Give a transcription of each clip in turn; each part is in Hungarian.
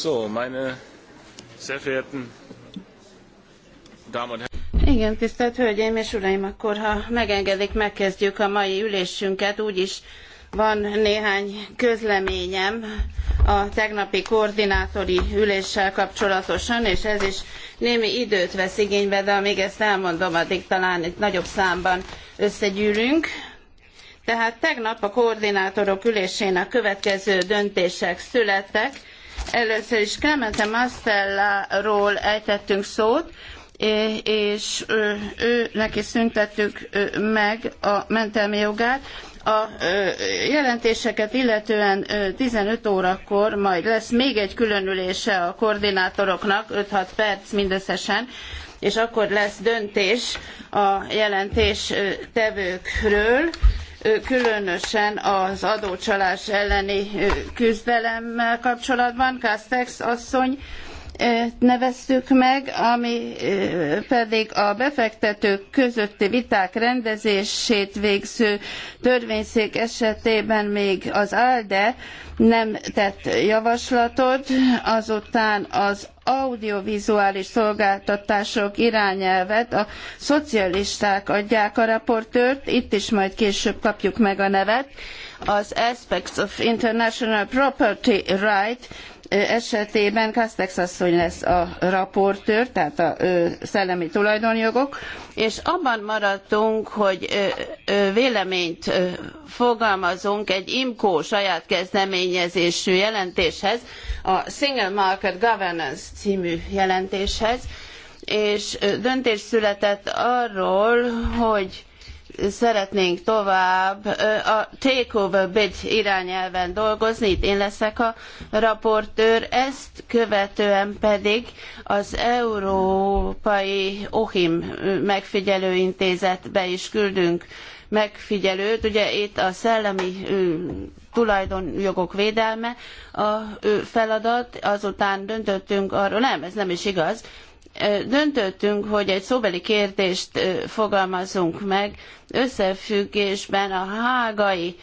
So, meine sehr verehrten Damen und Herren. Igen, tisztelt Hölgyeim és Uraim, akkor ha megengedik, megkezdjük a mai ülésünket. Úgyis van néhány közleményem a tegnapi koordinátori üléssel kapcsolatosan, és ez is némi időt vesz igénybe, de amíg ezt elmondom, addig talán itt nagyobb számban összegyűlünk. Tehát tegnap a koordinátorok ülésén a következő döntések születtek Először is Clemente Mastelláról ejtettünk szót, és ő, ő, neki szüntettük meg a mentelmi jogát. A jelentéseket illetően 15 órakor majd lesz még egy különülése a koordinátoroknak, 5-6 perc mindösszesen, és akkor lesz döntés a jelentés tevőkről különösen az adócsalás elleni küzdelemmel kapcsolatban. Castex asszony neveztük meg, ami pedig a befektetők közötti viták rendezését végző törvényszék esetében még az ALDE nem tett javaslatot, azután az audiovizuális szolgáltatások irányelvet a szocialisták adják a raportőrt, itt is majd később kapjuk meg a nevet, az Aspects of International Property Right esetében Kastex asszony lesz a raportőr, tehát a szellemi tulajdonjogok, és abban maradtunk, hogy véleményt fogalmazunk egy IMCO saját kezdeményezésű jelentéshez, a Single Market Governance című jelentéshez, és döntés született arról, hogy szeretnénk tovább a takeover bid irányelven dolgozni, itt én leszek a raportőr, ezt követően pedig az Európai OHIM megfigyelőintézetbe is küldünk megfigyelőt, ugye itt a szellemi tulajdonjogok védelme a feladat, azután döntöttünk arról, nem, ez nem is igaz, döntöttünk, hogy egy szóbeli kérdést fogalmazunk meg összefüggésben a hágai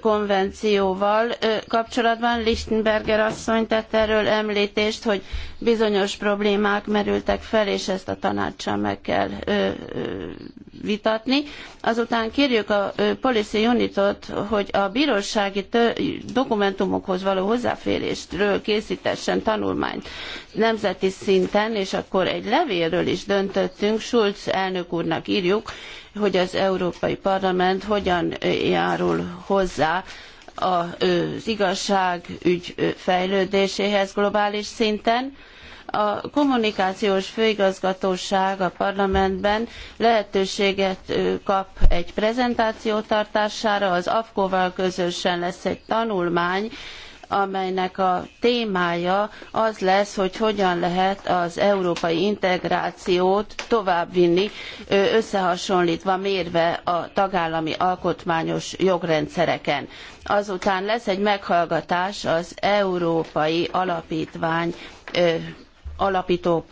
konvencióval kapcsolatban Lichtenberger asszony tett erről említést, hogy bizonyos problémák merültek fel, és ezt a tanácssal meg kell vitatni. Azután kérjük a Policy Unitot, hogy a bírósági dokumentumokhoz való hozzáférésről készítessen tanulmányt nemzeti szinten, és akkor egy levélről is döntöttünk, Schulz elnök úrnak írjuk, hogy az Európai Parlament hogyan járul hozzá az igazságügy fejlődéséhez globális szinten. A kommunikációs főigazgatóság a parlamentben lehetőséget kap egy prezentáció tartására, az AFKO-val közösen lesz egy tanulmány, amelynek a témája az lesz, hogy hogyan lehet az európai integrációt továbbvinni, összehasonlítva, mérve a tagállami alkotmányos jogrendszereken. Azután lesz egy meghallgatás az Európai Alapítvány alapító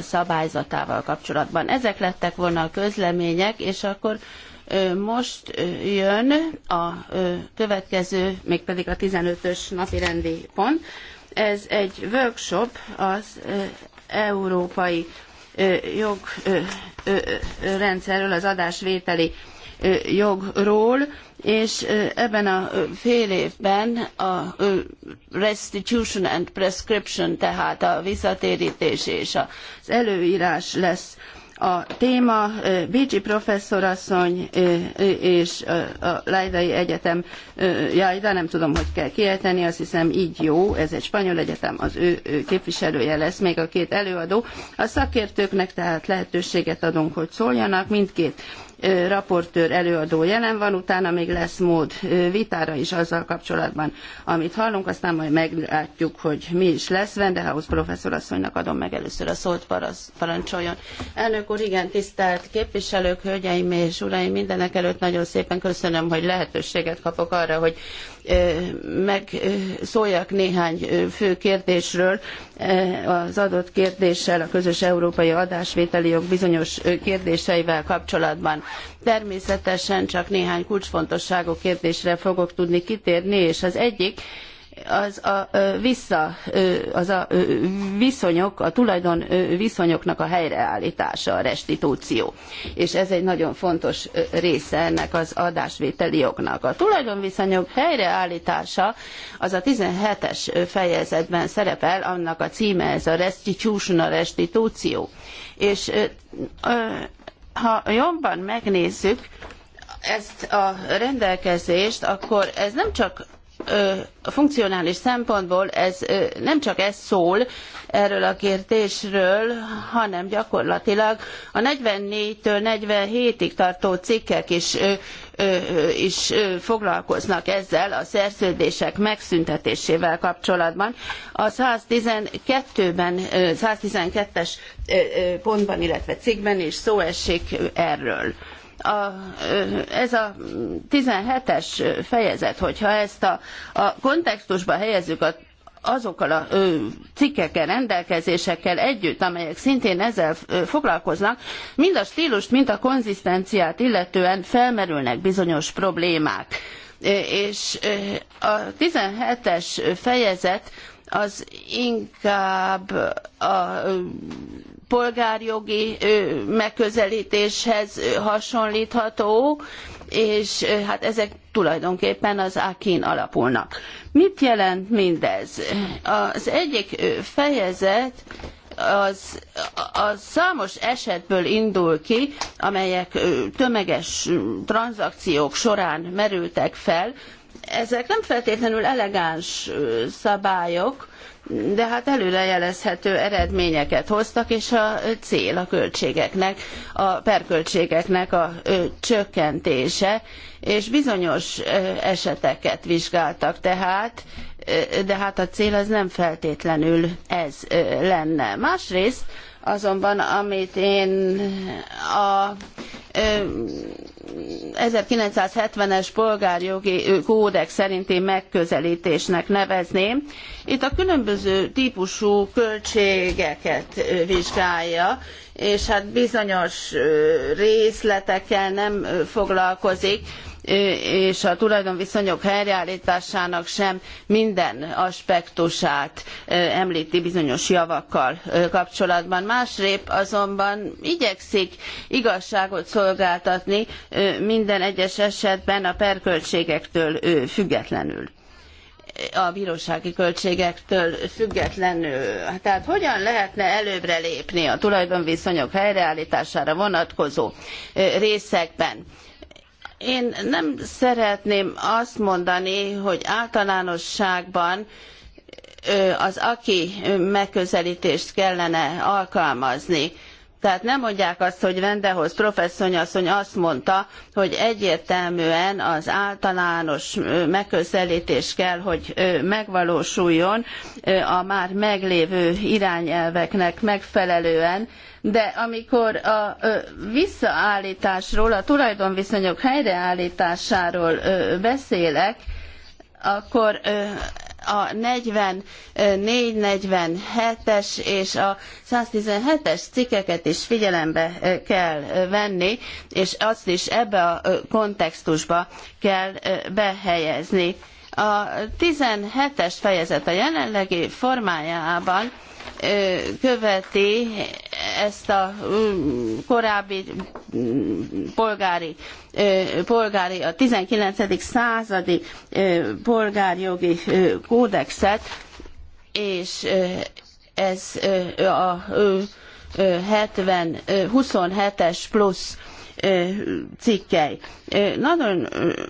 szabályzatával kapcsolatban. Ezek lettek volna a közlemények, és akkor most jön a következő, mégpedig a 15-ös napi rendi pont. Ez egy workshop az európai jogrendszerről, az adásvételi jogról, és ebben a fél évben a restitution and prescription, tehát a visszatérítés és az előírás lesz a téma Bécsi professzorasszony és a Leidai Egyetem, jaj, de nem tudom, hogy kell kiejteni, azt hiszem így jó, ez egy spanyol egyetem, az ő képviselője lesz még a két előadó. A szakértőknek tehát lehetőséget adunk, hogy szóljanak mindkét raportőr előadó jelen van, utána még lesz mód vitára is azzal kapcsolatban, amit hallunk, aztán majd meglátjuk, hogy mi is lesz. Vendehaus professzor asszonynak adom meg először a szót, parancsoljon. Elnök úr, igen, tisztelt képviselők, hölgyeim és uraim, mindenek előtt nagyon szépen köszönöm, hogy lehetőséget kapok arra, hogy megszóljak néhány fő kérdésről az adott kérdéssel, a közös európai adásvételi jog bizonyos kérdéseivel kapcsolatban. Természetesen csak néhány kulcsfontosságú kérdésre fogok tudni kitérni, és az egyik, az a vissza, az a viszonyok, a tulajdon viszonyoknak a helyreállítása, a restitúció. És ez egy nagyon fontos része ennek az adásvételi jognak. A tulajdonviszonyok helyreállítása az a 17-es fejezetben szerepel, annak a címe ez a restitution, a restitúció. És ha jobban megnézzük ezt a rendelkezést, akkor ez nem csak a funkcionális szempontból ez nem csak ez szól erről a kérdésről, hanem gyakorlatilag a 44-től 47-ig tartó cikkek is, is foglalkoznak ezzel a szerződések megszüntetésével kapcsolatban. A 112-ben, 112-es pontban, illetve cikkben is szó esik erről a, ez a 17-es fejezet, hogyha ezt a, a kontextusba helyezzük a azokkal a cikkekkel, rendelkezésekkel együtt, amelyek szintén ezzel foglalkoznak, mind a stílust, mind a konzisztenciát illetően felmerülnek bizonyos problémák. És a 17-es fejezet az inkább a polgárjogi megközelítéshez hasonlítható, és hát ezek tulajdonképpen az akin alapulnak. Mit jelent mindez? Az egyik fejezet az, az számos esetből indul ki, amelyek tömeges tranzakciók során merültek fel. Ezek nem feltétlenül elegáns szabályok, de hát előrejelezhető eredményeket hoztak, és a cél a költségeknek, a perköltségeknek a csökkentése, és bizonyos eseteket vizsgáltak tehát, de hát a cél az nem feltétlenül ez lenne. Másrészt Azonban amit én a 1970-es polgárjogi kódex szerinti megközelítésnek nevezném. Itt a különböző típusú költségeket vizsgálja, és hát bizonyos részletekkel nem foglalkozik, és a tulajdonviszonyok helyreállításának sem minden aspektusát említi bizonyos javakkal kapcsolatban. Másrébb azonban igyekszik igazságot szolgáltatni minden egyes esetben a perköltségektől függetlenül a bírósági költségektől függetlenül. Hát tehát hogyan lehetne előbbre lépni a tulajdonviszonyok helyreállítására vonatkozó részekben? Én nem szeretném azt mondani, hogy általánosságban az aki megközelítést kellene alkalmazni tehát nem mondják azt, hogy Vendehoz professzonyasszony azt mondta, hogy egyértelműen az általános megközelítés kell, hogy megvalósuljon a már meglévő irányelveknek megfelelően, de amikor a visszaállításról, a tulajdonviszonyok helyreállításáról beszélek, akkor a 44-47-es eh, és a 117-es cikkeket is figyelembe eh, kell eh, venni, és azt is ebbe a kontextusba kell behelyezni. A 17-es fejezet a jelenlegi formájában követi ezt a mm, korábbi mm, polgári, polgári a 19. századi polgárjogi kódexet, és ez a 70, 27-es plusz cikkei. Nagyon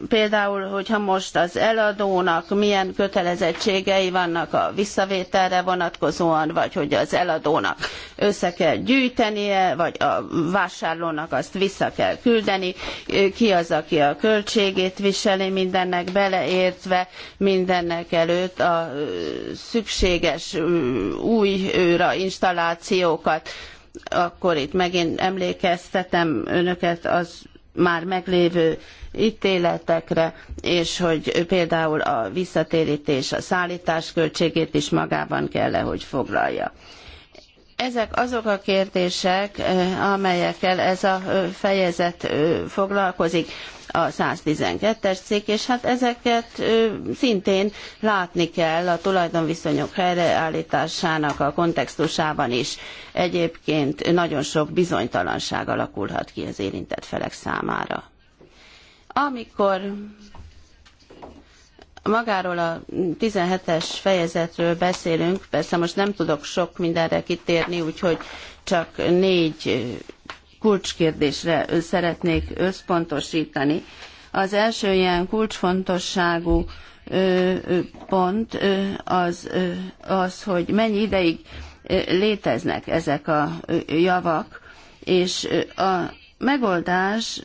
például, hogyha most az eladónak milyen kötelezettségei vannak a visszavételre vonatkozóan, vagy hogy az eladónak össze kell gyűjtenie, vagy a vásárlónak azt vissza kell küldeni, ki az, aki a költségét viseli mindennek beleértve, mindennek előtt a szükséges újra installációkat, akkor itt megint emlékeztetem önöket az már meglévő ítéletekre, és hogy például a visszatérítés a szállítás költségét is magában kell -e, hogy foglalja. Ezek azok a kérdések, amelyekkel ez a fejezet foglalkozik a 112-es cikk, és hát ezeket szintén látni kell a tulajdonviszonyok helyreállításának a kontextusában is. Egyébként nagyon sok bizonytalanság alakulhat ki az érintett felek számára. Amikor magáról a 17-es fejezetről beszélünk, persze most nem tudok sok mindenre kitérni, úgyhogy csak négy kulcskérdésre szeretnék összpontosítani. Az első ilyen kulcsfontosságú pont az, az, hogy mennyi ideig léteznek ezek a javak, és a megoldás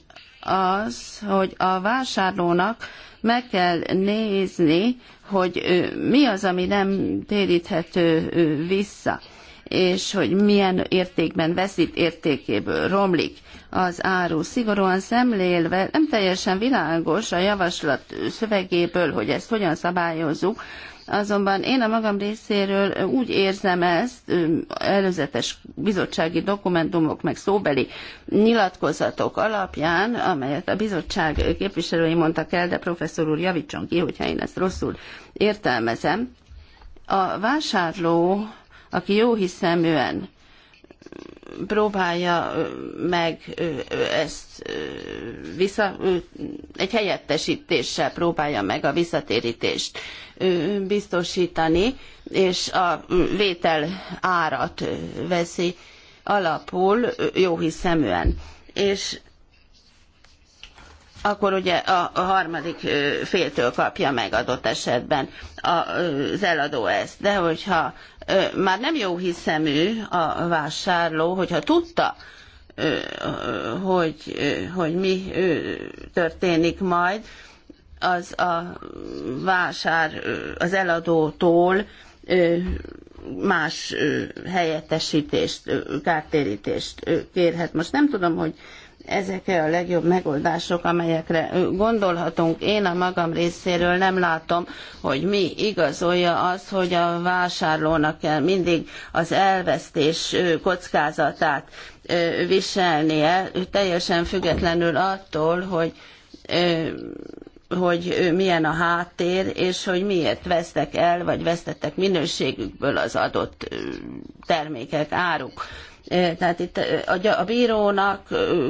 az, hogy a vásárlónak meg kell nézni, hogy mi az, ami nem téríthető vissza, és hogy milyen értékben veszít értékéből, romlik az áru. Szigorúan szemlélve nem teljesen világos a javaslat szövegéből, hogy ezt hogyan szabályozzuk, Azonban én a magam részéről úgy érzem ezt, előzetes bizottsági dokumentumok meg szóbeli nyilatkozatok alapján, amelyet a bizottság képviselői mondtak el, de professzor úr javítson ki, hogyha én ezt rosszul értelmezem, a vásárló, aki jó hiszeműen próbálja meg ezt vissza, egy helyettesítéssel próbálja meg a visszatérítést biztosítani, és a vétel árat veszi alapul jóhiszeműen. És akkor ugye a, harmadik féltől kapja meg adott esetben az eladó ezt. De hogyha már nem jó hiszemű a vásárló, hogyha tudta, hogy, hogy mi történik majd, az a vásár az eladótól más helyettesítést, kártérítést kérhet. Most nem tudom, hogy ezek a legjobb megoldások, amelyekre gondolhatunk. Én a magam részéről nem látom, hogy mi igazolja az, hogy a vásárlónak kell mindig az elvesztés kockázatát viselnie, teljesen függetlenül attól, hogy hogy milyen a háttér, és hogy miért vesztek el, vagy vesztettek minőségükből az adott termékek, áruk tehát itt a, bírónak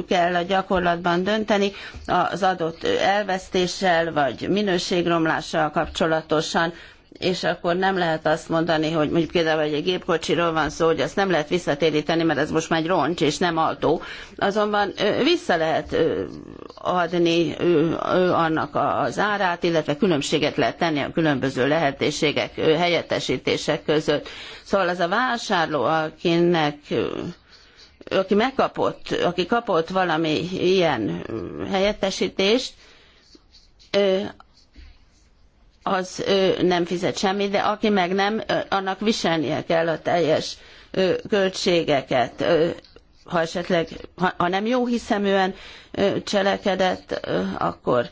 kell a gyakorlatban dönteni az adott elvesztéssel vagy minőségromlással kapcsolatosan, és akkor nem lehet azt mondani, hogy mondjuk például egy gépkocsiról van szó, hogy azt nem lehet visszatéríteni, mert ez most már egy roncs és nem autó. Azonban vissza lehet adni annak az árát, illetve különbséget lehet tenni a különböző lehetőségek, helyettesítések között. Szóval az a vásárló, akinek aki megkapott, aki kapott valami ilyen helyettesítést, az nem fizet semmit, de aki meg nem, annak viselnie kell a teljes költségeket, ha esetleg, ha, nem jó hiszeműen cselekedett, akkor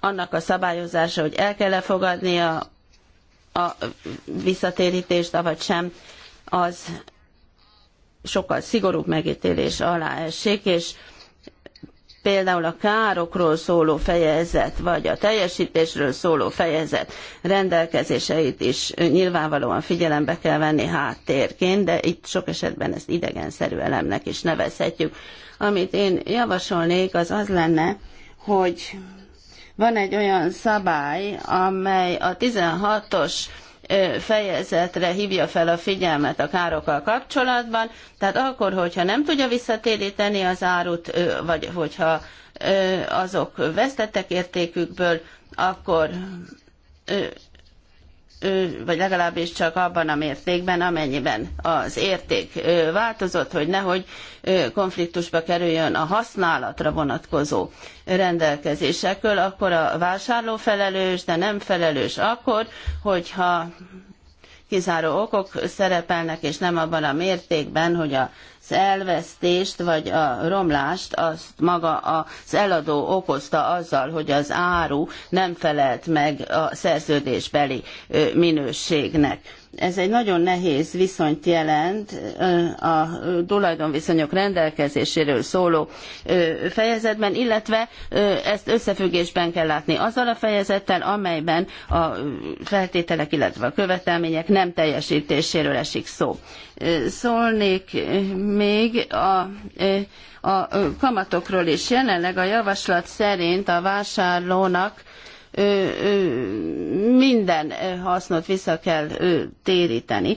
annak a szabályozása, hogy el kell-e fogadnia a visszatérítést, avagy sem, az sokkal szigorúbb megítélés alá esik, és például a károkról szóló fejezet, vagy a teljesítésről szóló fejezet rendelkezéseit is nyilvánvalóan figyelembe kell venni háttérként, de itt sok esetben ezt idegenszerű elemnek is nevezhetjük. Amit én javasolnék, az az lenne, hogy van egy olyan szabály, amely a 16-os fejezetre hívja fel a figyelmet a károkkal kapcsolatban, tehát akkor, hogyha nem tudja visszatéríteni az árut, vagy hogyha azok vesztettek értékükből, akkor vagy legalábbis csak abban a mértékben, amennyiben az érték változott, hogy nehogy konfliktusba kerüljön a használatra vonatkozó rendelkezésekkel, akkor a vásárló felelős, de nem felelős akkor, hogyha kizáró okok szerepelnek, és nem abban a mértékben, hogy az elvesztést vagy a romlást azt maga az eladó okozta azzal, hogy az áru nem felelt meg a szerződésbeli minőségnek ez egy nagyon nehéz viszonyt jelent a tulajdonviszonyok rendelkezéséről szóló fejezetben, illetve ezt összefüggésben kell látni azzal a fejezettel, amelyben a feltételek, illetve a követelmények nem teljesítéséről esik szó. Szólnék még a a kamatokról is. Jelenleg a javaslat szerint a vásárlónak minden hasznot vissza kell téríteni,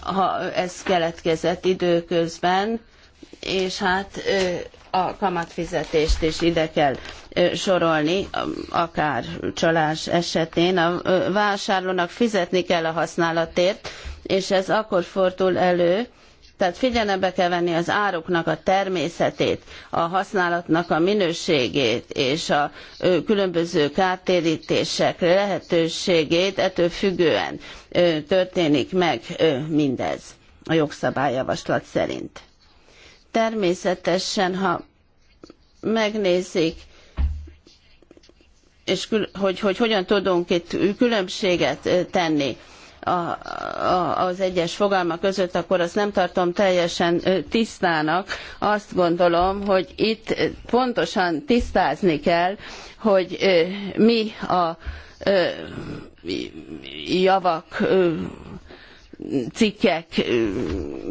ha ez keletkezett időközben, és hát a kamatfizetést is ide kell sorolni, akár csalás esetén. A vásárlónak fizetni kell a használatért, és ez akkor fordul elő, tehát figyelembe kell venni az áruknak a természetét, a használatnak a minőségét és a különböző kártérítések lehetőségét, ettől függően történik meg mindez a jogszabályjavaslat szerint. Természetesen, ha megnézik, és hogy, hogy hogyan tudunk itt különbséget tenni, a, a, az egyes fogalmak között, akkor azt nem tartom teljesen tisztának. Azt gondolom, hogy itt pontosan tisztázni kell, hogy mi a javak cikkek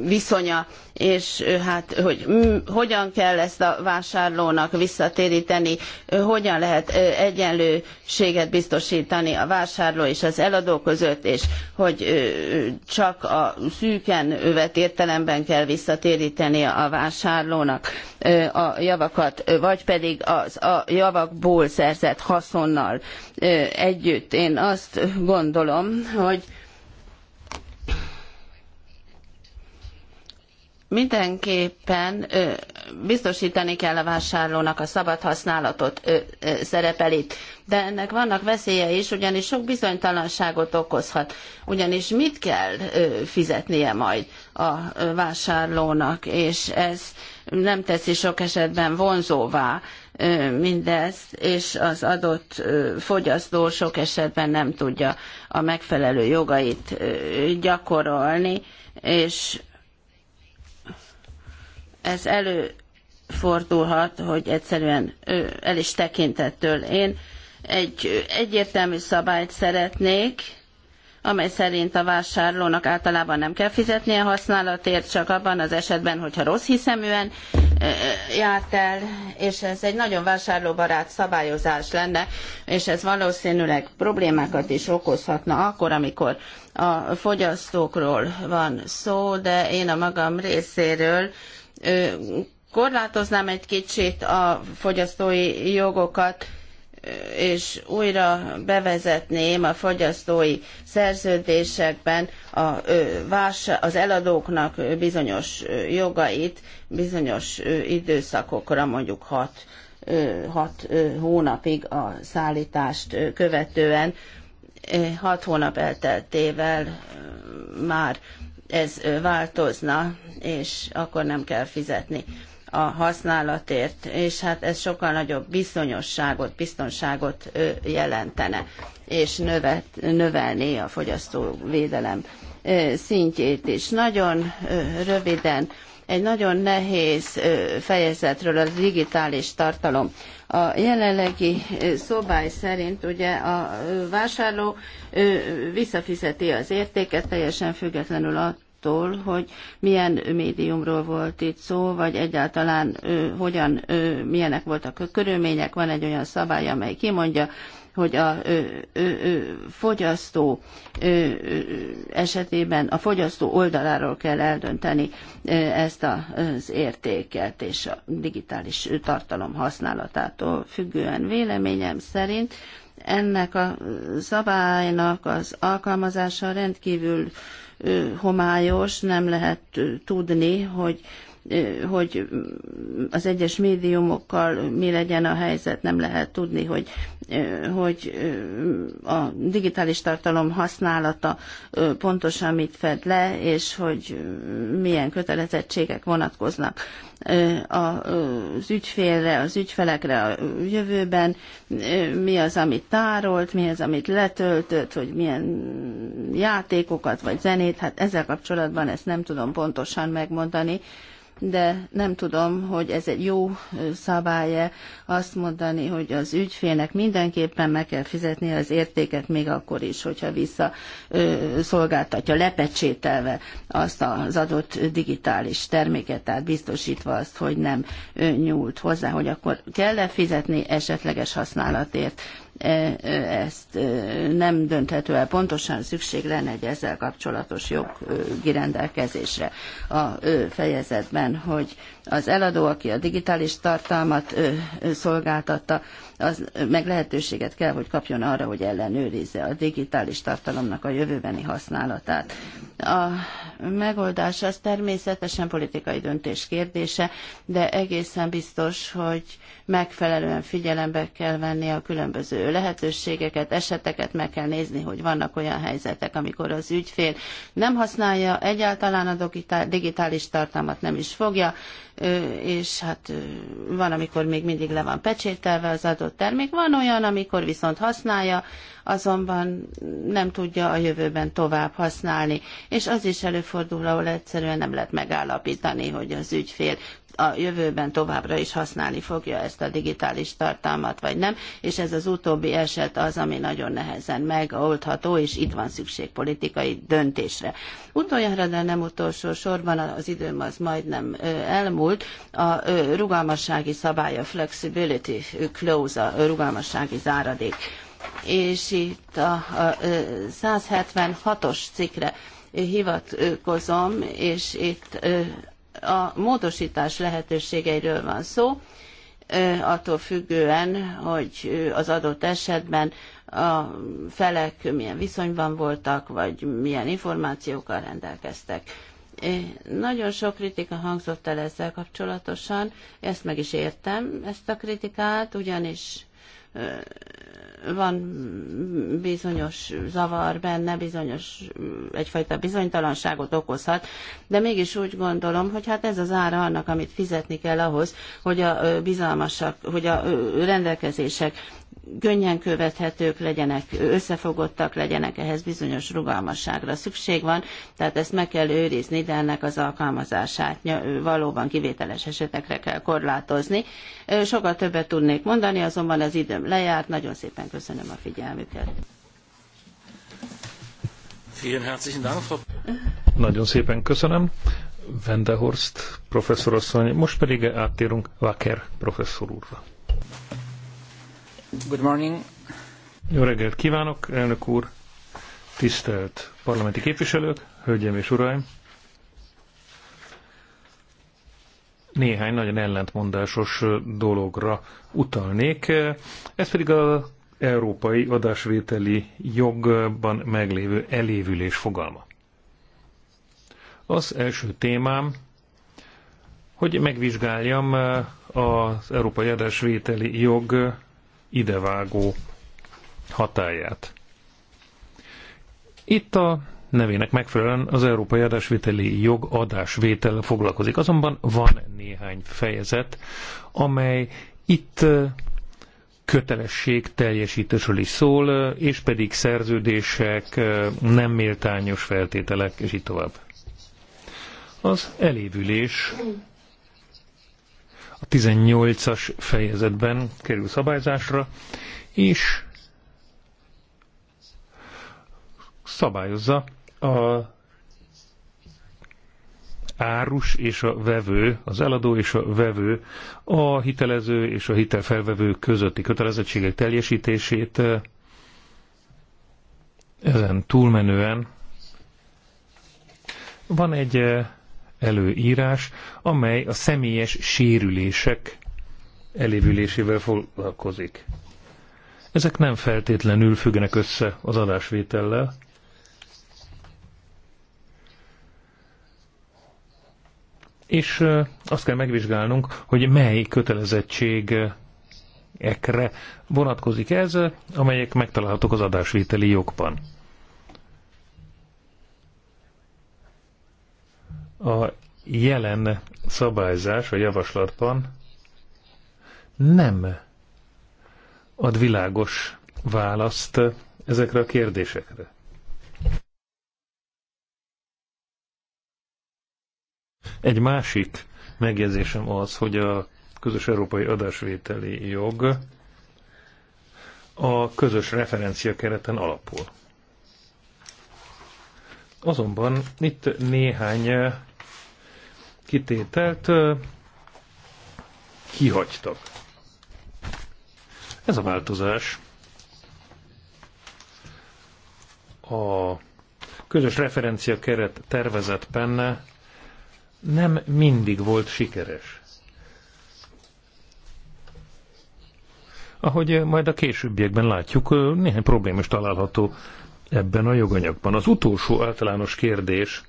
viszonya, és hát hogy hogyan kell ezt a vásárlónak visszatéríteni, hogyan lehet egyenlőséget biztosítani a vásárló és az eladó között, és hogy csak a szűken övet értelemben kell visszatéríteni a vásárlónak a javakat, vagy pedig az a javakból szerzett haszonnal együtt. Én azt gondolom, hogy mindenképpen ö, biztosítani kell a vásárlónak a szabad használatot ö, ö, szerepel itt. De ennek vannak veszélye is, ugyanis sok bizonytalanságot okozhat. Ugyanis mit kell ö, fizetnie majd a vásárlónak, és ez nem teszi sok esetben vonzóvá mindezt, és az adott fogyasztó sok esetben nem tudja a megfelelő jogait gyakorolni, és ez előfordulhat, hogy egyszerűen el is tekintettől. Én egy egyértelmű szabályt szeretnék, amely szerint a vásárlónak általában nem kell fizetnie a használatért, csak abban az esetben, hogyha rossz hiszeműen járt el, és ez egy nagyon vásárlóbarát szabályozás lenne, és ez valószínűleg problémákat is okozhatna akkor, amikor a fogyasztókról van szó, de én a magam részéről korlátoznám egy kicsit a fogyasztói jogokat, és újra bevezetném a fogyasztói szerződésekben a, az eladóknak bizonyos jogait bizonyos időszakokra, mondjuk hat, hat hónapig a szállítást követően, hat hónap elteltével már ez változna, és akkor nem kell fizetni a használatért, és hát ez sokkal nagyobb bizonyosságot, biztonságot jelentene, és növet, növelné a fogyasztóvédelem szintjét is. Nagyon röviden egy nagyon nehéz fejezetről, a digitális tartalom. A jelenlegi szobály szerint ugye a vásárló visszafizeti az értéket, teljesen függetlenül attól, hogy milyen médiumról volt itt szó, vagy egyáltalán ö, hogyan, ö, milyenek voltak a körülmények. Van egy olyan szabály, amely kimondja, hogy a fogyasztó esetében a fogyasztó oldaláról kell eldönteni ezt az értéket, és a digitális tartalom használatától függően véleményem szerint ennek a szabálynak az alkalmazása rendkívül homályos, nem lehet tudni, hogy hogy az egyes médiumokkal mi legyen a helyzet, nem lehet tudni, hogy, hogy a digitális tartalom használata pontosan mit fed le, és hogy milyen kötelezettségek vonatkoznak az ügyfélre, az ügyfelekre a jövőben, mi az, amit tárolt, mi az, amit letöltött, hogy milyen játékokat vagy zenét, hát ezzel kapcsolatban ezt nem tudom pontosan megmondani, de nem tudom, hogy ez egy jó szabály-e azt mondani, hogy az ügyfélnek mindenképpen meg kell fizetni az értéket, még akkor is, hogyha vissza szolgáltatja lepecsételve azt az adott digitális terméket, tehát biztosítva azt, hogy nem nyúlt hozzá, hogy akkor kell-e fizetni esetleges használatért E, e, ezt e, nem dönthető el pontosan, szükség lenne egy ezzel kapcsolatos jogi rendelkezésre a fejezetben, hogy az eladó, aki a digitális tartalmat szolgáltatta, az meg lehetőséget kell, hogy kapjon arra, hogy ellenőrizze a digitális tartalomnak a jövőbeni használatát. A megoldás az természetesen politikai döntés kérdése, de egészen biztos, hogy megfelelően figyelembe kell venni a különböző lehetőségeket, eseteket, meg kell nézni, hogy vannak olyan helyzetek, amikor az ügyfél nem használja egyáltalán a digitális tartalmat, nem is fogja és hát van, amikor még mindig le van pecsételve az adott termék, van olyan, amikor viszont használja, azonban nem tudja a jövőben tovább használni, és az is előfordul, ahol egyszerűen nem lehet megállapítani, hogy az ügyfél a jövőben továbbra is használni fogja ezt a digitális tartalmat, vagy nem, és ez az utóbbi eset az, ami nagyon nehezen megoldható, és itt van szükség politikai döntésre. Utoljára, de nem utolsó sorban, az időm az majdnem elmúlt, a rugalmassági szabálya, flexibility close, a rugalmassági záradék. És itt a 176-os cikkre hivatkozom, és itt a módosítás lehetőségeiről van szó, attól függően, hogy az adott esetben a felek milyen viszonyban voltak, vagy milyen információkkal rendelkeztek. Nagyon sok kritika hangzott el ezzel kapcsolatosan, ezt meg is értem, ezt a kritikát, ugyanis van bizonyos zavar benne, bizonyos, egyfajta bizonytalanságot okozhat, de mégis úgy gondolom, hogy hát ez az ára annak, amit fizetni kell ahhoz, hogy a bizalmasak, hogy a rendelkezések könnyen követhetők legyenek, összefogottak legyenek, ehhez bizonyos rugalmasságra szükség van, tehát ezt meg kell őrizni, de ennek az alkalmazását valóban kivételes esetekre kell korlátozni. Sokat többet tudnék mondani, azonban az időm lejárt, nagyon szépen köszönöm a figyelmüket. Nagyon szépen köszönöm. Vendehorst professzorasszony, most pedig áttérünk Wacker professzor úrra. Good morning. Jó reggelt kívánok, elnök úr, tisztelt parlamenti képviselők, hölgyeim és uraim. Néhány nagyon ellentmondásos dologra utalnék, ez pedig az európai adásvételi jogban meglévő elévülés fogalma. Az első témám, hogy megvizsgáljam az európai adásvételi jog idevágó hatáját. Itt a nevének megfelelően az Európai Adásvételi Jog adásvétel foglalkozik. Azonban van néhány fejezet, amely itt kötelesség teljesítésről is szól, és pedig szerződések, nem méltányos feltételek, és így tovább. Az elévülés a 18-as fejezetben kerül szabályzásra, és szabályozza a árus és a vevő, az eladó és a vevő, a hitelező és a hitelfelvevő közötti kötelezettségek teljesítését eh, ezen túlmenően van egy eh, előírás, amely a személyes sérülések elévülésével foglalkozik. Ezek nem feltétlenül függenek össze az adásvétellel. És azt kell megvizsgálnunk, hogy mely kötelezettség ekre vonatkozik ez, amelyek megtalálhatók az adásvételi jogban. A jelen szabályzás a javaslatban nem ad világos választ ezekre a kérdésekre. Egy másik megjegyzésem az, hogy a közös európai adásvételi jog a közös referencia kereten alapul. Azonban itt néhány kitételt kihagytak. Ez a változás a közös referencia keret tervezett benne nem mindig volt sikeres. Ahogy majd a későbbiekben látjuk, néhány probléma is található ebben a joganyagban. Az utolsó általános kérdés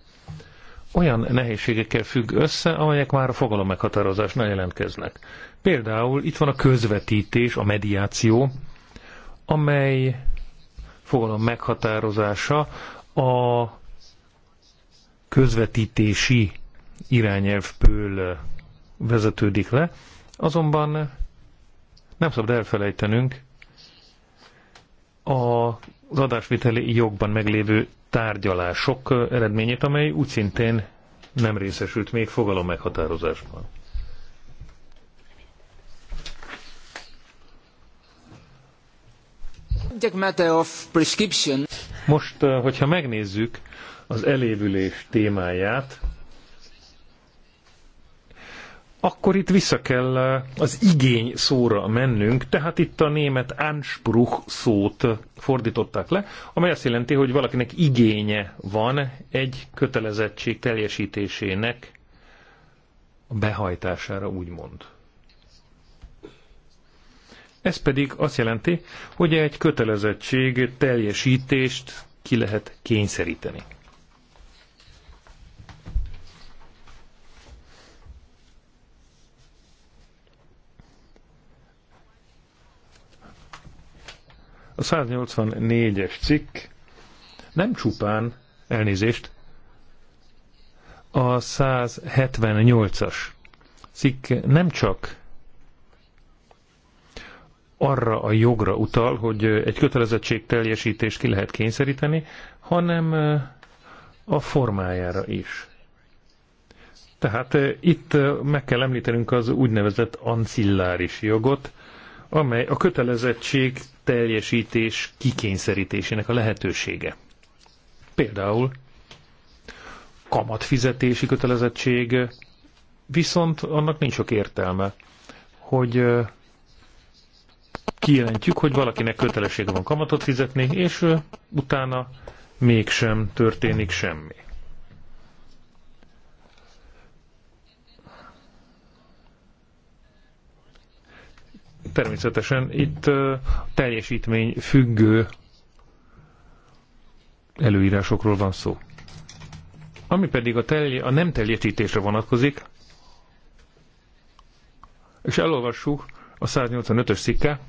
olyan nehézségekkel függ össze, amelyek már a fogalom meghatározásnál jelentkeznek. Például itt van a közvetítés, a mediáció, amely fogalom meghatározása a közvetítési irányelvből vezetődik le, azonban nem szabad elfelejtenünk, az adásviteli jogban meglévő tárgyalások eredményét, amely úgy szintén nem részesült még fogalom meghatározásban. Most, hogyha megnézzük az elévülés témáját, akkor itt vissza kell eh, az igény szóra mennünk, tehát itt a német Anspruch szót fordították le, amely azt jelenti, hogy valakinek igénye van egy kötelezettség teljesítésének a behajtására, úgymond. Ez pedig azt jelenti, hogy egy kötelezettség teljesítést ki lehet kényszeríteni. A 184-es cikk nem csupán elnézést, a 178-as cikk nem csak arra a jogra utal, hogy egy kötelezettség teljesítést ki lehet kényszeríteni, hanem a formájára is. Tehát itt meg kell említenünk az úgynevezett ancilláris jogot, amely a kötelezettség teljesítés kikényszerítésének a lehetősége. Például kamatfizetési kötelezettség, viszont annak nincs sok értelme, hogy kijelentjük, hogy valakinek kötelessége van kamatot fizetni, és utána mégsem történik semmi. természetesen itt teljesítmény függő előírásokról van szó. Ami pedig a, telje, a nem teljesítésre vonatkozik, és elolvassuk a 185-ös szikkát,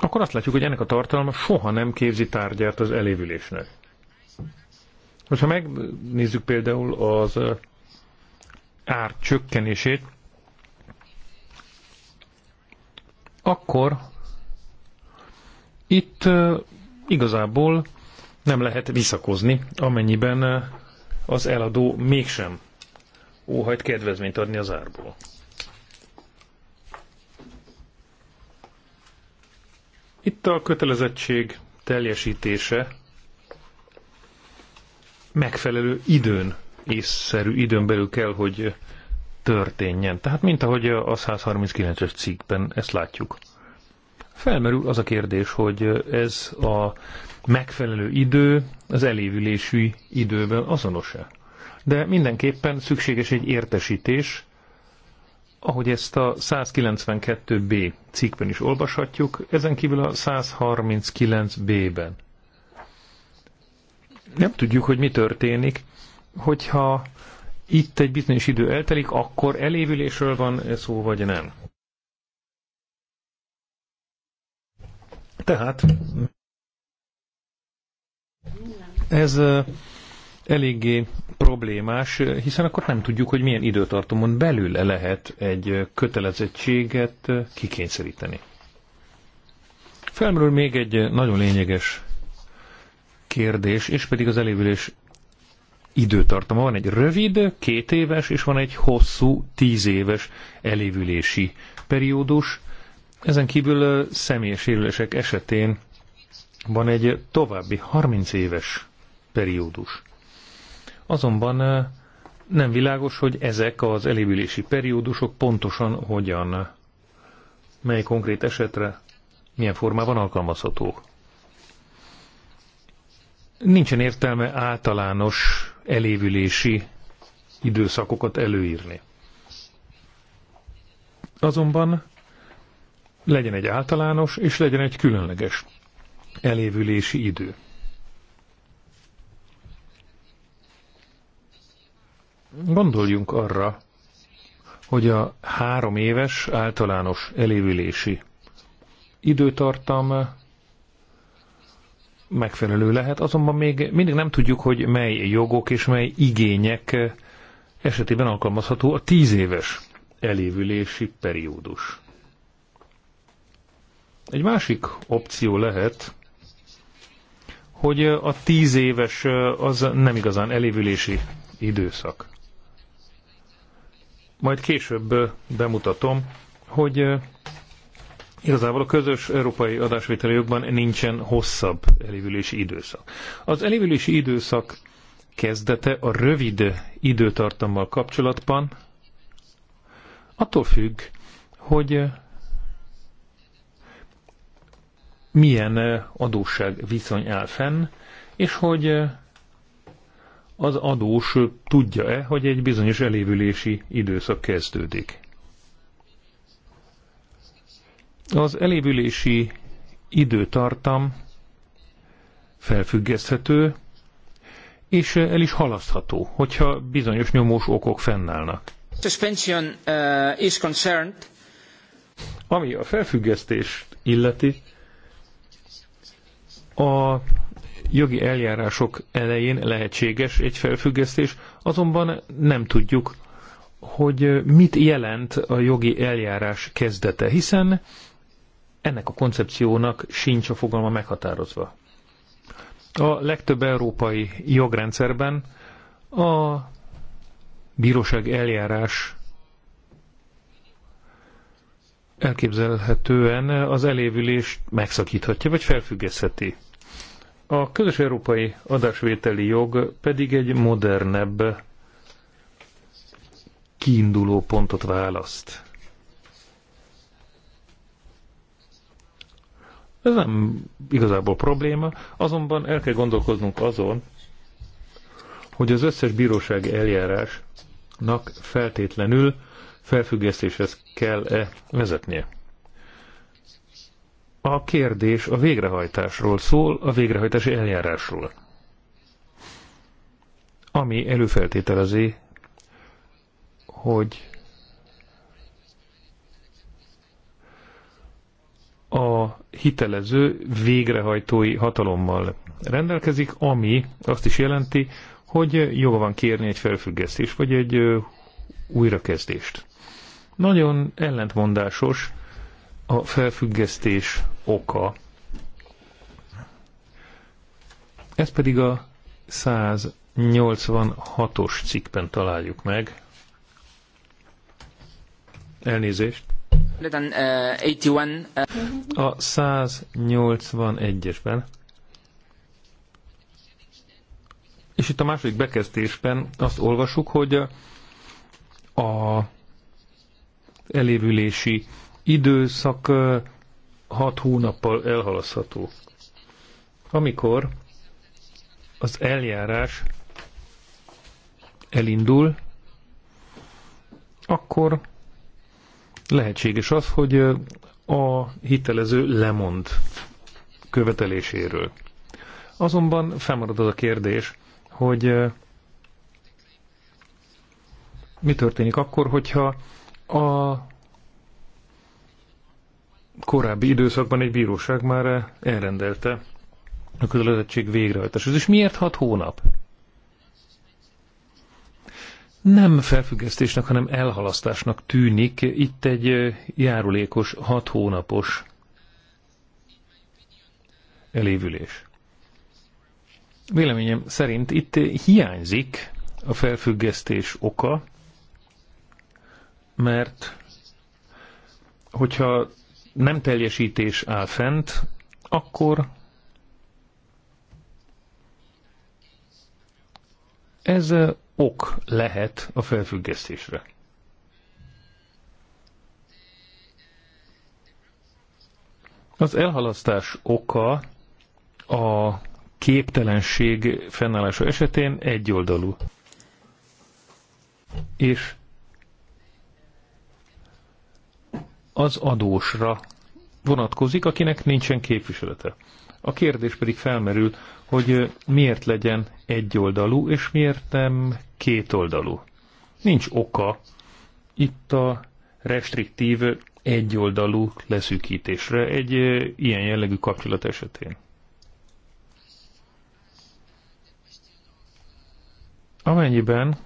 akkor azt látjuk, hogy ennek a tartalma soha nem képzi tárgyát az elévülésnek. Most ha megnézzük például az ár csökkenését, akkor itt igazából nem lehet visszakozni, amennyiben az eladó mégsem óhajt kedvezményt adni az árból. Itt a kötelezettség teljesítése megfelelő időn, észszerű időn belül kell, hogy történjen. Tehát, mint ahogy a 139-es cikkben ezt látjuk. Felmerül az a kérdés, hogy ez a megfelelő idő az elévülésű időben azonos-e? De mindenképpen szükséges egy értesítés, ahogy ezt a 192b cikkben is olvashatjuk, ezen kívül a 139b-ben. Nem tudjuk, hogy mi történik, hogyha itt egy bizonyos idő eltelik, akkor elévülésről van e szó, vagy nem. Tehát ez eléggé problémás, hiszen akkor nem tudjuk, hogy milyen időtartamon belül lehet egy kötelezettséget kikényszeríteni. Felmerül még egy nagyon lényeges kérdés, és pedig az elévülés időtartama. Van egy rövid, két éves, és van egy hosszú, tíz éves elévülési periódus. Ezen kívül személyes élések esetén van egy további 30 éves periódus. Azonban nem világos, hogy ezek az elévülési periódusok pontosan hogyan, mely konkrét esetre, milyen formában alkalmazhatók. Nincsen értelme általános elévülési időszakokat előírni. Azonban legyen egy általános és legyen egy különleges elévülési idő. Gondoljunk arra, hogy a három éves általános elévülési időtartam megfelelő lehet, azonban még mindig nem tudjuk, hogy mely jogok és mely igények esetében alkalmazható a tíz éves elévülési periódus. Egy másik opció lehet, hogy a tíz éves az nem igazán elévülési időszak majd később bemutatom, hogy igazából a közös európai adásvételi jogban nincsen hosszabb elévülési időszak. Az elévülési időszak kezdete a rövid időtartammal kapcsolatban attól függ, hogy milyen adósság viszony áll fenn, és hogy az adós tudja-e, hogy egy bizonyos elévülési időszak kezdődik. Az elévülési időtartam felfüggeszthető, és el is halasztható, hogyha bizonyos nyomós okok fennállnak. Suspension uh, is concerned. Ami a felfüggesztést illeti, a jogi eljárások elején lehetséges egy felfüggesztés, azonban nem tudjuk, hogy mit jelent a jogi eljárás kezdete, hiszen ennek a koncepciónak sincs a fogalma meghatározva. A legtöbb európai jogrendszerben a bíróság eljárás elképzelhetően az elévülést megszakíthatja, vagy felfüggesztheti. A közös európai adásvételi jog pedig egy modernebb kiinduló pontot választ. Ez nem igazából probléma, azonban el kell gondolkoznunk azon, hogy az összes bíróság eljárásnak feltétlenül felfüggesztéshez kell-e vezetnie. A kérdés a végrehajtásról szól, a végrehajtási eljárásról. Ami előfeltételezi, hogy a hitelező végrehajtói hatalommal rendelkezik, ami azt is jelenti, hogy joga van kérni egy felfüggesztést, vagy egy újrakezdést. Nagyon ellentmondásos a felfüggesztés oka. Ez pedig a 186-os cikkben találjuk meg. Elnézést. Uh, uh, a 181-esben. És itt a második bekezdésben azt olvasuk, hogy a elévülési időszak hat hónappal elhalasztható. Amikor az eljárás elindul, akkor lehetséges az, hogy a hitelező lemond követeléséről. Azonban felmarad az a kérdés, hogy mi történik akkor, hogyha a korábbi időszakban egy bíróság már elrendelte a kötelezettség végrehajtáshoz. És miért hat hónap? Nem felfüggesztésnek, hanem elhalasztásnak tűnik itt egy járulékos, hat hónapos elévülés. Véleményem szerint itt hiányzik a felfüggesztés oka, mert hogyha nem teljesítés áll fent, akkor ez ok lehet a felfüggesztésre. Az elhalasztás oka a képtelenség fennállása esetén egyoldalú. És az adósra vonatkozik, akinek nincsen képviselete. A kérdés pedig felmerül, hogy miért legyen egyoldalú, és miért nem kétoldalú. Nincs oka itt a restriktív egyoldalú leszűkítésre egy ilyen jellegű kapcsolat esetén. Amennyiben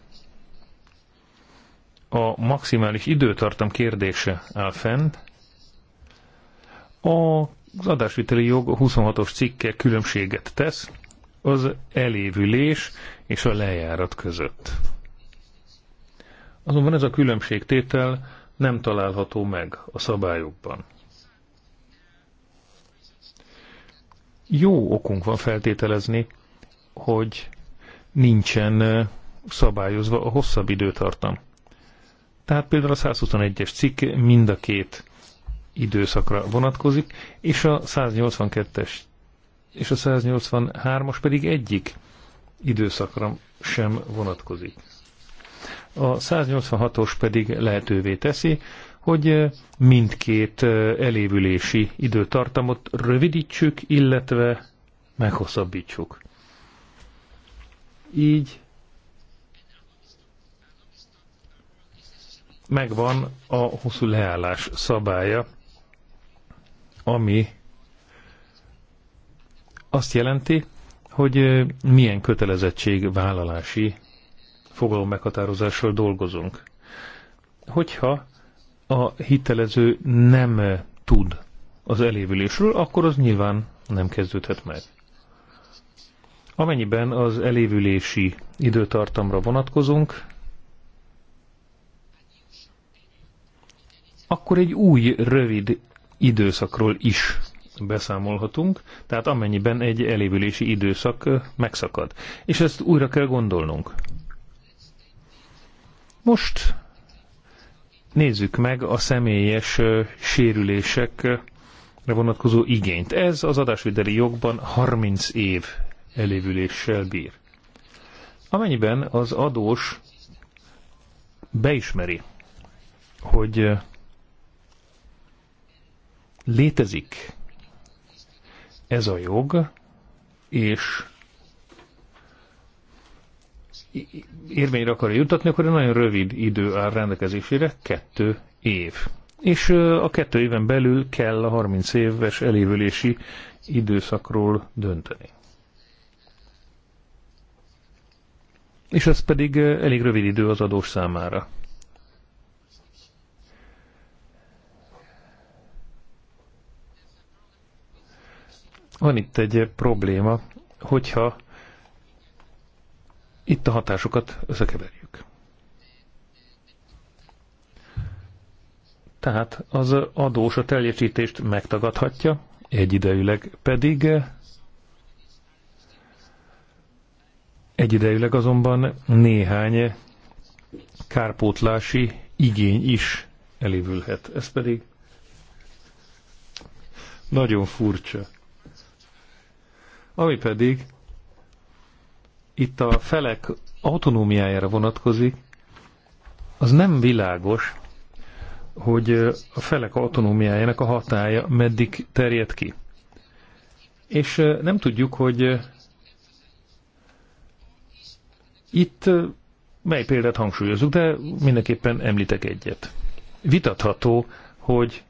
a maximális időtartam kérdése áll fent. Az adásviteli jog 26-os cikke különbséget tesz az elévülés és a lejárat között. Azonban ez a különbségtétel nem található meg a szabályokban. Jó okunk van feltételezni, hogy nincsen szabályozva a hosszabb időtartam. Tehát például a 121-es cikk mind a két időszakra vonatkozik, és a 182-es és a 183-as pedig egyik időszakra sem vonatkozik. A 186-os pedig lehetővé teszi, hogy mindkét elévülési időtartamot rövidítsük, illetve meghosszabbítsuk. Így megvan a hosszú leállás szabálya, ami azt jelenti, hogy milyen kötelezettségvállalási fogalom meghatározással dolgozunk. Hogyha a hitelező nem tud az elévülésről, akkor az nyilván nem kezdődhet meg. Amennyiben az elévülési időtartamra vonatkozunk, akkor egy új, rövid időszakról is beszámolhatunk, tehát amennyiben egy elévülési időszak megszakad. És ezt újra kell gondolnunk. Most nézzük meg a személyes sérülésekre vonatkozó igényt. Ez az adásvédeli jogban 30 év elévüléssel bír. Amennyiben az adós beismeri, hogy Létezik ez a jog, és érvényre akarja jutatni, akkor egy nagyon rövid idő áll rendelkezésére, kettő év. És a kettő éven belül kell a 30 éves elévülési időszakról dönteni. És ez pedig elég rövid idő az adós számára. Van itt egy probléma, hogyha itt a hatásokat összekeverjük. Tehát az adós a teljesítést megtagadhatja, egyidejűleg pedig egyidejűleg azonban néhány kárpótlási igény is elévülhet. Ez pedig nagyon furcsa ami pedig itt a felek autonómiájára vonatkozik, az nem világos, hogy a felek autonómiájának a hatája meddig terjed ki. És nem tudjuk, hogy itt mely példát hangsúlyozunk, de mindenképpen említek egyet. Vitatható, hogy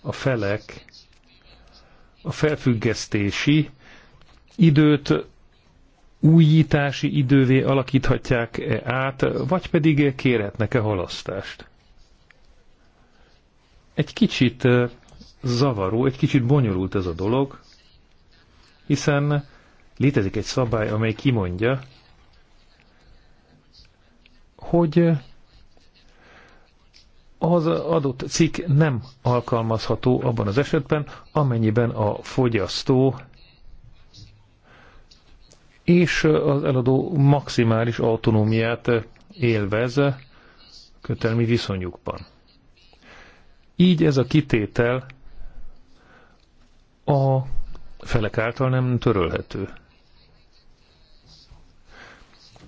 a felek a felfüggesztési időt újítási idővé alakíthatják -e át, vagy pedig kérhetnek-e halasztást. Egy kicsit eh, zavaró, egy kicsit bonyolult ez a dolog, hiszen létezik egy szabály, amely kimondja, hogy az adott cikk nem alkalmazható abban az esetben, amennyiben a fogyasztó és az eladó maximális autonómiát élvez kötelmi viszonyukban. Így ez a kitétel a felek által nem törölhető.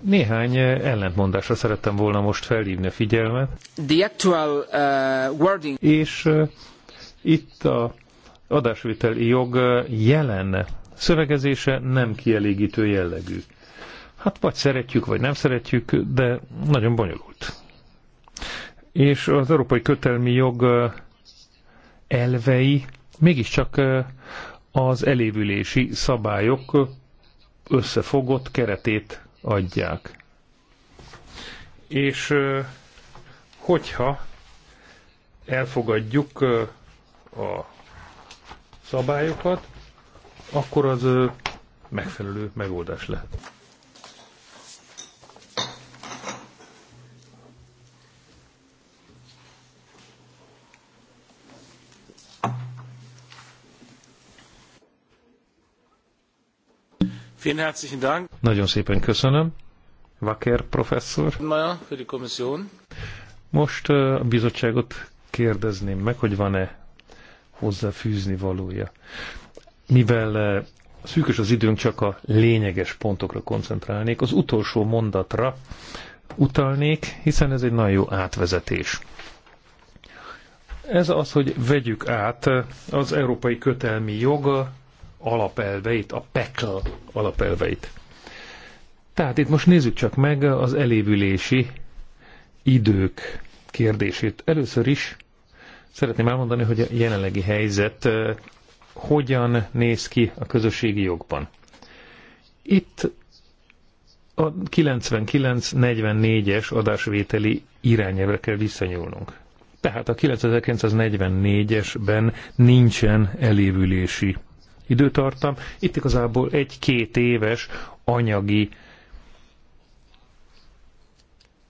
Néhány ellentmondásra szerettem volna most felhívni a figyelmet. The actual, uh, wording. És uh, itt a adásvételi jog jelen szövegezése nem kielégítő jellegű. Hát vagy szeretjük, vagy nem szeretjük, de nagyon bonyolult. És az európai kötelmi jog elvei mégiscsak az elévülési szabályok összefogott keretét adják. És hogyha elfogadjuk a szabályokat, akkor az megfelelő megoldás lehet. Nagyon szépen köszönöm, Vaker professzor. Most a bizottságot kérdezném meg, hogy van-e hozzáfűzni valója mivel eh, szűkös az időnk, csak a lényeges pontokra koncentrálnék. Az utolsó mondatra utalnék, hiszen ez egy nagyon jó átvezetés. Ez az, hogy vegyük át eh, az európai kötelmi jog alapelveit, a PECL alapelveit. Tehát itt most nézzük csak meg az elévülési idők kérdését. Először is szeretném elmondani, hogy a jelenlegi helyzet eh, hogyan néz ki a közösségi jogban. Itt a 99-44-es adásvételi irányelvre kell visszanyúlnunk. Tehát a 1944 esben nincsen elévülési időtartam. Itt igazából egy-két éves anyagi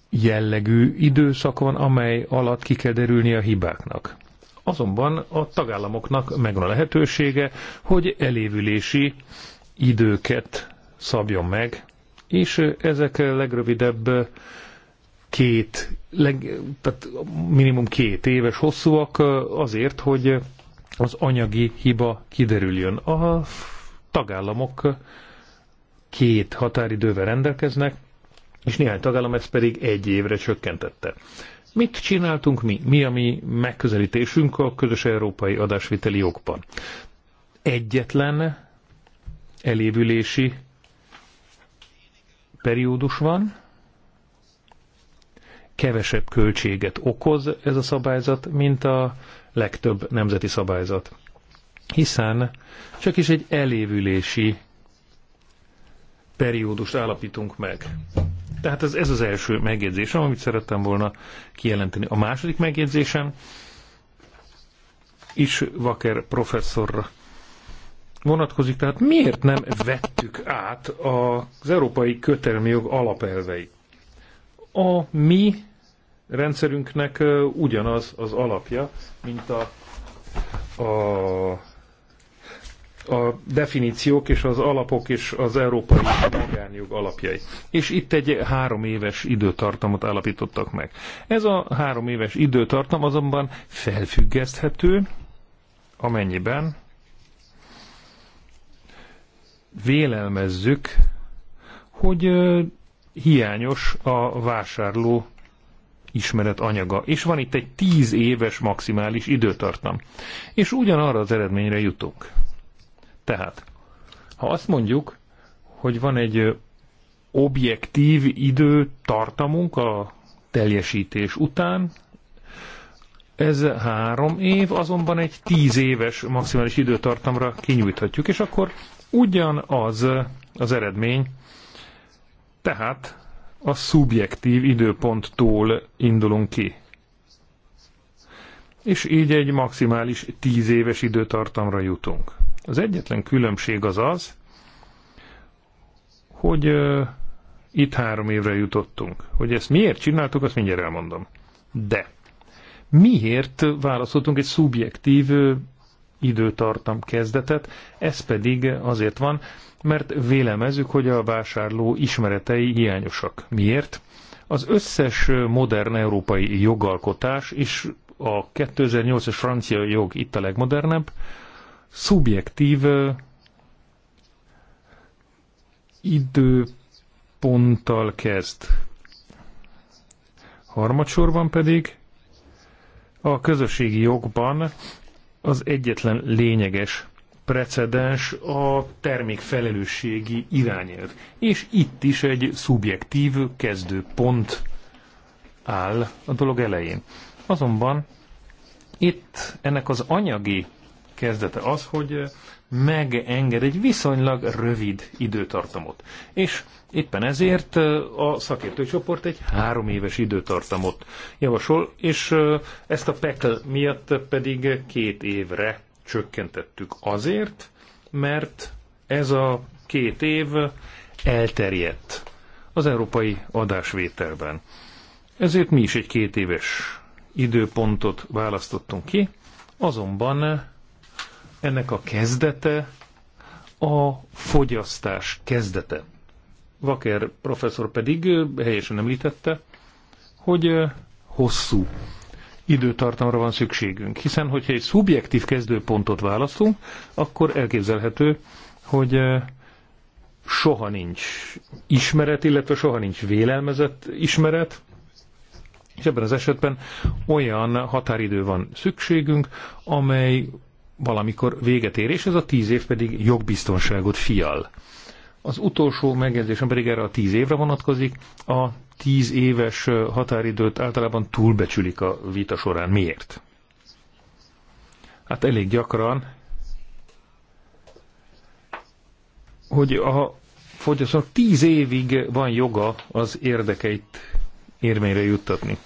jellegű időszak van, amely alatt ki kell derülni a hibáknak. Azonban a tagállamoknak megvan a lehetősége, hogy elévülési időket szabjon meg, és ezek legrövidebb két, leg, tehát minimum két éves hosszúak azért, hogy az anyagi hiba kiderüljön. A tagállamok két határidővel rendelkeznek, és néhány tagállam ezt pedig egy évre csökkentette. Mit csináltunk mi? Mi a mi megközelítésünk a közös európai adásviteli jogban? Egyetlen elévülési periódus van, kevesebb költséget okoz ez a szabályzat, mint a legtöbb nemzeti szabályzat. Hiszen csak is egy elévülési periódust állapítunk meg. Tehát ez, ez az első megjegyzésem, amit szerettem volna kijelenteni. A második megjegyzésem is Vaker professzorra vonatkozik, tehát miért nem vettük át az európai kötelmi jog alapelveit? A mi rendszerünknek ugyanaz az alapja, mint a, a a definíciók és az alapok és az európai magánjog alapjai. És itt egy három éves időtartamot állapítottak meg. Ez a három éves időtartam azonban felfüggeszthető, amennyiben vélelmezzük, hogy hiányos a vásárló ismeret anyaga, és van itt egy tíz éves maximális időtartam. És ugyanarra az eredményre jutunk tehát, ha azt mondjuk, hogy van egy objektív idő tartamunk a teljesítés után, ez három év, azonban egy tíz éves maximális időtartamra kinyújthatjuk, és akkor ugyanaz az eredmény, tehát a szubjektív időponttól indulunk ki. És így egy maximális tíz éves időtartamra jutunk. Az egyetlen különbség az az, hogy uh, itt három évre jutottunk. Hogy ezt miért csináltuk, azt mindjárt elmondom. De miért válaszoltunk egy szubjektív uh, időtartam kezdetet, ez pedig azért van, mert vélemezzük, hogy a vásárló ismeretei hiányosak. Miért? Az összes modern európai jogalkotás, és a 2008 es francia jog itt a legmodernebb, szubjektív időponttal kezd. Harmadsorban pedig a közösségi jogban az egyetlen lényeges precedens a termékfelelősségi irányelv. És itt is egy szubjektív kezdőpont áll a dolog elején. Azonban itt ennek az anyagi kezdete az, hogy eh, megenged egy viszonylag rövid időtartamot. És éppen ezért eh, a szakértőcsoport egy három éves időtartamot javasol, és eh, ezt a PEKL miatt pedig két évre csökkentettük azért, mert ez a két év elterjedt az európai adásvételben. Ezért mi is egy két éves időpontot választottunk ki, azonban ennek a kezdete a fogyasztás kezdete. Vaker professzor pedig helyesen említette, hogy hosszú időtartamra van szükségünk, hiszen hogyha egy szubjektív kezdőpontot választunk, akkor elképzelhető, hogy soha nincs ismeret, illetve soha nincs vélelmezett ismeret, és ebben az esetben olyan határidő van szükségünk, amely valamikor véget ér, és ez a tíz év pedig jogbiztonságot fial. Az utolsó megjegyzésem pedig erre a tíz évre vonatkozik. A tíz éves határidőt általában túlbecsülik a vita során. Miért? Hát elég gyakran, hogy a fogyasztónak tíz évig van joga az érdekeit érményre juttatni.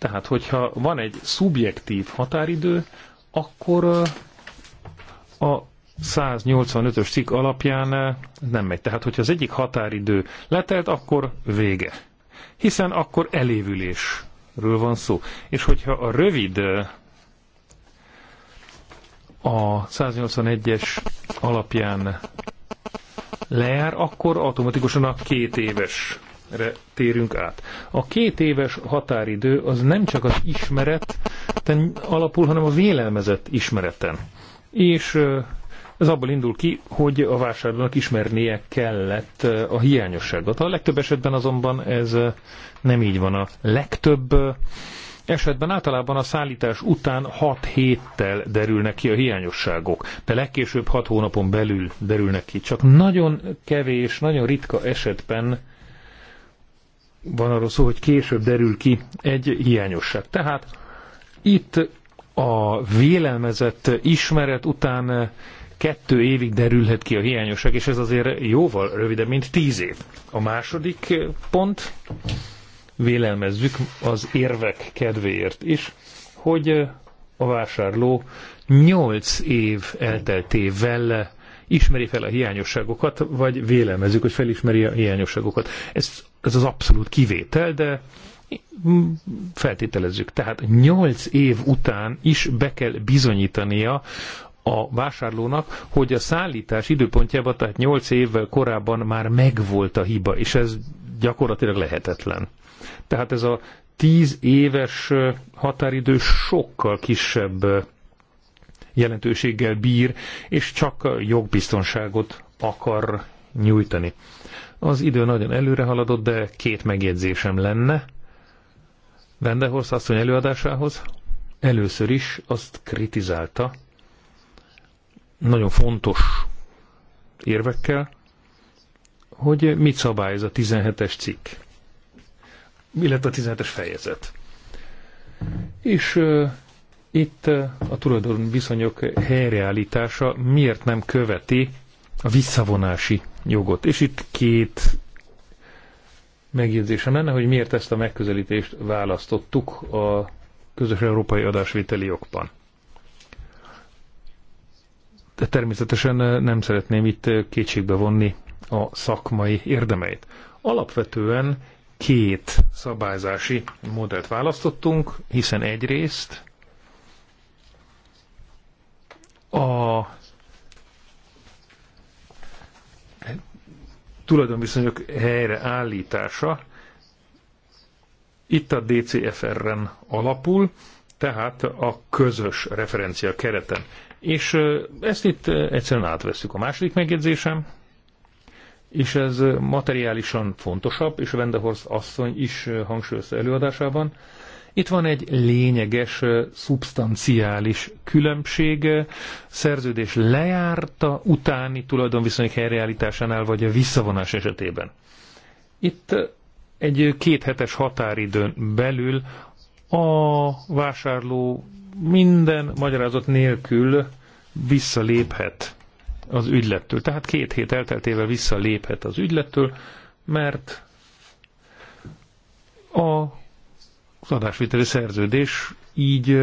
Tehát, hogyha van egy szubjektív határidő, akkor a 185-ös cikk alapján nem megy. Tehát, hogyha az egyik határidő letelt, akkor vége. Hiszen akkor elévülésről van szó. És hogyha a rövid a 181-es alapján lejár, akkor automatikusan a két éves re térünk át. A két éves határidő az nem csak az ismereten alapul, hanem a vélelmezett ismereten. És ez abból indul ki, hogy a vásárlónak ismernie kellett a hiányosságot. A legtöbb esetben azonban ez nem így van. A legtöbb esetben általában a szállítás után 6 héttel derülnek ki a hiányosságok, de legkésőbb 6 hónapon belül derülnek ki. Csak nagyon kevés, nagyon ritka esetben van arról szó, hogy később derül ki egy hiányosság. Tehát itt a vélelmezett ismeret után kettő évig derülhet ki a hiányosság, és ez azért jóval rövidebb, mint tíz év. A második pont, vélelmezzük az érvek kedvéért is, hogy a vásárló nyolc év elteltével ismeri fel a hiányosságokat, vagy vélelmezzük, hogy felismeri a hiányosságokat. Ez ez az abszolút kivétel, de feltételezzük. Tehát 8 év után is be kell bizonyítania a vásárlónak, hogy a szállítás időpontjában, tehát 8 évvel korábban már megvolt a hiba, és ez gyakorlatilag lehetetlen. Tehát ez a 10 éves határidő sokkal kisebb jelentőséggel bír, és csak jogbiztonságot akar nyújtani. Az idő nagyon előre haladott, de két megjegyzésem lenne. Vendehorsz asszony előadásához először is azt kritizálta, nagyon fontos érvekkel, hogy mit szabályoz a 17-es cikk, illetve a 17-es fejezet. És uh, itt uh, a viszonyok helyreállítása miért nem követi a visszavonási jogot. És itt két megjegyzésem lenne, hogy miért ezt a megközelítést választottuk a közös európai adásvételi jogban. De természetesen nem szeretném itt kétségbe vonni a szakmai érdemeit. Alapvetően két szabályzási modellt választottunk, hiszen egyrészt a tulajdonviszonyok helyreállítása itt a DCFR-en alapul, tehát a közös referencia kereten. És ezt itt egyszerűen átveszük a második megjegyzésem, és ez materiálisan fontosabb, és Vendehorst asszony is hangsúlyozta előadásában, itt van egy lényeges, szubstanciális különbség szerződés lejárta utáni tulajdonviszonyok helyreállításánál, vagy a visszavonás esetében. Itt egy kéthetes határidőn belül a vásárló minden magyarázat nélkül visszaléphet az ügylettől. Tehát két hét elteltével visszaléphet az ügylettől, mert a adásvételi szerződés így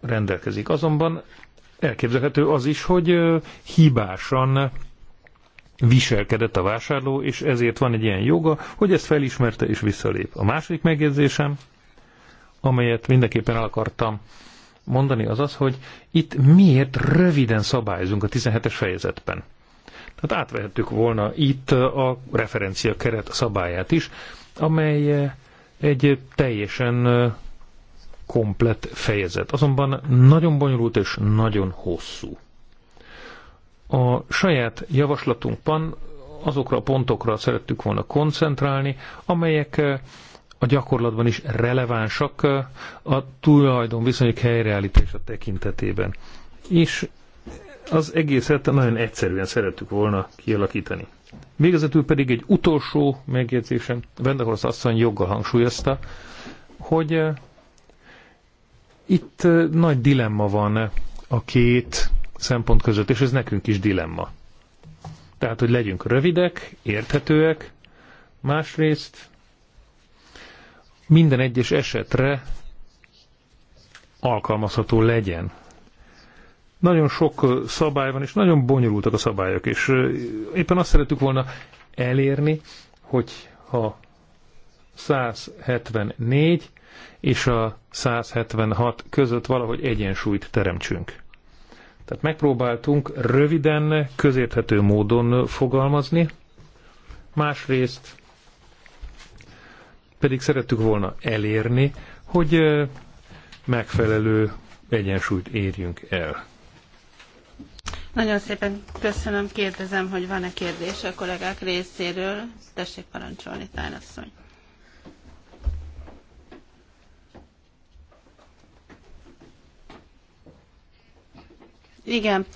rendelkezik. Azonban elképzelhető az is, hogy hibásan viselkedett a vásárló, és ezért van egy ilyen joga, hogy ezt felismerte és visszalép. A második megjegyzésem, amelyet mindenképpen el akartam mondani, az az, hogy itt miért röviden szabályozunk a 17-es fejezetben. Tehát átvehettük volna itt a referencia keret szabályát is, amely eh, egy teljesen eh, komplet fejezet. Azonban nagyon bonyolult és nagyon hosszú. A saját javaslatunkban azokra a pontokra szerettük volna koncentrálni, amelyek eh, a gyakorlatban is relevánsak a tulajdonviszonyok helyreállítása tekintetében. És az egészet nagyon egyszerűen szerettük volna kialakítani. Végezetül pedig egy utolsó megjegyzésem, Vendehorsz asszony joggal hangsúlyozta, hogy eh, itt eh, nagy dilemma van eh, a két szempont között, és ez nekünk is dilemma. Tehát, hogy legyünk rövidek, érthetőek, másrészt minden egyes esetre alkalmazható legyen nagyon sok szabály van, és nagyon bonyolultak a szabályok, és éppen azt szerettük volna elérni, hogy ha 174 és a 176 között valahogy egyensúlyt teremtsünk. Tehát megpróbáltunk röviden, közérthető módon fogalmazni, másrészt pedig szerettük volna elérni, hogy megfelelő egyensúlyt érjünk el. Nagyon szépen köszönöm, kérdezem, hogy van-e kérdés a kollégák részéről. Tessék parancsolni, tájnasszony. Igen.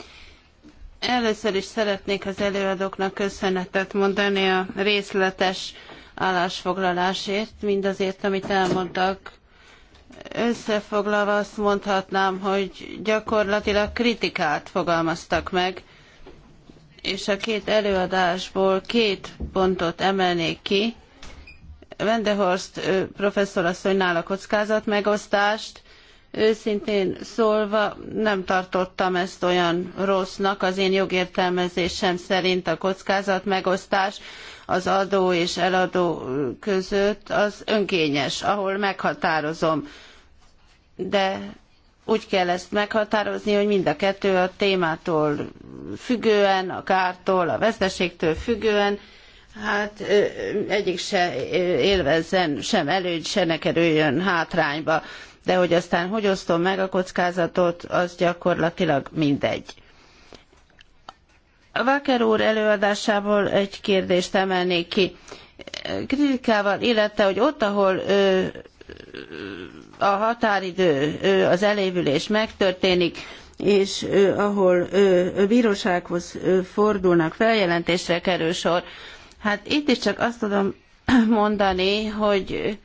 Először is szeretnék az előadóknak köszönetet mondani a részletes állásfoglalásért, mindazért, amit elmondtak Összefoglalva azt mondhatnám, hogy gyakorlatilag kritikát fogalmaztak meg, és a két előadásból két pontot emelnék ki. Wendehorst professzor asszonynál a kockázatmegosztást, őszintén szólva nem tartottam ezt olyan rossznak az én jogértelmezésem szerint a kockázatmegosztás az adó és eladó között, az önkényes, ahol meghatározom. De úgy kell ezt meghatározni, hogy mind a kettő a témától függően, a kártól, a veszteségtől függően, hát egyik se élvezzen, sem előny, se ne kerüljön hátrányba. De hogy aztán hogy osztom meg a kockázatot, az gyakorlatilag mindegy. A Váker úr előadásából egy kérdést emelnék ki. Kritikával illette, hogy ott, ahol a határidő, az elévülés megtörténik, és ahol ö, bírósághoz fordulnak, feljelentésre kerül sor. Hát itt is csak azt tudom mondani, hogy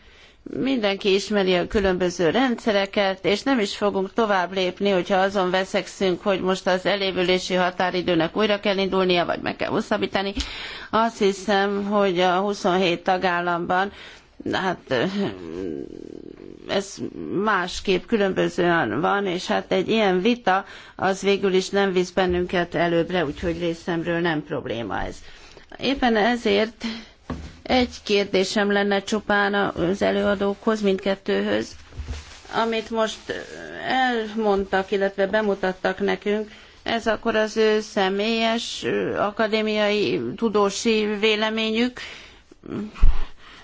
mindenki ismeri a különböző rendszereket, és nem is fogunk tovább lépni, hogyha azon veszekszünk, hogy most az elévülési határidőnek újra kell indulnia, vagy meg kell hosszabbítani. Azt hiszem, hogy a 27 tagállamban hát ez másképp különbözően van, és hát egy ilyen vita az végül is nem visz bennünket előbbre, úgyhogy részemről nem probléma ez. Éppen ezért egy kérdésem lenne csupán az előadókhoz, mindkettőhöz. Amit most elmondtak, illetve bemutattak nekünk, ez akkor az ő személyes akadémiai tudósi véleményük,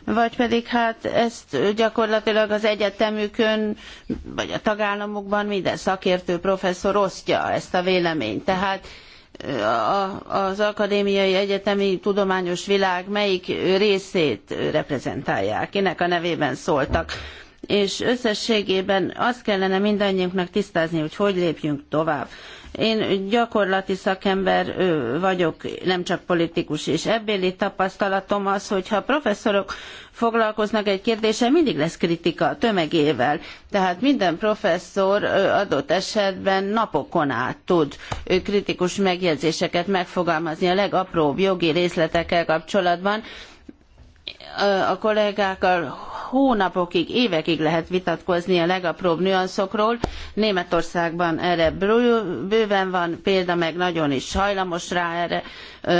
vagy pedig hát ezt gyakorlatilag az egyetemükön, vagy a tagállamokban minden szakértő professzor osztja ezt a véleményt. Tehát az akadémiai egyetemi tudományos világ melyik részét reprezentálják, kinek a nevében szóltak és összességében azt kellene mindannyiunknak tisztázni, hogy hogy lépjünk tovább. Én gyakorlati szakember vagyok, nem csak politikus, és ebbéli tapasztalatom az, hogy ha professzorok foglalkoznak egy kérdéssel, mindig lesz kritika tömegével. Tehát minden professzor adott esetben napokon át tud kritikus megjegyzéseket megfogalmazni a legapróbb jogi részletekkel kapcsolatban, a kollégákkal hónapokig, évekig lehet vitatkozni a legapróbb nüanszokról. Németországban erre bőven van példa, meg nagyon is hajlamos rá erre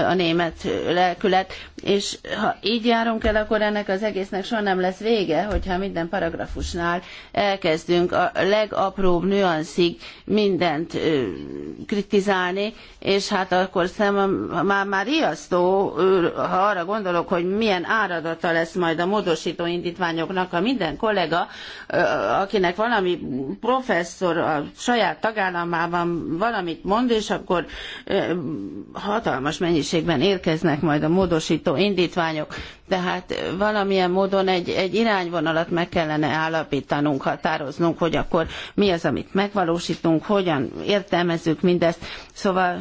a német lelkület, és ha így járunk el, akkor ennek az egésznek soha nem lesz vége, hogyha minden paragrafusnál elkezdünk a legapróbb nüanszig mindent kritizálni, és hát akkor szem már, már riasztó, ha arra gondolok, hogy milyen áradat feladata lesz majd a módosító indítványoknak, a minden kollega, akinek valami professzor a saját tagállamában valamit mond, és akkor hatalmas mennyiségben érkeznek majd a módosító indítványok. Tehát valamilyen módon egy, egy irányvonalat meg kellene állapítanunk, határoznunk, hogy akkor mi az, amit megvalósítunk, hogyan értelmezzük mindezt. Szóval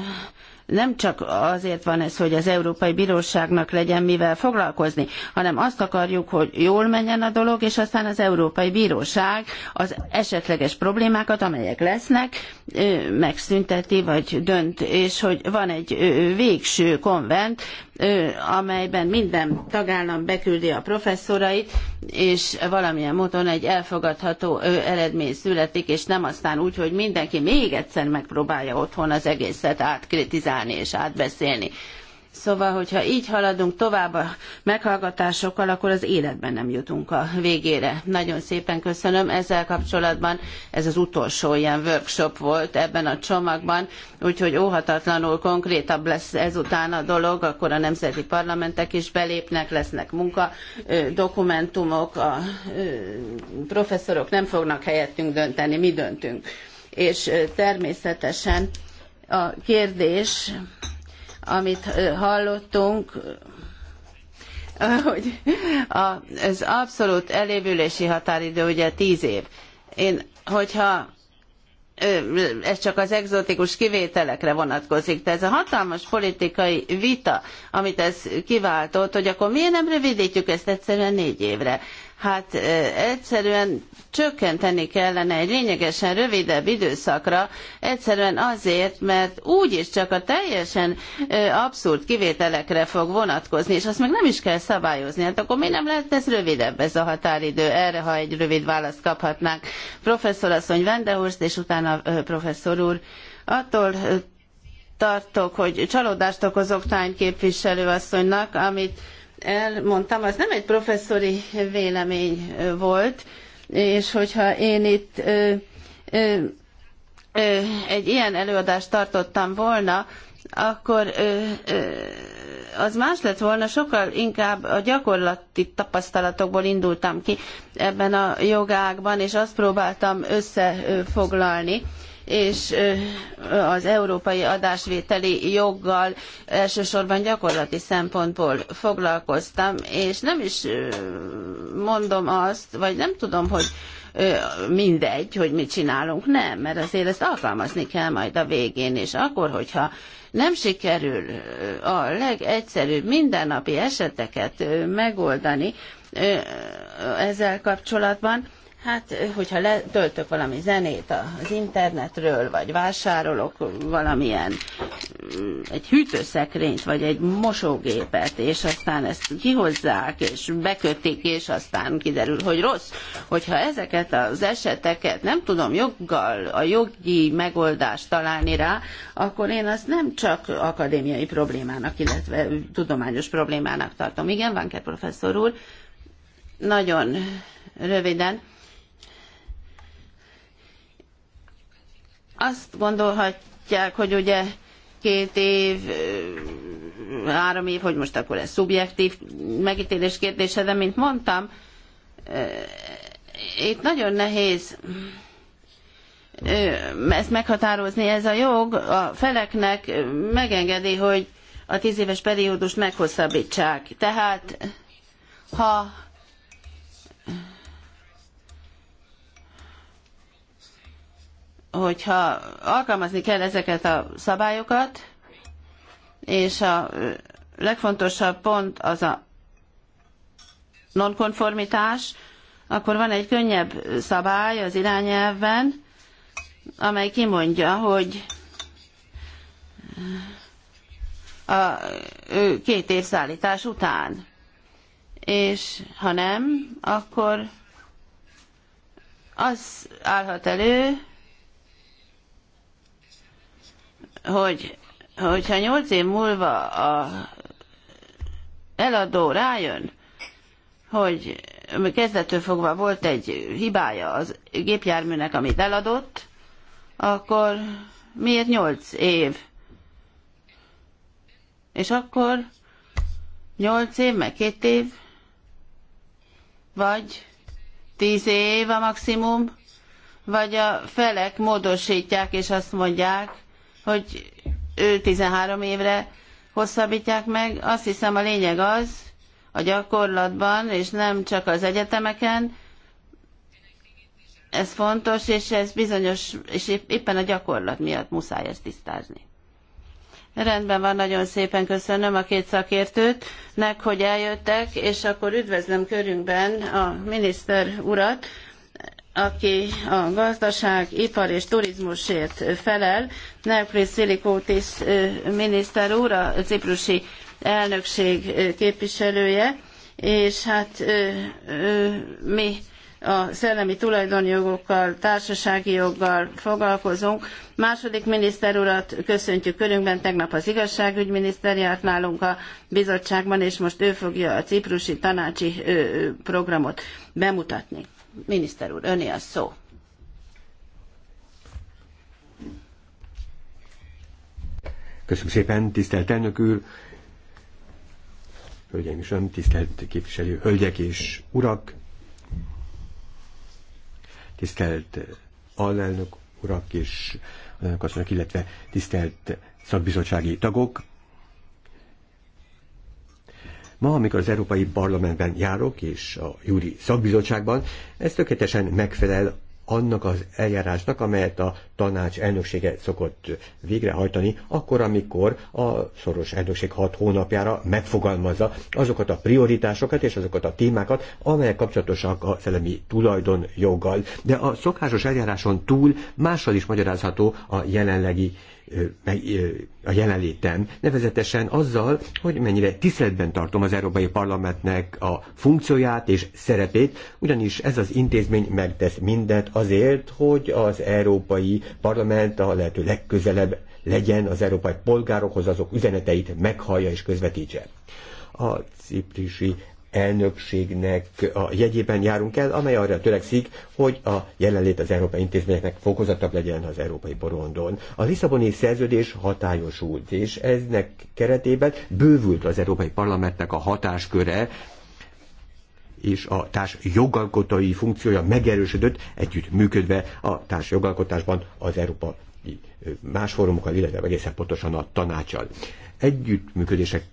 nem csak azért van ez, hogy az Európai Bíróságnak legyen mivel foglalkozni, hanem azt akarjuk, hogy jól menjen a dolog, és aztán az Európai Bíróság az esetleges problémákat, amelyek lesznek, megszünteti vagy dönt, és hogy van egy végső konvent, amelyben minden tagállam beküldi a professzorait, és valamilyen módon egy elfogadható eredmény születik, és nem aztán úgy, hogy mindenki még egyszer megpróbálja otthon az egészet átkritizálni és átbeszélni. Szóval, hogyha így haladunk tovább a meghallgatásokkal, akkor az életben nem jutunk a végére. Nagyon szépen köszönöm. Ezzel kapcsolatban ez az utolsó ilyen workshop volt ebben a csomagban, úgyhogy óhatatlanul konkrétabb lesz ezután a dolog, akkor a nemzeti parlamentek is belépnek, lesznek munka dokumentumok, a professzorok nem fognak helyettünk dönteni, mi döntünk. És természetesen a kérdés amit hallottunk, hogy az abszolút elévülési határidő ugye tíz év. Én, hogyha ez csak az egzotikus kivételekre vonatkozik, de ez a hatalmas politikai vita, amit ez kiváltott, hogy akkor miért nem rövidítjük ezt egyszerűen négy évre hát egyszerűen csökkenteni kellene egy lényegesen rövidebb időszakra, egyszerűen azért, mert úgyis csak a teljesen abszurd kivételekre fog vonatkozni, és azt meg nem is kell szabályozni. Hát akkor mi nem lehet ez rövidebb ez a határidő? Erre, ha egy rövid választ kaphatnánk. Professzor asszony Vendehorst, és utána professzor úr. Attól tartok, hogy csalódást okozok Tány képviselő asszonynak, amit elmondtam, az nem egy professzori vélemény volt, és hogyha én itt ö, ö, ö, egy ilyen előadást tartottam volna, akkor az más lett volna, sokkal inkább a gyakorlati tapasztalatokból indultam ki ebben a jogákban, és azt próbáltam összefoglalni és az európai adásvételi joggal elsősorban gyakorlati szempontból foglalkoztam, és nem is mondom azt, vagy nem tudom, hogy mindegy, hogy mit csinálunk, nem, mert azért ezt alkalmazni kell majd a végén, és akkor, hogyha nem sikerül a legegyszerűbb mindennapi eseteket megoldani ezzel kapcsolatban, Hát, hogyha letöltök valami zenét az internetről, vagy vásárolok valamilyen mm, egy hűtőszekrényt, vagy egy mosógépet, és aztán ezt kihozzák, és bekötik, és aztán kiderül, hogy rossz. Hogyha ezeket az eseteket nem tudom joggal, a jogi megoldást találni rá, akkor én azt nem csak akadémiai problémának, illetve tudományos problémának tartom. Igen, Vanker professzor úr, nagyon röviden Azt gondolhatják, hogy ugye két év, három év, hogy most akkor ez szubjektív megítélés kérdése, de mint mondtam, itt nagyon nehéz ezt meghatározni. Ez a jog a feleknek megengedi, hogy a tíz éves periódust meghosszabbítsák. Tehát ha hogyha alkalmazni kell ezeket a szabályokat, és a legfontosabb pont az a nonkonformitás, akkor van egy könnyebb szabály az irányelvben, amely kimondja, hogy a két év szállítás után. És ha nem, akkor az állhat elő, hogy hogyha nyolc év múlva a eladó rájön, hogy kezdetől fogva volt egy hibája az gépjárműnek, amit eladott, akkor miért nyolc év? És akkor nyolc év, meg két év, vagy tíz év a maximum, vagy a felek módosítják, és azt mondják, hogy 13 évre hosszabbítják meg. Azt hiszem a lényeg az, a gyakorlatban, és nem csak az egyetemeken, ez fontos, és ez bizonyos, és éppen a gyakorlat miatt muszáj ezt tisztázni. Rendben van, nagyon szépen köszönöm a két szakértőtnek, hogy eljöttek, és akkor üdvözlöm körünkben a miniszter urat, aki a gazdaság, ipar és turizmusért felel, Nerpris Szilikótis miniszter úr, a ciprusi elnökség képviselője, és hát mi a szellemi tulajdonjogokkal, társasági joggal foglalkozunk. Második miniszter urat köszöntjük körünkben, tegnap az igazságügyminiszter járt nálunk a bizottságban, és most ő fogja a ciprusi tanácsi programot bemutatni. Miniszter úr, öné a szó. Köszönöm szépen, tisztelt elnök úr, hölgyeim és ön, tisztelt képviselő, hölgyek és urak, tisztelt alelnök urak és alelnök asszonyok, illetve tisztelt szakbizottsági tagok. Ma, amikor az Európai Parlamentben járok, és a Júri Szakbizottságban, ez tökéletesen megfelel annak az eljárásnak, amelyet a tanács elnöksége szokott végrehajtani, akkor, amikor a szoros elnökség hat hónapjára megfogalmazza azokat a prioritásokat és azokat a témákat, amelyek kapcsolatosak a szellemi joggal. De a szokásos eljáráson túl mással is magyarázható a jelenlegi a jelenlétem, nevezetesen azzal, hogy mennyire tiszteletben tartom az Európai Parlamentnek a funkcióját és szerepét, ugyanis ez az intézmény megtesz mindent azért, hogy az Európai Parlament a lehető legközelebb legyen az európai polgárokhoz, azok üzeneteit meghallja és közvetítse. A ciprisi elnökségnek a jegyében járunk el, amely arra törekszik, hogy a jelenlét az európai intézményeknek fokozatabb legyen az európai porondon. A Lisszaboni szerződés hatályosult, és eznek keretében bővült az Európai Parlamentnek a hatásköre, és a társ jogalkotói funkciója megerősödött, együtt működve a társ jogalkotásban az Európa más fórumokkal, illetve egészen pontosan a tanácsal. Együttműködések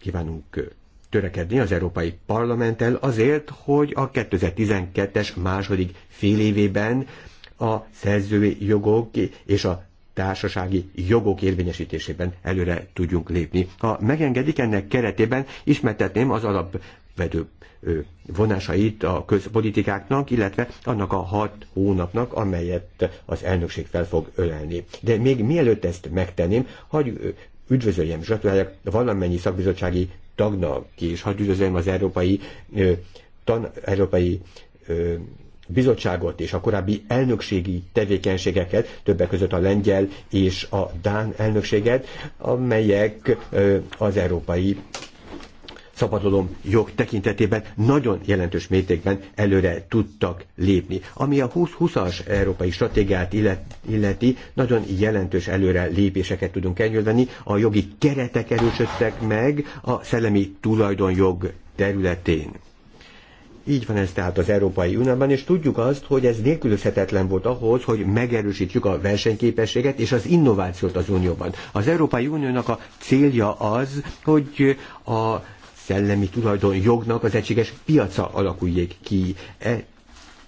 kívánunk törekedni az Európai Parlamenttel azért, hogy a 2012-es második fél évében a szerzői jogok és a társasági jogok érvényesítésében előre tudjunk lépni. Ha megengedik ennek keretében, ismertetném az alapvető vonásait a közpolitikáknak, illetve annak a hat hónapnak, amelyet az elnökség fel fog ölelni. De még mielőtt ezt megtenném, hogy üdvözöljem zsatuláljak valamennyi szakbizottsági tagnak, és hagyj üdvözlöm az Európai, ö, tan, Európai ö, bizottságot és a korábbi elnökségi tevékenységeket, többek között a lengyel és a dán elnökséget, amelyek az európai szabadalom jog tekintetében nagyon jelentős mértékben előre tudtak lépni. Ami a 2020-as európai stratégiát illeti, nagyon jelentős előre lépéseket tudunk elnyúlni. A jogi keretek erősödtek meg a szellemi tulajdonjog területén. Így van ez tehát az Európai Unióban, és tudjuk azt, hogy ez nélkülözhetetlen volt ahhoz, hogy megerősítjük a versenyképességet és az innovációt az Unióban. Az Európai Uniónak a célja az, hogy a szellemi tulajdon jognak az egységes piaca alakuljék ki. E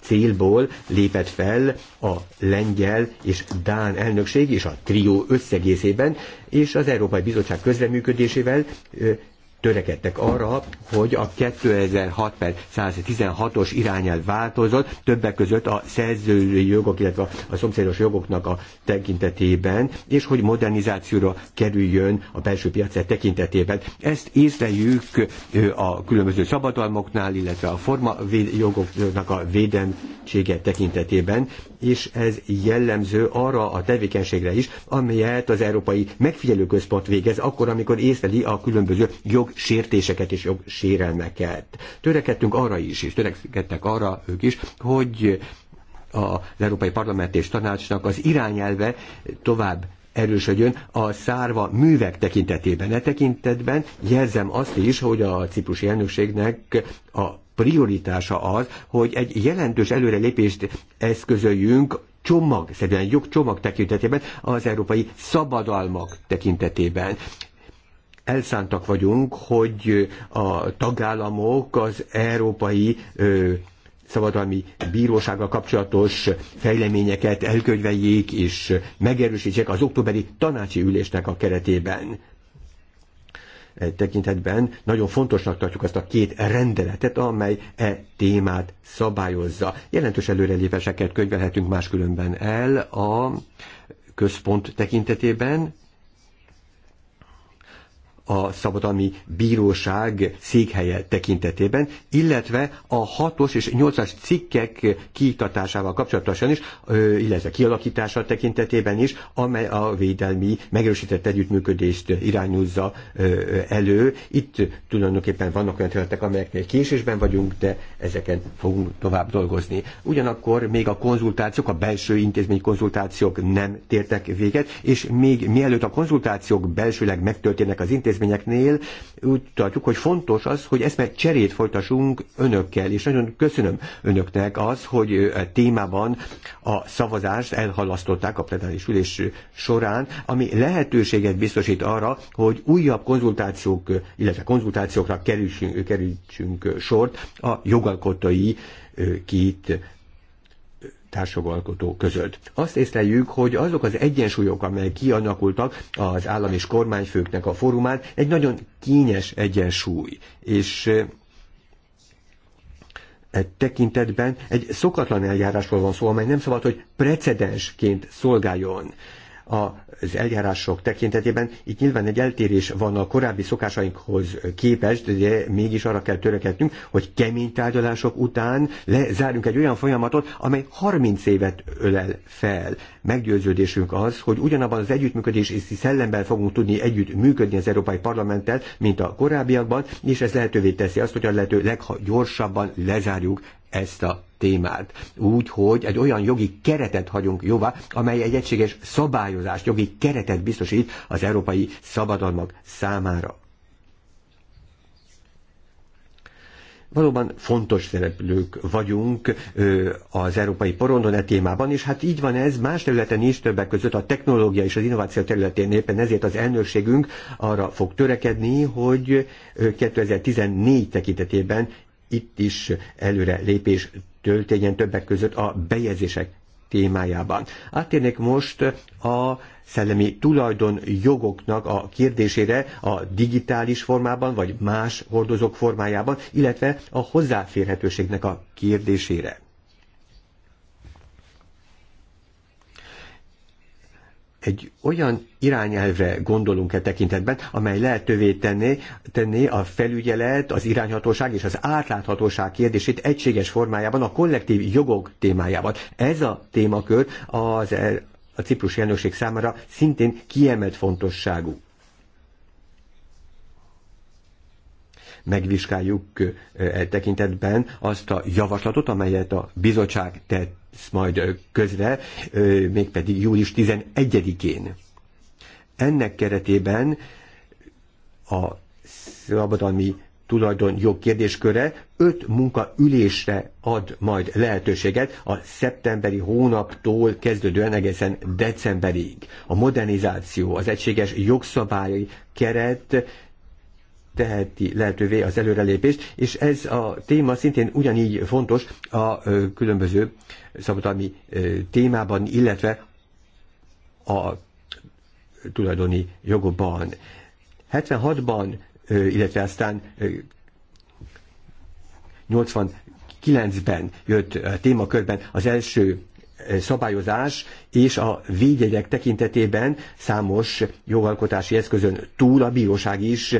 célból lépett fel a lengyel és dán elnökség és a trió összegészében, és az Európai Bizottság közreműködésével törekedtek arra, hogy a 2006 per 116-os irányel változott, többek között a szerzői jogok, illetve a szomszédos jogoknak a tekintetében, és hogy modernizációra kerüljön a belső piac e tekintetében. Ezt észleljük a különböző szabadalmoknál, illetve a forma jogoknak a védentsége tekintetében, és ez jellemző arra a tevékenységre is, amelyet az Európai Megfigyelőközpont végez, akkor, amikor észleli a különböző jog jogsértéseket és jogsérelmeket. Törekedtünk arra is, és törekedtek arra ők is, hogy az Európai Parlament és Tanácsnak az irányelve tovább erősödjön a szárva művek tekintetében. E tekintetben jelzem azt is, hogy a ciprusi elnökségnek a prioritása az, hogy egy jelentős előrelépést eszközöljünk csomag, szerintem jogcsomag tekintetében, az európai szabadalmak tekintetében elszántak vagyunk, hogy a tagállamok az európai szabadalmi bírósággal kapcsolatos fejleményeket elkönyveljék és megerősítsék az októberi tanácsi ülésnek a keretében e tekintetben nagyon fontosnak tartjuk azt a két rendeletet, amely e témát szabályozza. Jelentős előrelépéseket könyvelhetünk máskülönben el a központ tekintetében, a szabadalmi bíróság székhelye tekintetében, illetve a 6-os és 8-as cikkek kiiktatásával kapcsolatosan is, illetve kialakítása tekintetében is, amely a védelmi megerősített együttműködést irányúzza elő. Itt tulajdonképpen vannak olyan területek, amelyeknél késésben vagyunk, de ezeken fogunk tovább dolgozni. Ugyanakkor még a konzultációk, a belső intézmény konzultációk nem tértek véget, és még mielőtt a konzultációk belsőleg megtörténnek az intézmény, intézményeknél úgy tartjuk, hogy fontos az, hogy meg cserét folytassunk önökkel, és nagyon köszönöm önöknek az, hogy a e témában a szavazást elhalasztották a plenáris ülés során, ami lehetőséget biztosít arra, hogy újabb konzultációk, illetve konzultációkra kerülsünk, kerülsünk sort a jogalkotói két társjogalkotó között. Azt észleljük, hogy azok az egyensúlyok, amelyek kialakultak az állam és kormányfőknek a fórumán, egy nagyon kényes egyensúly, és egy tekintetben egy szokatlan eljárásról van szó, amely nem szabad, hogy precedensként szolgáljon. A az eljárások tekintetében itt nyilván egy eltérés van a korábbi szokásainkhoz képest, de mégis arra kell törekednünk, hogy kemény tárgyalások után lezárjunk egy olyan folyamatot, amely 30 évet ölel fel. Meggyőződésünk az, hogy ugyanabban az együttműködés és szellemben fogunk tudni együtt működni az Európai Parlamenttel, mint a korábbiakban, és ez lehetővé teszi azt, hogy a lehető leggyorsabban lezárjuk ezt a témát. Úgy, hogy egy olyan jogi keretet hagyunk jóvá, amely egy egységes szabályozást, jogi keretet biztosít az európai szabadalmak számára. valóban fontos szereplők vagyunk az európai porondon e témában, és hát így van ez más területen is, többek között a technológia és az innováció területén éppen ezért az elnökségünk arra fog törekedni, hogy 2014 tekintetében itt is előre lépés történjen többek között a bejegyzések témájában. Áttérnék most a szellemi tulajdon jogoknak a kérdésére a digitális formában, vagy más hordozók formájában, illetve a hozzáférhetőségnek a kérdésére. egy olyan irányelvre gondolunk-e tekintetben, amely lehetővé tenné, tenné a felügyelet, az irányhatóság és az átláthatóság kérdését egységes formájában, a kollektív jogok témájában. Ez a témakör az e- a ciprusi elnökség számára szintén kiemelt fontosságú. megvizsgáljuk e, e tekintetben azt a javaslatot, amelyet a bizottság tett majd közre, mégpedig július 11-én. Ennek keretében a szabadalmi tulajdon kérdésköre öt munkaülésre ad majd lehetőséget a szeptemberi hónaptól kezdődően egészen decemberig. A modernizáció, az egységes jogszabályi keret teheti lehetővé az előrelépést, és ez a téma szintén ugyanígy fontos a különböző szabadalmi témában, illetve a tulajdoni jogokban. 76-ban, illetve aztán 89-ben jött a témakörben az első szabályozás és a védjegyek tekintetében számos jogalkotási eszközön túl a bíróság is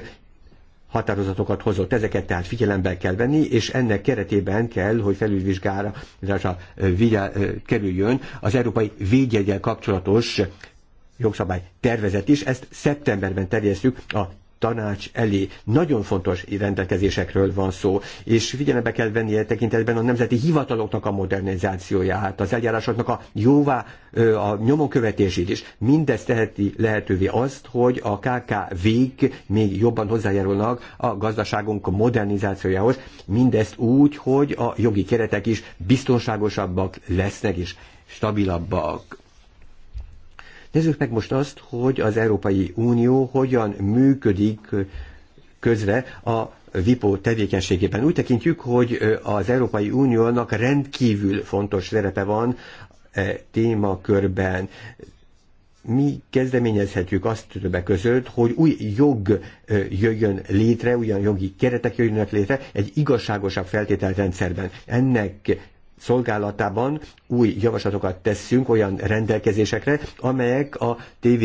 határozatokat hozott. Ezeket tehát figyelembe kell venni, és ennek keretében kell, hogy felülvizsgára, kerüljön az európai védjegyel kapcsolatos jogszabály tervezet is. Ezt szeptemberben terjesztjük a tanács elé. Nagyon fontos rendelkezésekről van szó, és figyelembe kell venni a e tekintetben a nemzeti hivataloknak a modernizációját, az eljárásoknak a jóvá, a nyomonkövetését is. Mindez teheti lehetővé azt, hogy a KKV-k még jobban hozzájárulnak a gazdaságunk modernizációjához, mindezt úgy, hogy a jogi keretek is biztonságosabbak lesznek és stabilabbak. Nézzük meg most azt, hogy az Európai Unió hogyan működik közre a VIPO tevékenységében. Úgy tekintjük, hogy az Európai Uniónak rendkívül fontos szerepe van e témakörben mi kezdeményezhetjük azt többek között, hogy új jog e, jöjjön létre, olyan jogi keretek jöjjönnek létre egy igazságosabb feltételrendszerben. Ennek szolgálatában új javaslatokat teszünk olyan rendelkezésekre, amelyek a TV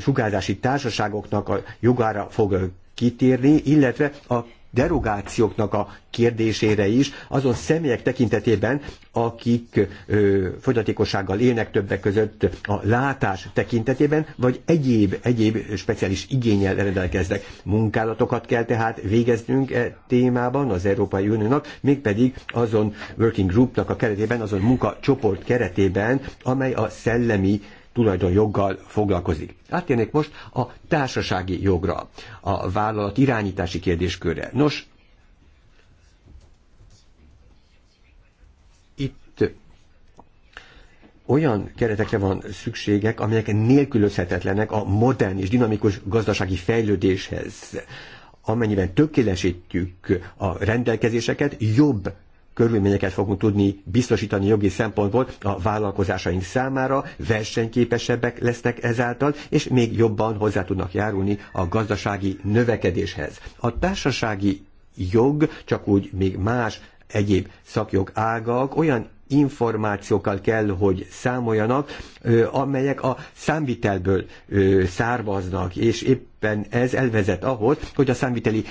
sugárzási társaságoknak a jogára fog kitérni, illetve a derogációknak a kérdésére is, azon személyek tekintetében, akik ö, fogyatékossággal élnek többek között a látás tekintetében, vagy egyéb, egyéb speciális igényel rendelkeznek. Munkálatokat kell tehát végeznünk e témában az Európai Uniónak, mégpedig azon working groupnak a keretében, azon munkacsoport csoport keretében, amely a szellemi tulajdonjoggal foglalkozik. Átérnék most a társasági jogra, a vállalat irányítási kérdéskörre. Nos, itt olyan keretekre van szükségek, amelyek nélkülözhetetlenek a modern és dinamikus gazdasági fejlődéshez. Amennyiben tökéletesítjük a rendelkezéseket, jobb körülményeket fogunk tudni biztosítani jogi szempontból a vállalkozásaink számára, versenyképesebbek lesznek ezáltal, és még jobban hozzá tudnak járulni a gazdasági növekedéshez. A társasági jog, csak úgy még más egyéb szakjog ágak olyan információkkal kell, hogy számoljanak, amelyek a számvitelből származnak, és éppen ez elvezet ahhoz, hogy a számviteli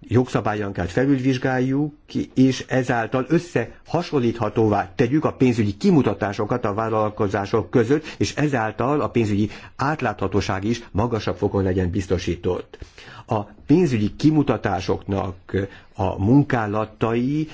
jogszabályon kell felülvizsgáljuk, és ezáltal összehasonlíthatóvá tegyük a pénzügyi kimutatásokat a vállalkozások között, és ezáltal a pénzügyi átláthatóság is magasabb fokon legyen biztosított. A pénzügyi kimutatásoknak a munkálatai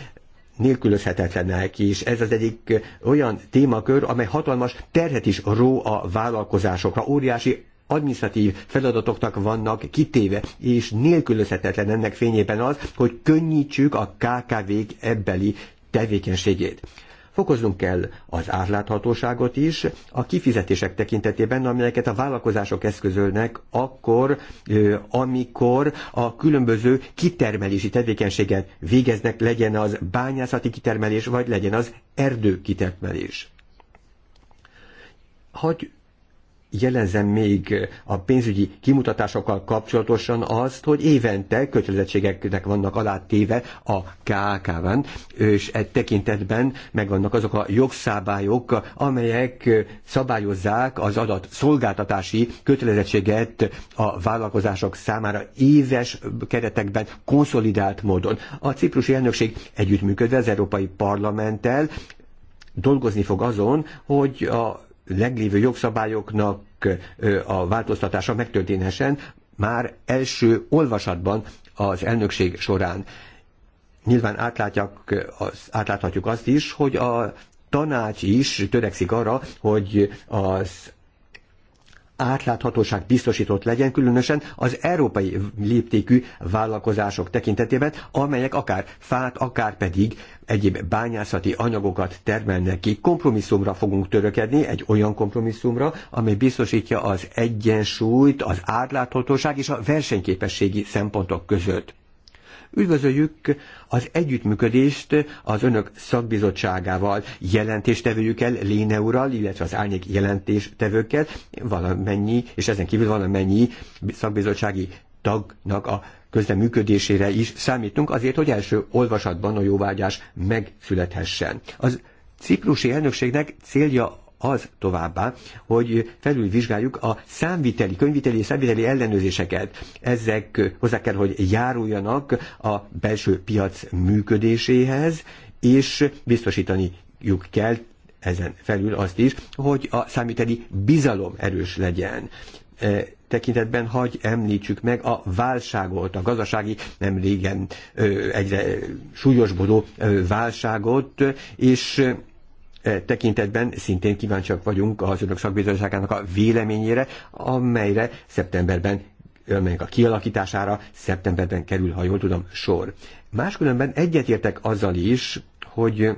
nélkülözhetetlenek, és ez az egyik olyan témakör, amely hatalmas terhet is ró a vállalkozásokra, óriási administratív feladatoknak vannak kitéve, és nélkülözhetetlen ennek fényében az, hogy könnyítsük a KKV-k ebbeli tevékenységét. Fokoznunk kell az átláthatóságot is a kifizetések tekintetében, amelyeket a vállalkozások eszközölnek akkor, amikor a különböző kitermelési tevékenységet végeznek, legyen az bányászati kitermelés, vagy legyen az erdő kitermelés. Hogy jelezem még a pénzügyi kimutatásokkal kapcsolatosan azt, hogy évente kötelezettségeknek vannak alátéve a KK-ban, és egy tekintetben megvannak azok a jogszabályok, amelyek szabályozzák az adat szolgáltatási kötelezettséget a vállalkozások számára éves keretekben konszolidált módon. A ciprusi elnökség együttműködve az Európai Parlamenttel dolgozni fog azon, hogy a leglévő jogszabályoknak a változtatása megtörténhessen már első olvasatban az elnökség során. Nyilván átlátják, átláthatjuk azt is, hogy a tanács is törekszik arra, hogy az átláthatóság biztosított legyen, különösen az európai léptékű vállalkozások tekintetében, amelyek akár fát, akár pedig egyéb bányászati anyagokat termelnek ki. Kompromisszumra fogunk törökedni, egy olyan kompromisszumra, amely biztosítja az egyensúlyt, az átláthatóság és a versenyképességi szempontok között. Üdvözöljük az együttműködést az önök szakbizottságával, jelentéstevőjükkel, Léne ural, illetve az árnyék jelentéstevőkkel, valamennyi, és ezen kívül valamennyi szakbizottsági tagnak a közleműködésére is számítunk azért, hogy első olvasatban a jóvágyás megszülethessen. Az ciprusi elnökségnek célja az továbbá, hogy felülvizsgáljuk a számviteli, könyviteli és számviteli ellenőrzéseket. Ezek hozzá kell, hogy járuljanak a belső piac működéséhez, és biztosítaniuk kell ezen felül azt is, hogy a számviteli bizalom erős legyen e, tekintetben hagy említsük meg a válságot, a gazdasági nem régen egyre súlyosbodó válságot, és E, tekintetben szintén kíváncsiak vagyunk az Önök Szakbizottságának a véleményére, amelyre szeptemberben amelyek a kialakítására szeptemberben kerül, ha jól tudom, sor. Máskülönben egyetértek azzal is, hogy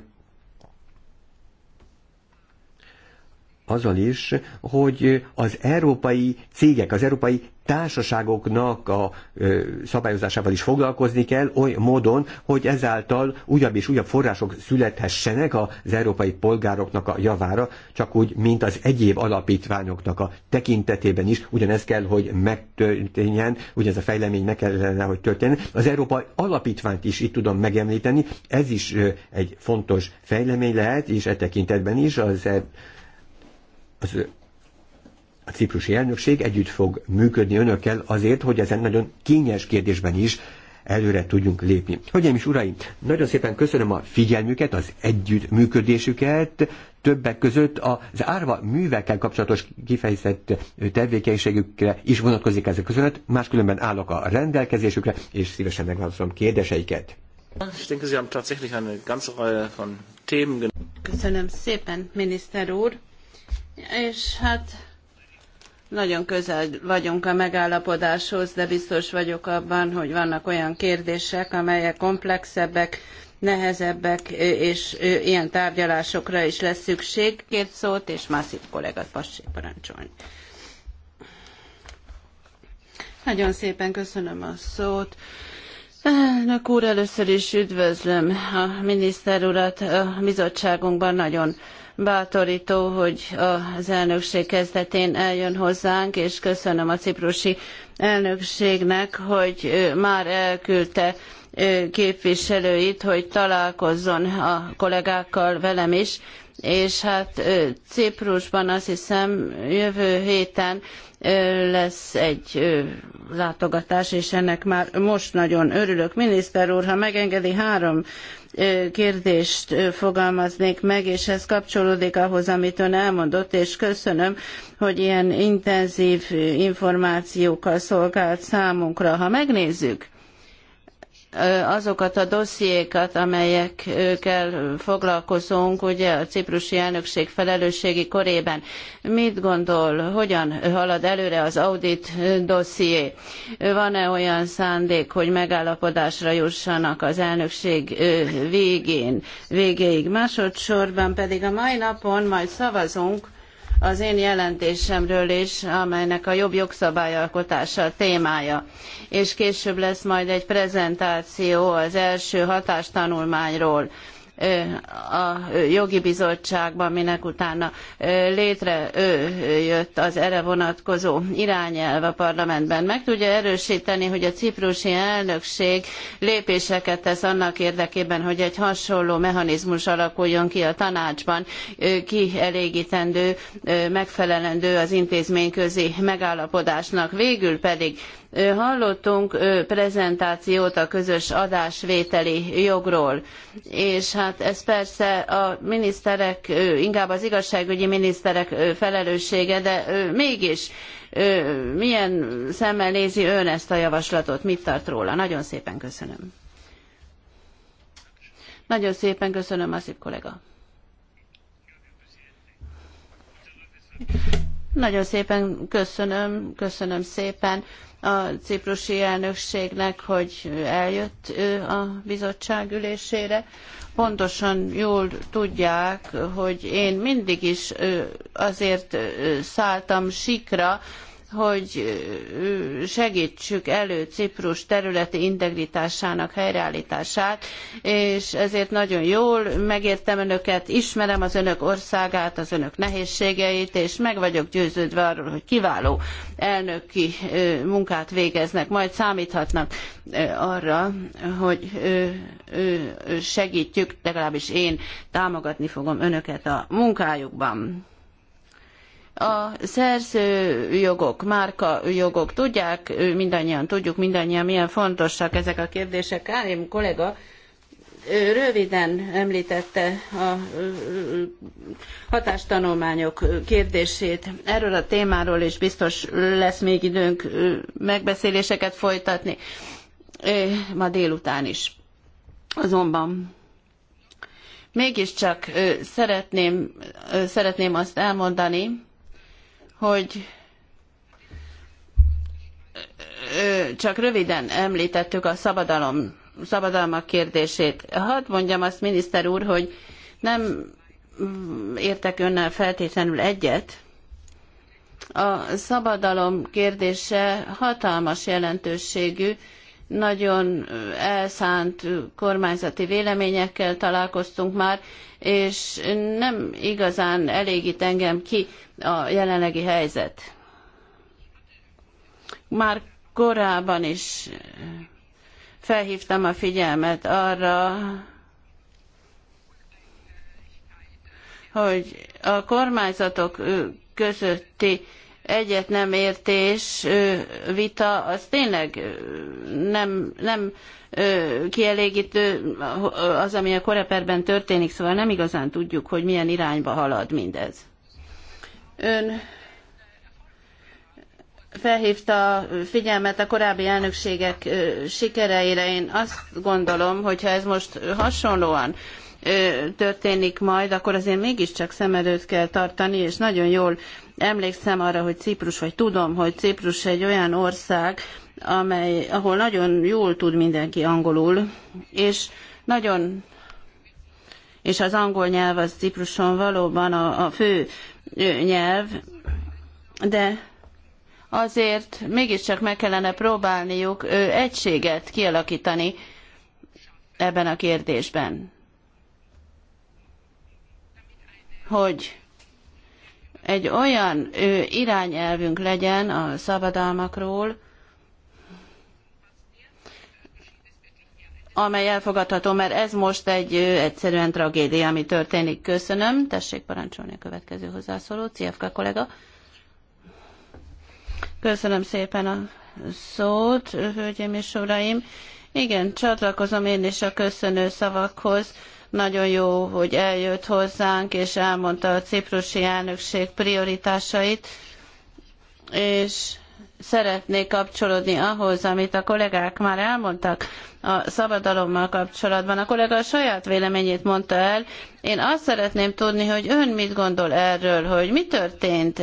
azzal is, hogy az európai cégek, az európai társaságoknak a ö, szabályozásával is foglalkozni kell oly módon, hogy ezáltal újabb és újabb források születhessenek az európai polgároknak a javára, csak úgy, mint az egyéb alapítványoknak a tekintetében is, ugyanez kell, hogy megtörténjen, ugyanez a fejlemény meg kellene, hogy történjen. Az európai alapítványt is itt tudom megemlíteni, ez is ö, egy fontos fejlemény lehet, és e tekintetben is az e- az a ciprusi elnökség együtt fog működni önökkel azért, hogy ezen nagyon kényes kérdésben is előre tudjunk lépni. Hölgyeim és uraim, nagyon szépen köszönöm a figyelmüket, az együttműködésüket, többek között az árva művekkel kapcsolatos kifejezett tevékenységükre is vonatkozik ez a máskülönben állok a rendelkezésükre, és szívesen megválaszolom kérdéseiket. Köszönöm szépen, miniszter úr! és hát nagyon közel vagyunk a megállapodáshoz, de biztos vagyok abban, hogy vannak olyan kérdések, amelyek komplexebbek, nehezebbek, és ilyen tárgyalásokra is lesz szükség. Két szót, és Masszív kollégát passék parancsolni. Nagyon szépen köszönöm a szót. Elnök úr, először is üdvözlöm a miniszter urat a bizottságunkban. Nagyon bátorító, hogy az elnökség kezdetén eljön hozzánk, és köszönöm a ciprusi elnökségnek, hogy már elküldte képviselőit, hogy találkozzon a kollégákkal velem is, és hát Ciprusban azt hiszem jövő héten lesz egy látogatás, és ennek már most nagyon örülök. Miniszter úr, ha megengedi, három kérdést fogalmaznék meg, és ez kapcsolódik ahhoz, amit ön elmondott, és köszönöm, hogy ilyen intenzív információkkal szolgált számunkra. Ha megnézzük, azokat a dossziékat, amelyekkel foglalkozunk, ugye a ciprusi elnökség felelősségi körében. Mit gondol, hogyan halad előre az audit dosszié? Van-e olyan szándék, hogy megállapodásra jussanak az elnökség végén, végéig? Másodszorban pedig a mai napon majd szavazunk az én jelentésemről is, amelynek a jobb jogszabályalkotása a témája. És később lesz majd egy prezentáció az első hatástanulmányról a jogi bizottságban, minek utána létrejött az erre vonatkozó irányelv a parlamentben. Meg tudja erősíteni, hogy a ciprusi elnökség lépéseket tesz annak érdekében, hogy egy hasonló mechanizmus alakuljon ki a tanácsban, elégítendő, megfelelendő az intézményközi megállapodásnak. Végül pedig Hallottunk prezentációt a közös adásvételi jogról, és hát ez persze a miniszterek, inkább az igazságügyi miniszterek felelőssége, de mégis milyen szemmel nézi ön ezt a javaslatot, mit tart róla? Nagyon szépen köszönöm. Nagyon szépen köszönöm, Masip kollega. Nagyon szépen köszönöm, köszönöm szépen a ciprusi elnökségnek, hogy eljött ő a bizottság ülésére. Pontosan jól tudják, hogy én mindig is azért szálltam sikra, hogy segítsük elő Ciprus területi integritásának helyreállítását, és ezért nagyon jól megértem önöket, ismerem az önök országát, az önök nehézségeit, és meg vagyok győződve arról, hogy kiváló elnöki munkát végeznek, majd számíthatnak arra, hogy segítjük, legalábbis én támogatni fogom önöket a munkájukban a szerzőjogok, márkajogok, tudják, mindannyian tudjuk, mindannyian milyen fontosak ezek a kérdések. Kárim kollega röviden említette a hatástanulmányok kérdését. Erről a témáról is biztos lesz még időnk megbeszéléseket folytatni ma délután is. Azonban mégiscsak szeretném, szeretném azt elmondani, hogy csak röviden említettük a szabadalom, szabadalmak kérdését. Hadd mondjam azt, miniszter úr, hogy nem értek önnel feltétlenül egyet. A szabadalom kérdése hatalmas jelentőségű, nagyon elszánt kormányzati véleményekkel találkoztunk már, és nem igazán elégít engem ki a jelenlegi helyzet. Már korábban is felhívtam a figyelmet arra, hogy a kormányzatok közötti egyet nem értés vita, az tényleg nem, nem kielégítő az, ami a koreperben történik, szóval nem igazán tudjuk, hogy milyen irányba halad mindez. Ön felhívta a figyelmet a korábbi elnökségek sikereire. Én azt gondolom, hogy ha ez most hasonlóan történik majd, akkor azért mégiscsak szem előtt kell tartani, és nagyon jól Emlékszem arra, hogy Ciprus, vagy tudom, hogy Ciprus egy olyan ország, amely, ahol nagyon jól tud mindenki angolul, és nagyon és az angol nyelv az Cipruson valóban a, a fő nyelv, de azért mégiscsak meg kellene próbálniuk egységet kialakítani ebben a kérdésben. Hogy egy olyan irányelvünk legyen a szabadalmakról, amely elfogadható, mert ez most egy egyszerűen tragédia, ami történik. Köszönöm. Tessék parancsolni a következő hozzászóló. CFK kollega. Köszönöm szépen a szót, hölgyeim és uraim. Igen, csatlakozom én is a köszönő szavakhoz. Nagyon jó, hogy eljött hozzánk, és elmondta a ciprusi elnökség prioritásait, és szeretnék kapcsolódni ahhoz, amit a kollégák már elmondtak a szabadalommal kapcsolatban. A kollega a saját véleményét mondta el. Én azt szeretném tudni, hogy ön mit gondol erről, hogy mi történt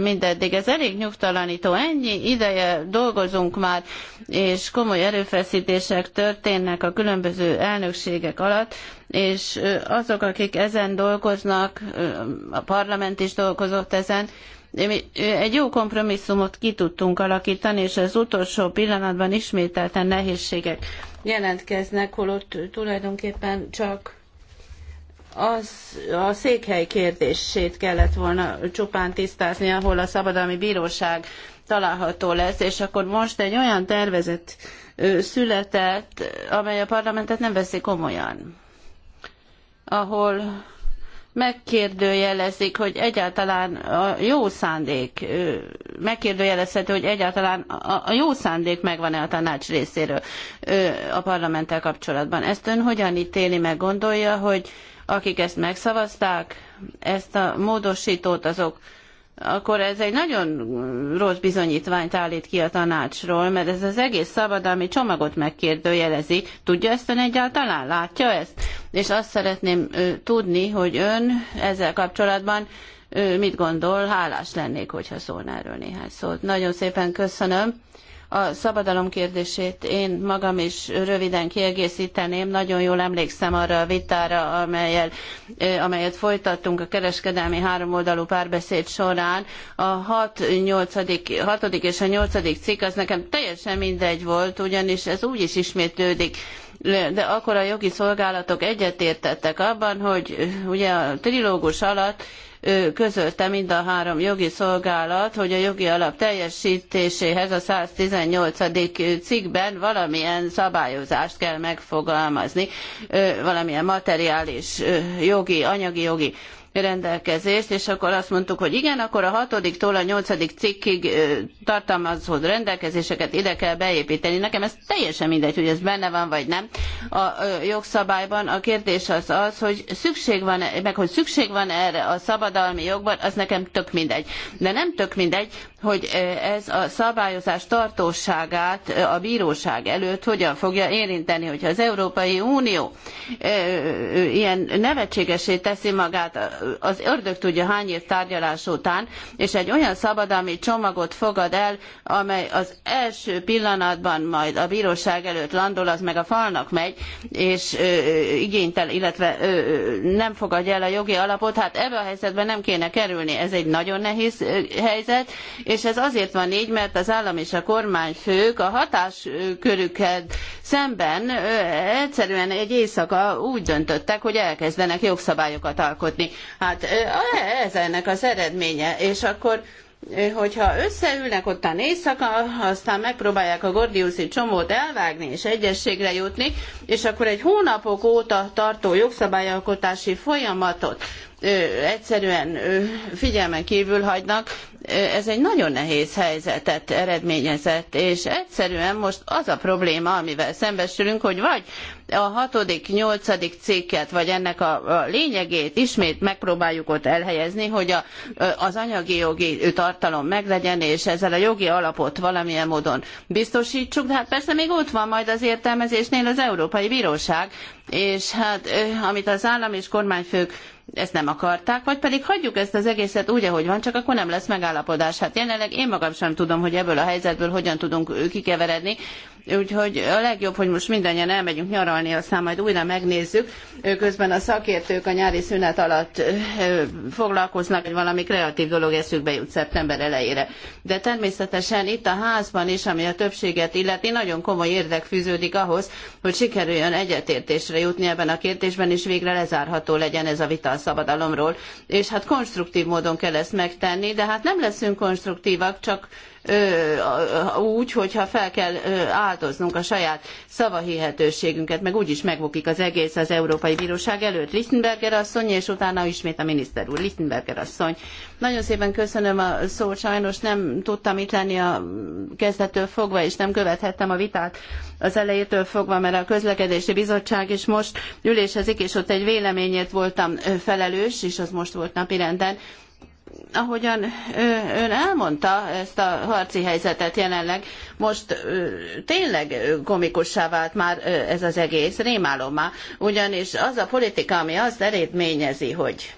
mindeddig. Ez elég nyugtalanító. Ennyi ideje dolgozunk már, és komoly erőfeszítések történnek a különböző elnökségek alatt, és azok, akik ezen dolgoznak, a parlament is dolgozott ezen, egy jó kompromisszumot ki tudtunk alakítani, és az utolsó pillanatban ismételten nehézségek jelentkeznek, holott tulajdonképpen csak az a székhely kérdését kellett volna csupán tisztázni, ahol a szabadalmi bíróság található lesz, és akkor most egy olyan tervezet született, amely a parlamentet nem veszi komolyan, ahol megkérdőjelezik, hogy egyáltalán a jó szándék, megkérdőjelezhető, hogy egyáltalán a jó szándék megvan-e a tanács részéről a parlamenttel kapcsolatban. Ezt ön hogyan ítéli meg, gondolja, hogy akik ezt megszavazták, ezt a módosítót azok akkor ez egy nagyon rossz bizonyítványt állít ki a tanácsról, mert ez az egész szabadalmi csomagot megkérdőjelezi. Tudja ezt ön egyáltalán? Látja ezt? És azt szeretném tudni, hogy ön ezzel kapcsolatban mit gondol, hálás lennék, hogyha szólna erről néhány szót. Nagyon szépen köszönöm a szabadalom kérdését én magam is röviden kiegészíteném. Nagyon jól emlékszem arra a vitára, amelyet folytattunk a kereskedelmi háromoldalú párbeszéd során. A 6. 8. és a 8. cikk az nekem teljesen mindegy volt, ugyanis ez úgy is ismétlődik de akkor a jogi szolgálatok egyetértettek abban, hogy ugye a trilógus alatt közölte mind a három jogi szolgálat, hogy a jogi alap teljesítéséhez a 118. cikkben valamilyen szabályozást kell megfogalmazni, valamilyen materiális jogi, anyagi jogi rendelkezést, és akkor azt mondtuk, hogy igen, akkor a hatodiktól a nyolcadik cikkig tartalmazó rendelkezéseket ide kell beépíteni. Nekem ez teljesen mindegy, hogy ez benne van vagy nem a jogszabályban. A kérdés az az, hogy szükség van, e, meg hogy szükség van erre a szabadalmi jogban, az nekem tök mindegy. De nem tök mindegy, hogy eh, ez a szabályozás tartóságát eh, a bíróság előtt hogyan fogja érinteni, hogyha az Európai Unió eh, ilyen nevetségesé teszi magát, az ördög tudja hány év tárgyalás után, és egy olyan szabadalmi csomagot fogad el, amely az első pillanatban majd a bíróság előtt landol, az meg a falnak megy, és igénytel, illetve nem fogadja el a jogi alapot, hát ebbe a helyzetben nem kéne kerülni. Ez egy nagyon nehéz helyzet, és ez azért van így, mert az állam és a kormányfők a hatáskörüket szemben egyszerűen egy éjszaka úgy döntöttek, hogy elkezdenek jogszabályokat alkotni. Hát ez ennek az eredménye, és akkor hogyha összeülnek ottan éjszaka, aztán megpróbálják a Gordiuszi csomót elvágni és egyességre jutni, és akkor egy hónapok óta tartó jogszabályalkotási folyamatot ö, egyszerűen ö, figyelmen kívül hagynak, ez egy nagyon nehéz helyzetet eredményezett, és egyszerűen most az a probléma, amivel szembesülünk, hogy vagy a hatodik, nyolcadik cikket, vagy ennek a, a lényegét ismét megpróbáljuk ott elhelyezni, hogy a, az anyagi jogi tartalom meglegyen, és ezzel a jogi alapot valamilyen módon biztosítsuk, de hát persze még ott van majd az értelmezésnél az Európai Bíróság, és hát amit az állam és kormányfők ezt nem akarták, vagy pedig hagyjuk ezt az egészet úgy, ahogy van, csak akkor nem lesz megállapodás. Hát jelenleg én magam sem tudom, hogy ebből a helyzetből hogyan tudunk kikeveredni, Úgyhogy a legjobb, hogy most mindannyian elmegyünk nyaralni, aztán majd újra megnézzük. Közben a szakértők a nyári szünet alatt foglalkoznak, hogy valami kreatív dolog eszükbe jut szeptember elejére. De természetesen itt a házban is, ami a többséget illeti, nagyon komoly érdek fűződik ahhoz, hogy sikerüljön egyetértésre jutni ebben a kérdésben, és végre lezárható legyen ez a vita a szabadalomról. És hát konstruktív módon kell ezt megtenni, de hát nem leszünk konstruktívak, csak úgy, hogyha fel kell áldoznunk a saját szavahihetőségünket, meg úgyis megbukik az egész az Európai Bíróság előtt. Lichtenberger asszony, és utána ismét a miniszter úr. Lichtenberger asszony. Nagyon szépen köszönöm a szót, sajnos nem tudtam itt lenni a kezdettől fogva, és nem követhettem a vitát az elejétől fogva, mert a közlekedési bizottság is most ülésezik, és ott egy véleményért voltam felelős, és az most volt napirenden ahogyan ön elmondta ezt a harci helyzetet jelenleg, most tényleg komikussá vált már ez az egész, rémálom ugyanis az a politika, ami azt eredményezi, hogy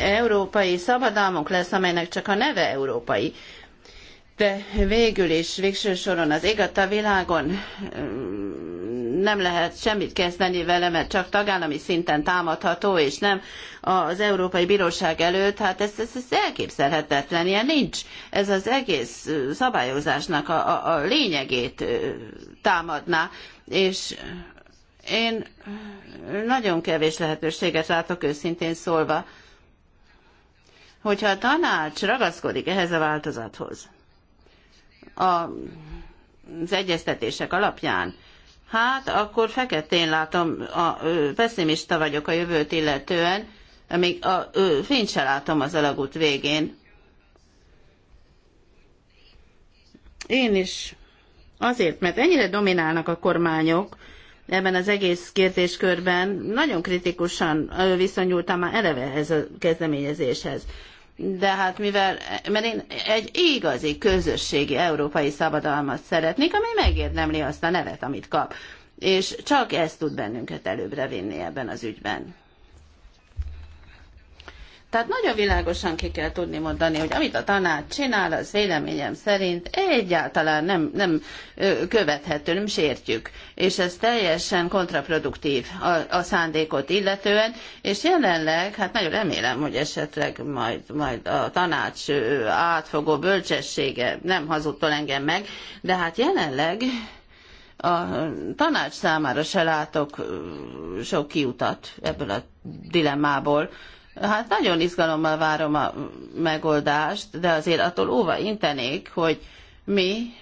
európai szabadalmunk lesz, amelynek csak a neve európai, de végül is, végső soron az ég a világon mm, nem lehet semmit kezdeni vele, mert csak tagállami szinten támadható, és nem az Európai Bíróság előtt, hát ez, ez, ez elképzelhetetlen, ilyen nincs. Ez az egész szabályozásnak a, a, a lényegét támadná, és én nagyon kevés lehetőséget látok őszintén szólva, hogyha a tanács ragaszkodik ehhez a változathoz a, az egyeztetések alapján, hát akkor feketén látom, a, ö, pessimista vagyok a jövőt illetően, amíg a ö, fényt se látom az alagút végén. Én is azért, mert ennyire dominálnak a kormányok, ebben az egész kérdéskörben nagyon kritikusan viszonyultam már eleve ez a kezdeményezéshez de hát mivel, mert én egy igazi közösségi európai szabadalmat szeretnék, ami megérdemli azt a nevet, amit kap. És csak ez tud bennünket előbbre vinni ebben az ügyben. Tehát nagyon világosan ki kell tudni mondani, hogy amit a tanács csinál, az véleményem szerint egyáltalán nem, nem követhető, nem sértjük. És ez teljesen kontraproduktív a, a szándékot illetően, és jelenleg, hát nagyon remélem, hogy esetleg majd, majd a tanács átfogó bölcsessége nem hazudtol engem meg, de hát jelenleg a tanács számára se látok sok kiutat ebből a dilemmából Hát nagyon izgalommal várom a megoldást, de azért attól óva intenék, hogy mi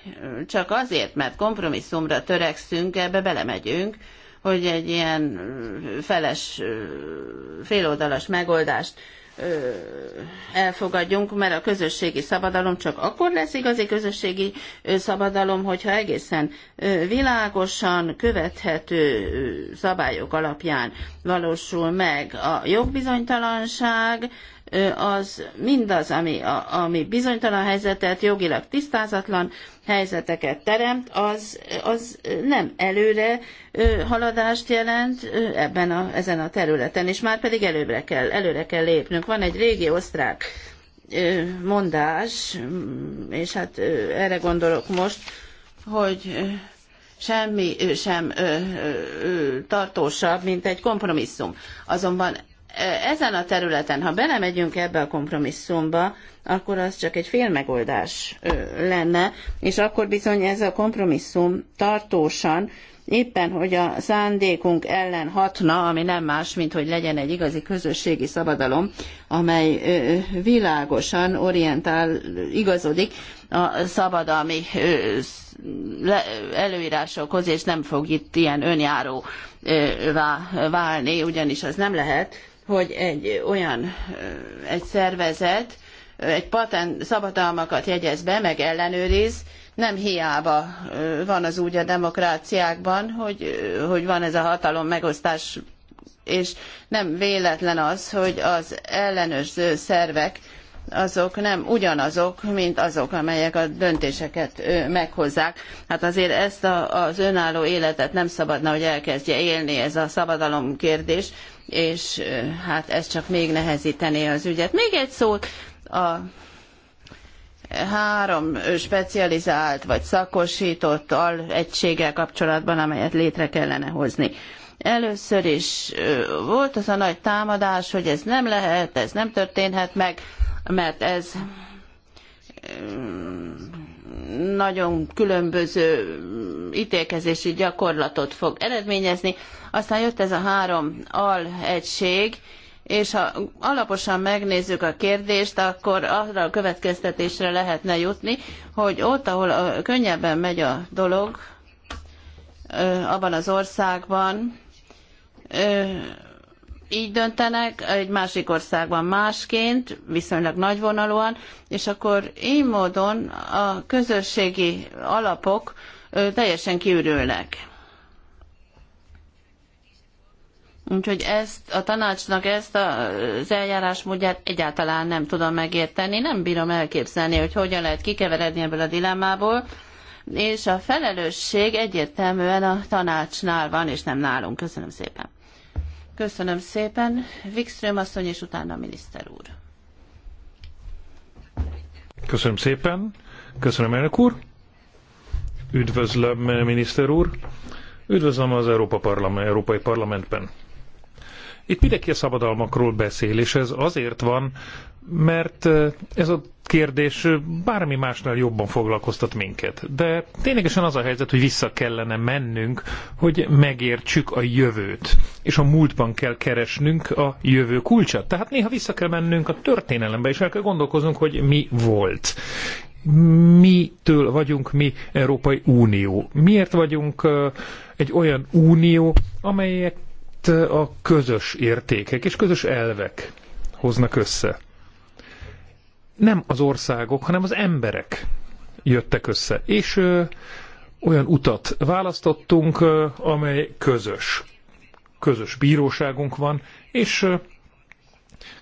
csak azért, mert kompromisszumra törekszünk, ebbe belemegyünk, hogy egy ilyen feles, féloldalas megoldást elfogadjunk, mert a közösségi szabadalom csak akkor lesz igazi közösségi szabadalom, hogyha egészen világosan, követhető szabályok alapján valósul meg a jogbizonytalanság, az mindaz, ami, a, ami bizonytalan helyzetet, jogilag tisztázatlan helyzeteket teremt, az, az nem előre haladást jelent ebben a, ezen a területen, és már pedig előbbre kell, előre kell lépnünk. Van egy régi osztrák mondás, mm, és hát erre gondolok most, hogy semmi sem tartósabb, mint egy kompromisszum. Azonban ezen a területen, ha belemegyünk ebbe a kompromisszumba, akkor az csak egy félmegoldás lenne, és akkor bizony ez a kompromisszum tartósan éppen hogy a szándékunk ellen hatna, ami nem más, mint hogy legyen egy igazi közösségi szabadalom, amely világosan orientál, igazodik a szabadalmi előírásokhoz, és nem fog itt ilyen önjáróvá válni, ugyanis az nem lehet, hogy egy olyan egy szervezet, egy patent szabadalmakat jegyez be, meg ellenőriz, nem hiába van az úgy a demokráciákban, hogy, hogy van ez a hatalom megosztás, és nem véletlen az, hogy az ellenőrző szervek azok nem ugyanazok, mint azok, amelyek a döntéseket meghozzák. Hát azért ezt a, az önálló életet nem szabadna, hogy elkezdje élni ez a szabadalom kérdés, és hát ez csak még nehezítené az ügyet. Még egy szót a három specializált vagy szakosított egységgel kapcsolatban, amelyet létre kellene hozni. Először is volt az a nagy támadás, hogy ez nem lehet, ez nem történhet meg, mert ez nagyon különböző ítélkezési gyakorlatot fog eredményezni. Aztán jött ez a három alegység, egység, és ha alaposan megnézzük a kérdést, akkor arra a következtetésre lehetne jutni, hogy ott, ahol könnyebben megy a dolog, abban az országban, így döntenek, egy másik országban másként, viszonylag nagyvonalúan, és akkor így módon a közösségi alapok teljesen kiürülnek. Úgyhogy ezt a tanácsnak ezt az eljárásmódját egyáltalán nem tudom megérteni, nem bírom elképzelni, hogy hogyan lehet kikeveredni ebből a dilemmából, és a felelősség egyértelműen a tanácsnál van, és nem nálunk. Köszönöm szépen. Köszönöm szépen. Wikström asszony, és utána a miniszter úr. Köszönöm szépen. Köszönöm, elnök úr. Üdvözlöm, miniszter úr. Üdvözlöm az Európa Parlament, Európai Parlamentben. Itt mindenki a szabadalmakról beszél, és ez azért van, mert ez a kérdés bármi másnál jobban foglalkoztat minket. De ténylegesen az a helyzet, hogy vissza kellene mennünk, hogy megértsük a jövőt. És a múltban kell keresnünk a jövő kulcsát. Tehát néha vissza kell mennünk a történelembe, és el kell gondolkoznunk, hogy mi volt. Mitől vagyunk mi Európai Unió? Miért vagyunk egy olyan unió, amelyek a közös értékek és közös elvek hoznak össze. Nem az országok, hanem az emberek jöttek össze. És ö, olyan utat választottunk, ö, amely közös. Közös bíróságunk van, és ö,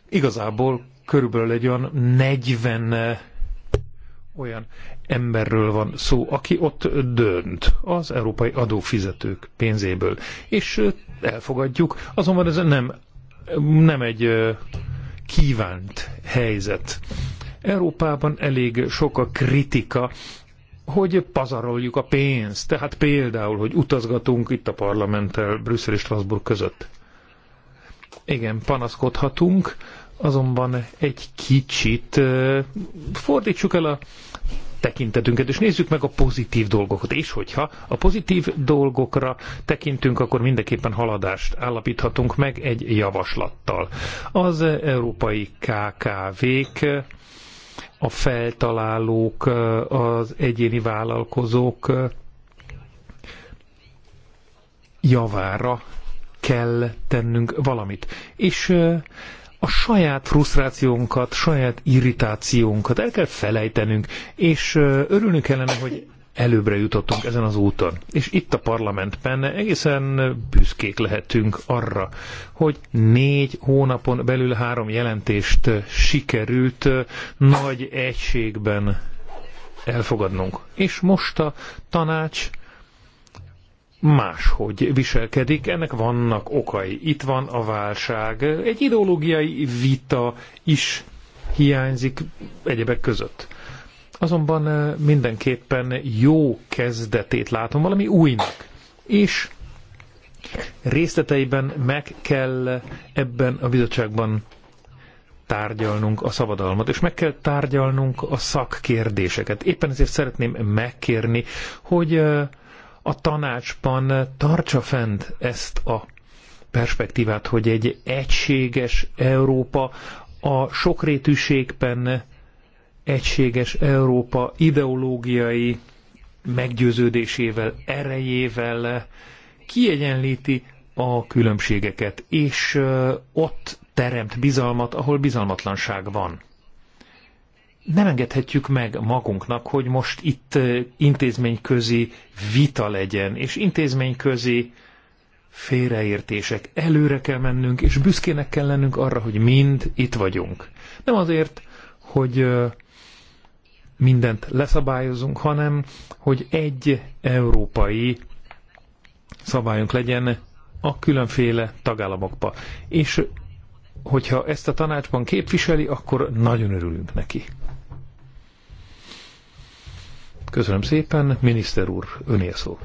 igazából körülbelül egy olyan 40 olyan emberről van szó, aki ott dönt az európai adófizetők pénzéből. És elfogadjuk, azonban ez nem, nem egy kívánt helyzet. Európában elég sok a kritika, hogy pazaroljuk a pénzt. Tehát például, hogy utazgatunk itt a parlamenttel Brüsszel és Strasbourg között. Igen, panaszkodhatunk, azonban egy kicsit fordítsuk el a tekintetünket, és nézzük meg a pozitív dolgokat. És hogyha a pozitív dolgokra tekintünk, akkor mindenképpen haladást állapíthatunk meg egy javaslattal. Az európai KKV-k, a feltalálók, az egyéni vállalkozók javára kell tennünk valamit. És a saját frusztrációnkat, saját irritációnkat el kell felejtenünk, és örülnünk kellene, hogy előbbre jutottunk ezen az úton. És itt a parlamentben egészen büszkék lehetünk arra, hogy négy hónapon belül három jelentést sikerült nagy egységben elfogadnunk. És most a tanács máshogy viselkedik, ennek vannak okai. Itt van a válság, egy ideológiai vita is hiányzik egyebek között. Azonban eh, mindenképpen jó kezdetét látom valami újnak, és részleteiben meg kell ebben a bizottságban tárgyalnunk a szabadalmat, és meg kell tárgyalnunk a szakkérdéseket. Éppen ezért szeretném megkérni, hogy eh, a tanácsban tartsa fent ezt a perspektívát, hogy egy egységes Európa a sokrétűségben egységes Európa ideológiai meggyőződésével, erejével kiegyenlíti a különbségeket, és ott teremt bizalmat, ahol bizalmatlanság van nem engedhetjük meg magunknak, hogy most itt intézményközi vita legyen, és intézményközi félreértések. Előre kell mennünk, és büszkének kell lennünk arra, hogy mind itt vagyunk. Nem azért, hogy mindent leszabályozunk, hanem hogy egy európai szabályunk legyen a különféle tagállamokba. És hogyha ezt a tanácsban képviseli, akkor nagyon örülünk neki. Köszönöm szépen, miniszter úr, öné szó.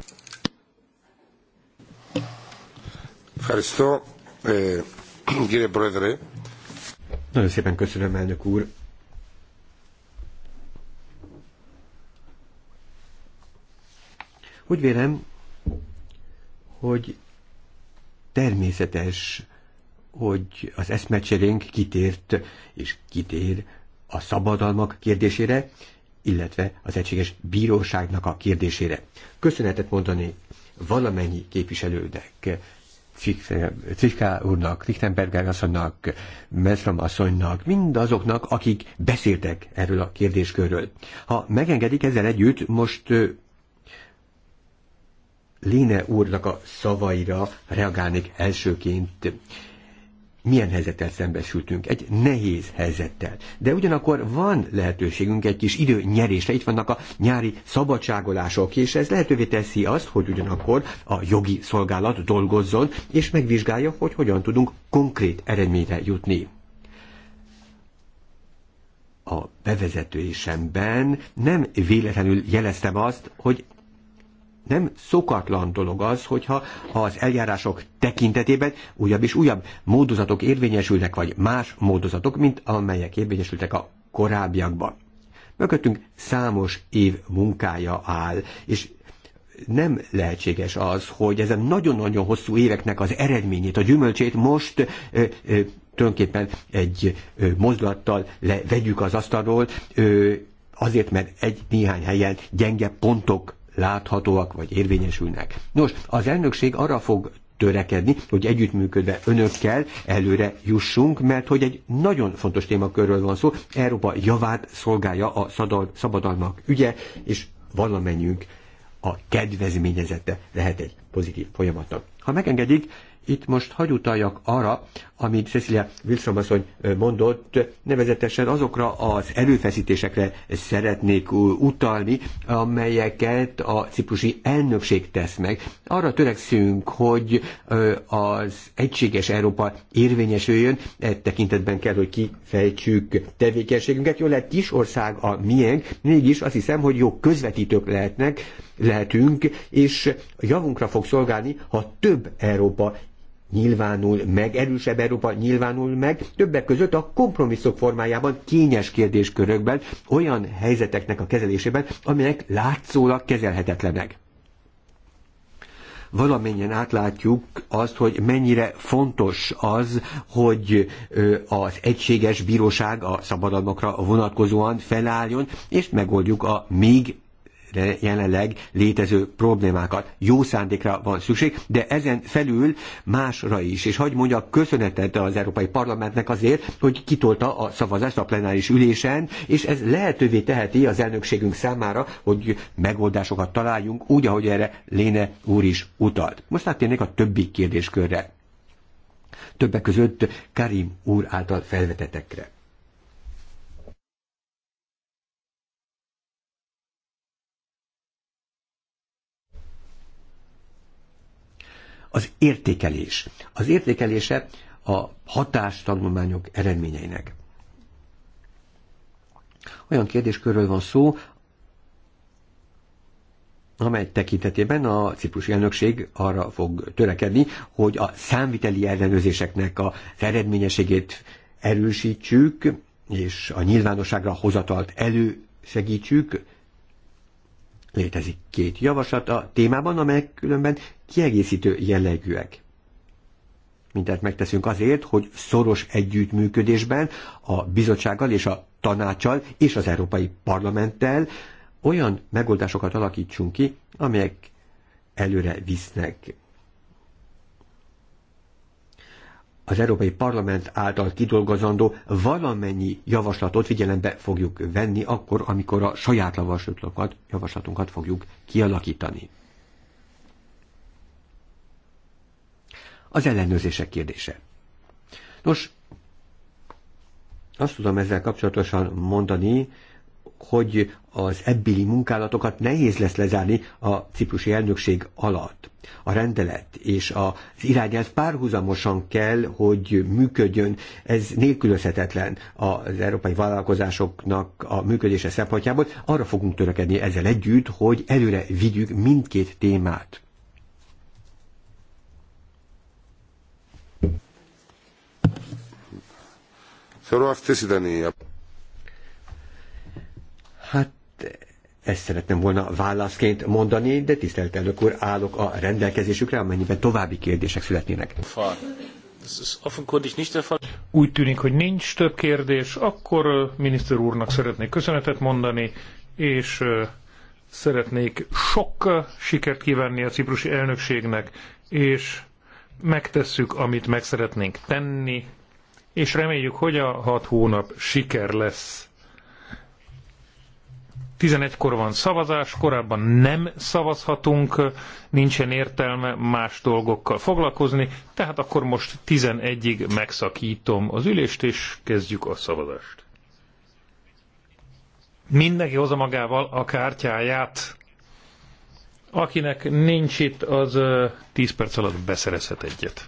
Nagyon szépen köszönöm, elnök úr. Úgy vélem, hogy természetes, hogy az eszmecserénk kitért és kitér a szabadalmak kérdésére, illetve az egységes bíróságnak a kérdésére. Köszönetet mondani valamennyi képviselődek, Cifká úrnak, Lichtenberger asszonynak, Mesram asszonynak, mindazoknak, akik beszéltek erről a kérdéskörről. Ha megengedik ezzel együtt, most Léne úrnak a szavaira reagálnék elsőként milyen helyzettel szembesültünk, egy nehéz helyzettel. De ugyanakkor van lehetőségünk egy kis idő nyerésre, itt vannak a nyári szabadságolások, és ez lehetővé teszi azt, hogy ugyanakkor a jogi szolgálat dolgozzon, és megvizsgálja, hogy hogyan tudunk konkrét eredményre jutni a bevezetősemben nem véletlenül jeleztem azt, hogy nem szokatlan dolog az, hogyha az eljárások tekintetében újabb és újabb módozatok érvényesülnek, vagy más módozatok, mint amelyek érvényesültek a korábbiakban. Mögöttünk számos év munkája áll, és nem lehetséges az, hogy ezen nagyon-nagyon hosszú éveknek az eredményét, a gyümölcsét most ö, ö, tulajdonképpen egy ö, mozdulattal levegyük az asztalról, ö, azért, mert egy néhány helyen gyenge pontok láthatóak vagy érvényesülnek. Nos, az elnökség arra fog törekedni, hogy együttműködve önökkel előre jussunk, mert hogy egy nagyon fontos témakörről van szó, Európa javát szolgálja a szadal, szabadalmak ügye, és valamennyünk a kedvezményezete lehet egy pozitív folyamatnak. Ha megengedik, itt most hagyutaljak arra, amit Cecilia Wilson asszony mondott, nevezetesen azokra az erőfeszítésekre szeretnék utalni, amelyeket a ciprusi elnökség tesz meg. Arra törekszünk, hogy az egységes Európa érvényesüljön, e tekintetben kell, hogy kifejtsük tevékenységünket. Jó lehet kis ország a miénk, mégis azt hiszem, hogy jó közvetítők lehetnek, lehetünk, és javunkra fog szolgálni, ha több Európa nyilvánul meg, erősebb Európa nyilvánul meg, többek között a kompromisszok formájában, kényes kérdéskörökben, olyan helyzeteknek a kezelésében, amelyek látszólag kezelhetetlenek valamennyien átlátjuk azt, hogy mennyire fontos az, hogy az egységes bíróság a szabadalmakra vonatkozóan felálljon, és megoldjuk a még jelenleg létező problémákat. Jó szándékra van szükség, de ezen felül másra is. És hagyd mondjak köszönetet az Európai Parlamentnek azért, hogy kitolta a szavazást a plenáris ülésen, és ez lehetővé teheti az elnökségünk számára, hogy megoldásokat találjunk, úgy, ahogy erre Léne úr is utalt. Most áttérnék a többi kérdéskörre. Többek között Karim úr által felvetetekre. az értékelés. Az értékelése a hatástanulmányok eredményeinek. Olyan kérdéskörről van szó, amely tekintetében a ciprusi elnökség arra fog törekedni, hogy a számviteli ellenőrzéseknek a eredményességét erősítsük, és a nyilvánosságra hozatalt elősegítsük. Létezik két javaslat a témában, amelyek különben kiegészítő jellegűek. Mindent megteszünk azért, hogy szoros együttműködésben a bizottsággal és a tanácsal és az Európai Parlamenttel olyan megoldásokat alakítsunk ki, amelyek előre visznek. Az Európai Parlament által kidolgozandó valamennyi javaslatot figyelembe fogjuk venni akkor, amikor a saját javaslatunkat, javaslatunkat fogjuk kialakítani. az ellenőrzések kérdése. Nos, azt tudom ezzel kapcsolatosan mondani, hogy az ebbili munkálatokat nehéz lesz lezárni a ciprusi elnökség alatt. A rendelet és az irányelv párhuzamosan kell, hogy működjön. Ez nélkülözhetetlen az európai vállalkozásoknak a működése szempontjából. Arra fogunk törekedni ezzel együtt, hogy előre vigyük mindkét témát. Θεωρώ αυτές ήταν οι... Hát ezt szeretném volna válaszként mondani, de tisztelt elnök úr, állok a rendelkezésükre, amennyiben további kérdések születnének. Úgy tűnik, hogy nincs több kérdés, akkor miniszter úrnak szeretnék köszönetet mondani, és szeretnék sok sikert kívánni a ciprusi elnökségnek, és megtesszük, amit meg szeretnénk tenni, és reméljük, hogy a hat hónap siker lesz. 11-kor van szavazás, korábban nem szavazhatunk, nincsen értelme más dolgokkal foglalkozni, tehát akkor most 11-ig megszakítom az ülést, és kezdjük a szavazást. Mindenki hozza magával a kártyáját. Akinek nincs itt, az 10 perc alatt beszerezhet egyet.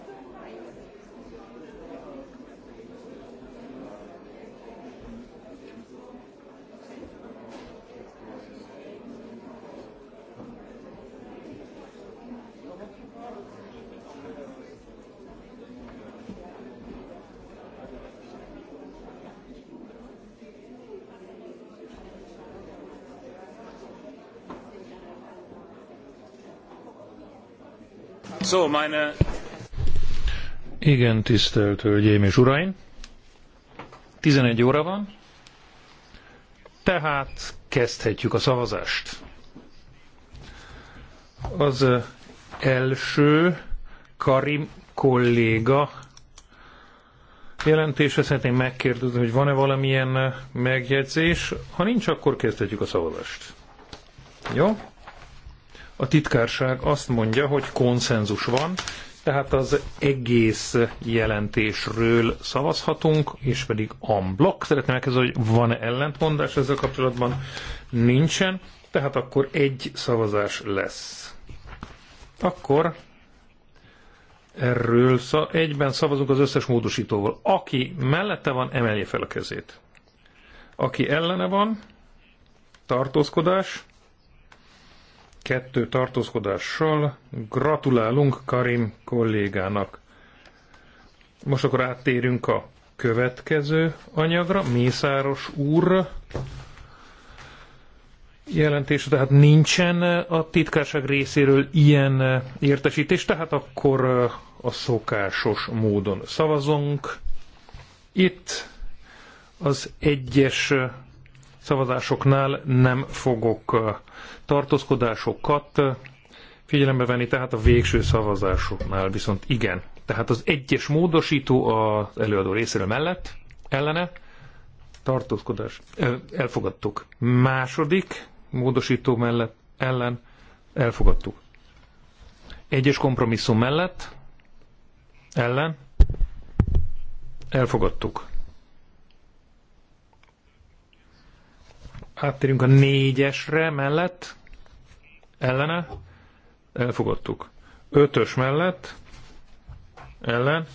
So, meine... Igen, tisztelt Hölgyeim és Uraim! 11 óra van, tehát kezdhetjük a szavazást. Az első Karim kolléga jelentésre szeretném megkérdezni, hogy van-e valamilyen megjegyzés. Ha nincs, akkor kezdhetjük a szavazást. Jó? a titkárság azt mondja, hogy konszenzus van, tehát az egész jelentésről szavazhatunk, és pedig amblok. Szeretném megkezdeni, hogy van-e ellentmondás ezzel kapcsolatban? Nincsen, tehát akkor egy szavazás lesz. Akkor erről sz- egyben szavazunk az összes módosítóval. Aki mellette van, emelje fel a kezét. Aki ellene van, tartózkodás, kettő tartózkodással. Gratulálunk Karim kollégának. Most akkor áttérünk a következő anyagra. Mészáros úr jelentése, tehát nincsen a titkárság részéről ilyen értesítés, tehát akkor eh, a szokásos módon szavazunk. Itt az egyes szavazásoknál nem fogok tartózkodásokat figyelembe venni, tehát a végső szavazásoknál viszont igen. Tehát az egyes módosító az előadó részéről mellett, ellene, tartózkodás, elfogadtuk. Második módosító mellett, ellen, elfogadtuk. Egyes kompromisszum mellett, ellen, elfogadtuk. áttérünk a négyesre mellett, ellene, elfogadtuk. Ötös mellett, ellen,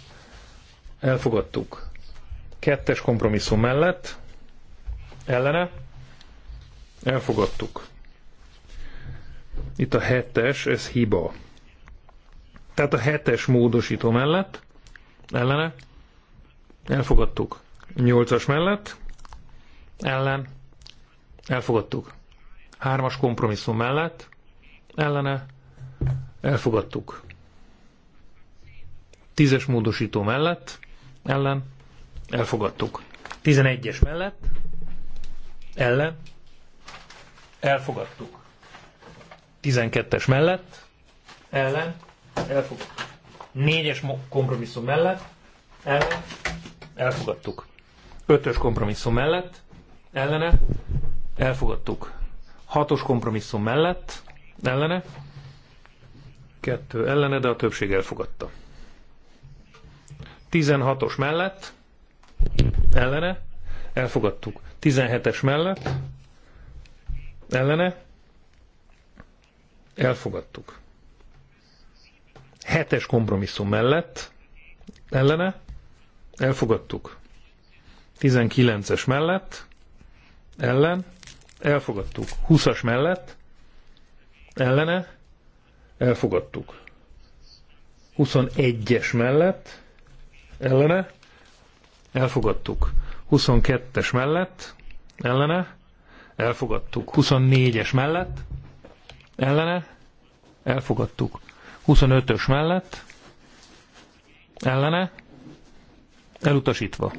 elfogadtuk. Kettes kompromisszum mellett, ellene, elfogadtuk. Itt a hetes, ez hiba. Tehát a hetes módosító mellett, ellene, elfogadtuk. Nyolcas mellett, ellen, Elfogadtuk. Hármas kompromisszum mellett, ellene, elfogadtuk. Tízes módosító mellett, ellen, elfogadtuk. Tizenegyes mellett, ellen, elfogadtuk. Tizenkettes mellett, ellen, elfogadtuk. Négyes kompromisszum mellett, ellen, elfogadtuk. Ötös kompromisszum mellett, ellene, Elfogadtuk. Hatos kompromisszum mellett, ellene. Kettő ellene, de a többség elfogadta. 16-os mellett, ellene, elfogadtuk. 17-es mellett, ellene, elfogadtuk. 7-es kompromisszum mellett, ellene, elfogadtuk. 19-es mellett, ellen, Elfogadtuk. 20-as mellett. Ellene. Elfogadtuk. 21-es mellett. Ellene. Elfogadtuk. 22-es mellett. Ellene. Elfogadtuk. 24-es mellett. Ellene. Elfogadtuk. 25-ös mellett. Ellene. Elutasítva.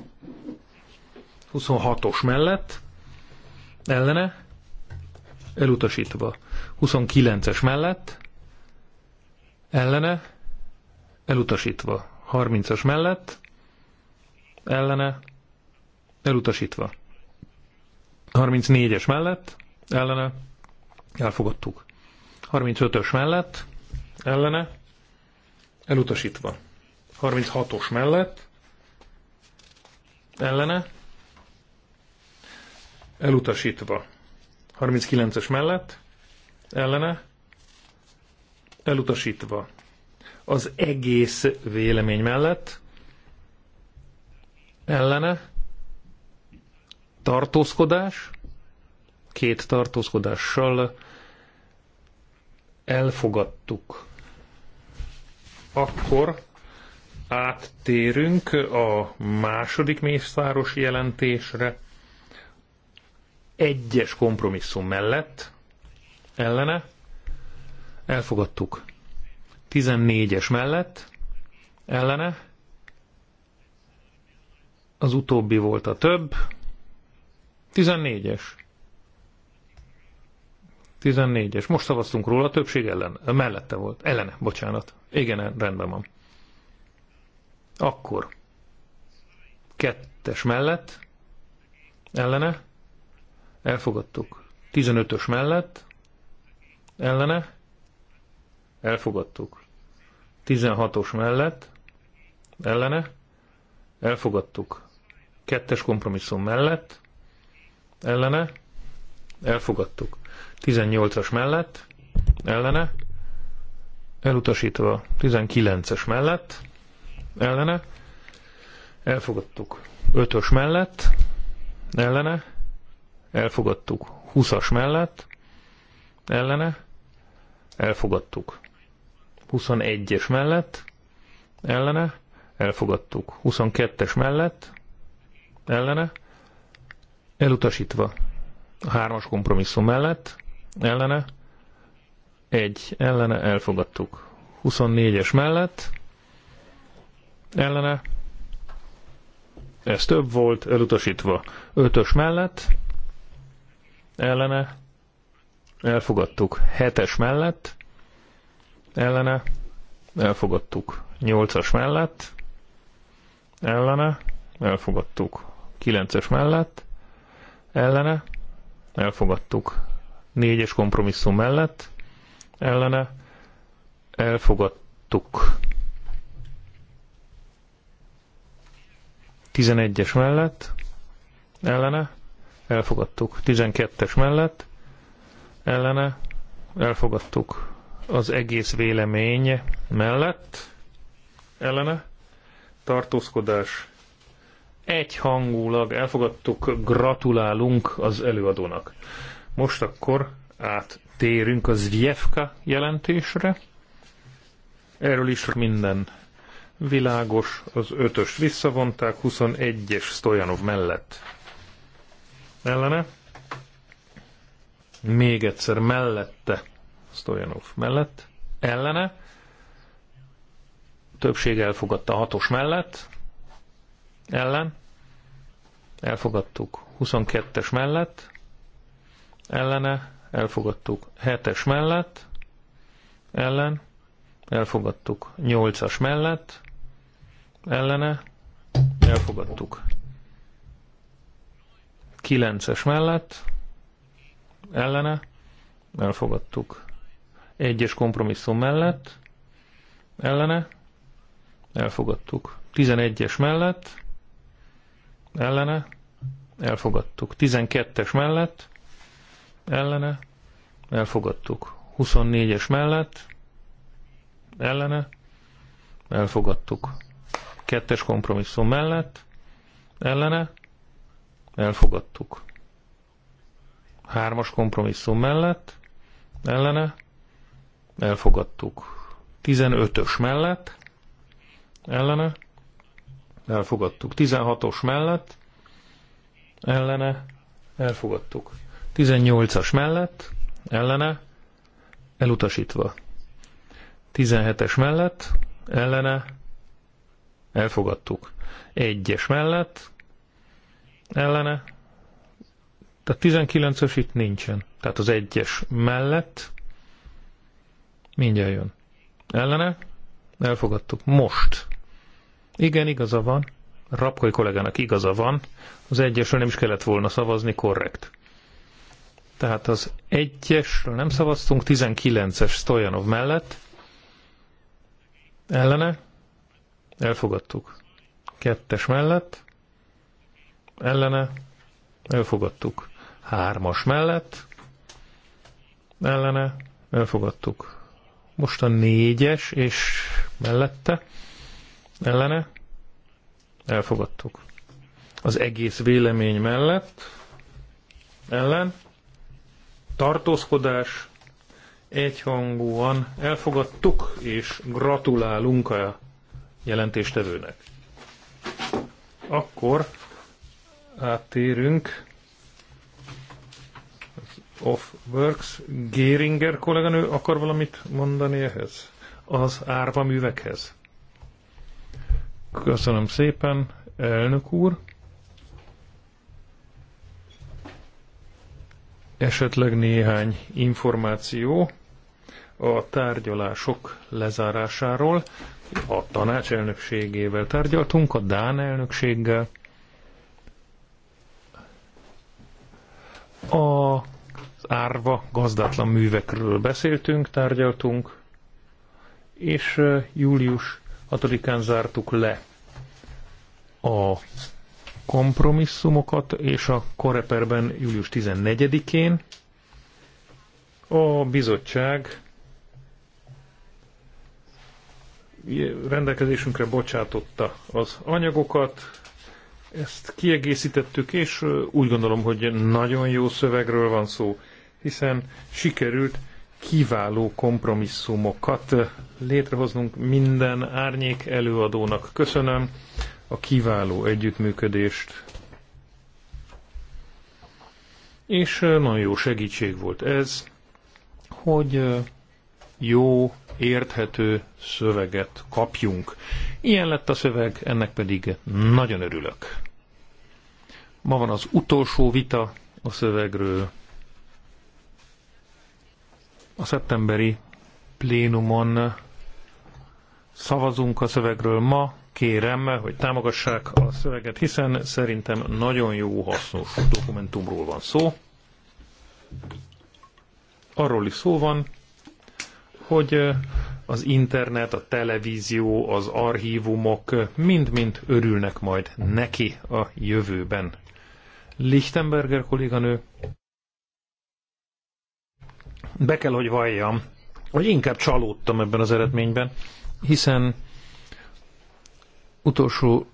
26-os mellett ellene, elutasítva. 29-es mellett, ellene, elutasítva. 30-as mellett, ellene, elutasítva. 34-es mellett, ellene, elfogadtuk. 35-ös mellett, ellene, elutasítva. 36-os mellett, ellene, elutasítva. 39-es mellett, ellene, elutasítva. Az egész vélemény mellett, ellene, tartózkodás, két tartózkodással elfogadtuk. Akkor áttérünk a második mészáros jelentésre, egyes kompromisszum mellett ellene elfogadtuk. 14-es mellett ellene az utóbbi volt a több. 14-es. 14-es. Most szavaztunk róla, a többség ellen, mellette volt. Ellene, bocsánat. Igen, rendben van. Akkor. Kettes mellett. Ellene. Elfogadtuk. 15-ös mellett. Ellene. Elfogadtuk. 16-os mellett. Ellene. Elfogadtuk. Kettes kompromisszum mellett. Ellene. Elfogadtuk. 18-as mellett. Ellene. Elutasítva. 19-es mellett. Ellene. Elfogadtuk. 5-ös mellett. Ellene elfogadtuk. 20-as mellett, ellene, elfogadtuk. 21-es mellett, ellene, elfogadtuk. 22-es mellett, ellene, elutasítva. A 3-as kompromisszum mellett, ellene, egy ellene, elfogadtuk. 24-es mellett, ellene, ez több volt, elutasítva. 5-ös mellett, ellene, elfogadtuk. 7-es mellett, ellene, elfogadtuk. 8-as mellett, ellene, elfogadtuk. 9-es mellett, ellene, elfogadtuk. 4-es kompromisszum mellett, ellene, elfogadtuk. 11-es mellett, ellene, elfogadtuk. 12-es mellett ellene elfogadtuk. Az egész vélemény mellett ellene tartózkodás egyhangulag elfogadtuk, gratulálunk az előadónak. Most akkor áttérünk az Zvjevka jelentésre. Erről is minden világos, az ötös visszavonták, 21-es Stojanov mellett ellene. Még egyszer mellette, Stojanov mellett, ellene. Többség elfogadta a hatos mellett, ellen. Elfogadtuk 22-es mellett, ellene. Elfogadtuk 7-es mellett, ellen. Elfogadtuk 8-as mellett, ellene. Elfogadtuk 9-es mellett ellene elfogadtuk. 1-es kompromisszum mellett ellene elfogadtuk. 11-es mellett ellene elfogadtuk. 12-es mellett ellene elfogadtuk. 24-es mellett ellene elfogadtuk. 2-es kompromisszum mellett ellene elfogadtuk. Hármas kompromisszum mellett, ellene, elfogadtuk. 15-ös mellett, ellene, elfogadtuk. 16-os mellett, ellene, elfogadtuk. 18-as mellett, ellene, elutasítva. 17-es mellett, ellene, elfogadtuk. 1-es mellett, ellene, tehát 19-ös itt nincsen. Tehát az egyes mellett mindjárt jön. Ellene, elfogadtuk. Most. Igen, igaza van. Rapkai kollégának igaza van. Az egyesről nem is kellett volna szavazni, korrekt. Tehát az egyesről nem szavaztunk, 19-es Stojanov mellett. Ellene, elfogadtuk. Kettes mellett, ellene, elfogadtuk. Hármas mellett, ellene, elfogadtuk. Most a négyes, és mellette, ellene, elfogadtuk. Az egész vélemény mellett, ellen, tartózkodás, egyhangúan elfogadtuk, és gratulálunk a jelentéstevőnek. Akkor áttérünk. Az Off Works. Géringer kolléganő akar valamit mondani ehhez? Az árva művekhez. Köszönöm szépen, elnök úr. Esetleg néhány információ a tárgyalások lezárásáról. A tanács elnökségével tárgyaltunk, a Dán elnökséggel, A árva gazdatlan művekről beszéltünk, tárgyaltunk, és július 6-án zártuk le a kompromisszumokat, és a koreperben július 14-én a bizottság rendelkezésünkre bocsátotta az anyagokat, ezt kiegészítettük, és úgy gondolom, hogy nagyon jó szövegről van szó, hiszen sikerült kiváló kompromisszumokat létrehoznunk minden árnyék előadónak. Köszönöm a kiváló együttműködést. És nagyon jó segítség volt ez, hogy jó, érthető szöveget kapjunk. Ilyen lett a szöveg, ennek pedig nagyon örülök. Ma van az utolsó vita a szövegről. A szeptemberi plénumon szavazunk a szövegről ma. Kérem, hogy támogassák a szöveget, hiszen szerintem nagyon jó, hasznos dokumentumról van szó. Arról is szó van, hogy az internet, a televízió, az archívumok mind-mind örülnek majd neki a jövőben. Lichtenberger kolléganő. Be kell, hogy valljam, hogy inkább csalódtam ebben az eredményben, hiszen utolsó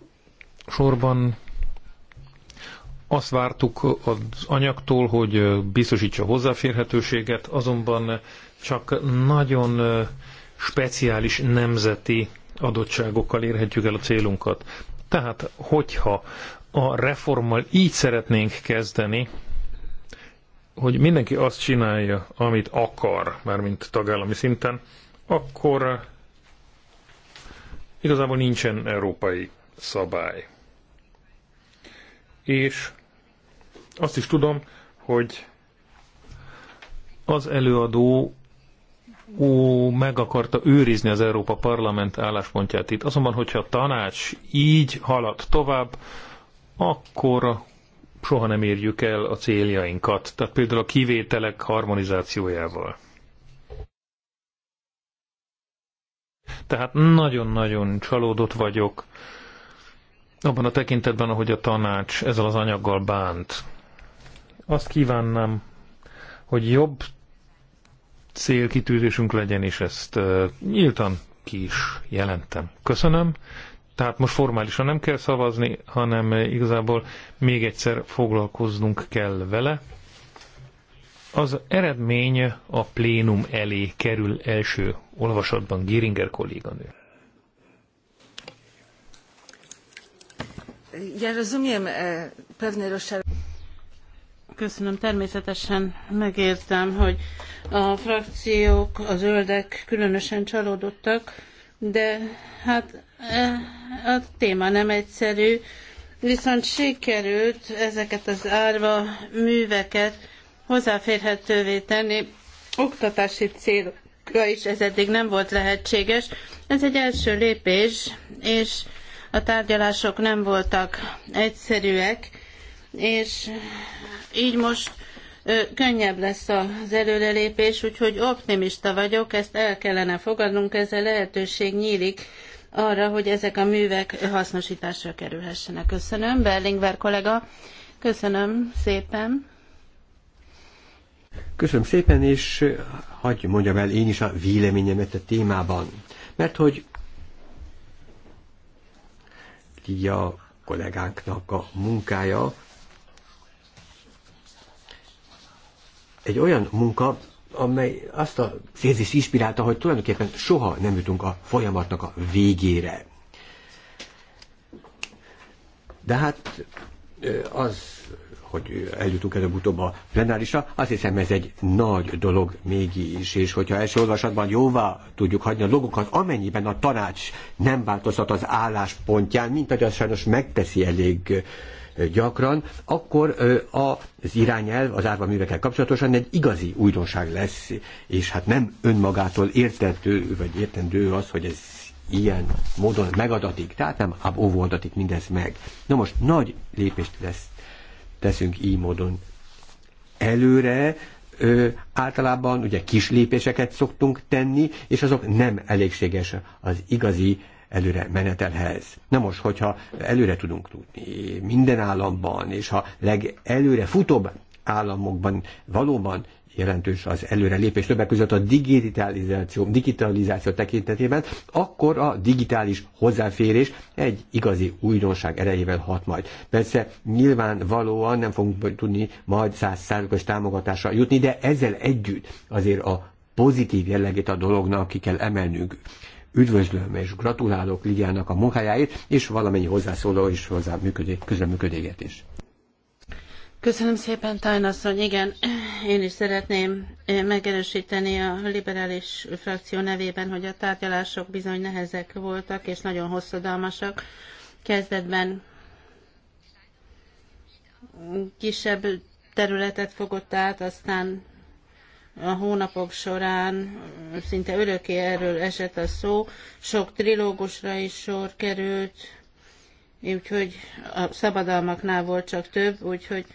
sorban azt vártuk az anyagtól, hogy biztosítsa hozzáférhetőséget, azonban csak nagyon speciális nemzeti adottságokkal érhetjük el a célunkat. Tehát, hogyha a reformmal így szeretnénk kezdeni, hogy mindenki azt csinálja, amit akar, mármint tagállami szinten, akkor igazából nincsen európai szabály. És azt is tudom, hogy az előadó ó, meg akarta őrizni az Európa Parlament álláspontját itt. Azonban, hogyha a tanács így halad tovább, akkor soha nem érjük el a céljainkat, tehát például a kivételek harmonizációjával. Tehát nagyon-nagyon csalódott vagyok abban a tekintetben, ahogy a tanács ezzel az anyaggal bánt. Azt kívánnám, hogy jobb célkitűzésünk legyen, és ezt uh, nyíltan ki is jelentem. Köszönöm, tehát most formálisan nem kell szavazni, hanem igazából még egyszer foglalkoznunk kell vele. Az eredmény a plénum elé kerül első olvasatban Giringer kolléganő. Ja rozumiem e, pewne Köszönöm, természetesen megértem, hogy a frakciók, a zöldek különösen csalódottak, de hát Eh, a téma nem egyszerű, viszont sikerült ezeket az árva műveket hozzáférhetővé tenni oktatási célra is, ez eddig nem volt lehetséges. Ez egy első lépés, és a tárgyalások nem voltak egyszerűek, és így most könnyebb lesz az előrelépés, úgyhogy optimista vagyok, ezt el kellene fogadnunk, ez a lehetőség nyílik arra, hogy ezek a művek hasznosításra kerülhessenek. Köszönöm, Berlingver kollega. Köszönöm szépen. Köszönöm szépen, és hagyj mondjam el én is a véleményemet a témában. Mert hogy Lia kollégánknak a munkája egy olyan munka, amely azt a érzést inspirálta, hogy tulajdonképpen soha nem jutunk a folyamatnak a végére. De hát az, hogy eljutunk előbb-utóbb a plenárisra, azt hiszem ez egy nagy dolog mégis, és hogyha első olvasatban jóvá tudjuk hagyni a logokat, amennyiben a tanács nem változtat az álláspontján, mint ahogy az sajnos megteszi elég gyakran, akkor az irányelv az árva művekkel kapcsolatosan egy igazi újdonság lesz, és hát nem önmagától értető, vagy értendő az, hogy ez ilyen módon megadatik, tehát nem óvóadatik mindez meg. Na most nagy lépést lesz, teszünk így módon előre, ö, általában ugye kis lépéseket szoktunk tenni, és azok nem elégséges az igazi előre menetelhez. Na most, hogyha előre tudunk tudni minden államban, és ha legelőre futóbb államokban valóban jelentős az előrelépés, többek között a digitalizáció, digitalizáció tekintetében, akkor a digitális hozzáférés egy igazi újdonság erejével hat majd. Persze nyilvánvalóan nem fogunk tudni majd százszázalékos támogatásra jutni, de ezzel együtt azért a pozitív jellegét a dolognak ki kell emelnünk üdvözlöm és gratulálok Ligának a munkájáért, és valamennyi hozzászóló és hozzá közreműködéget is. Köszönöm szépen, Tajnasszony. Igen, én is szeretném eh, megerősíteni a liberális frakció nevében, hogy a tárgyalások bizony nehezek voltak, és nagyon hosszadalmasak. Kezdetben kisebb területet fogott át, aztán a hónapok során szinte öröki erről esett a szó, sok trilógusra is sor került, úgyhogy a szabadalmaknál volt csak több, úgyhogy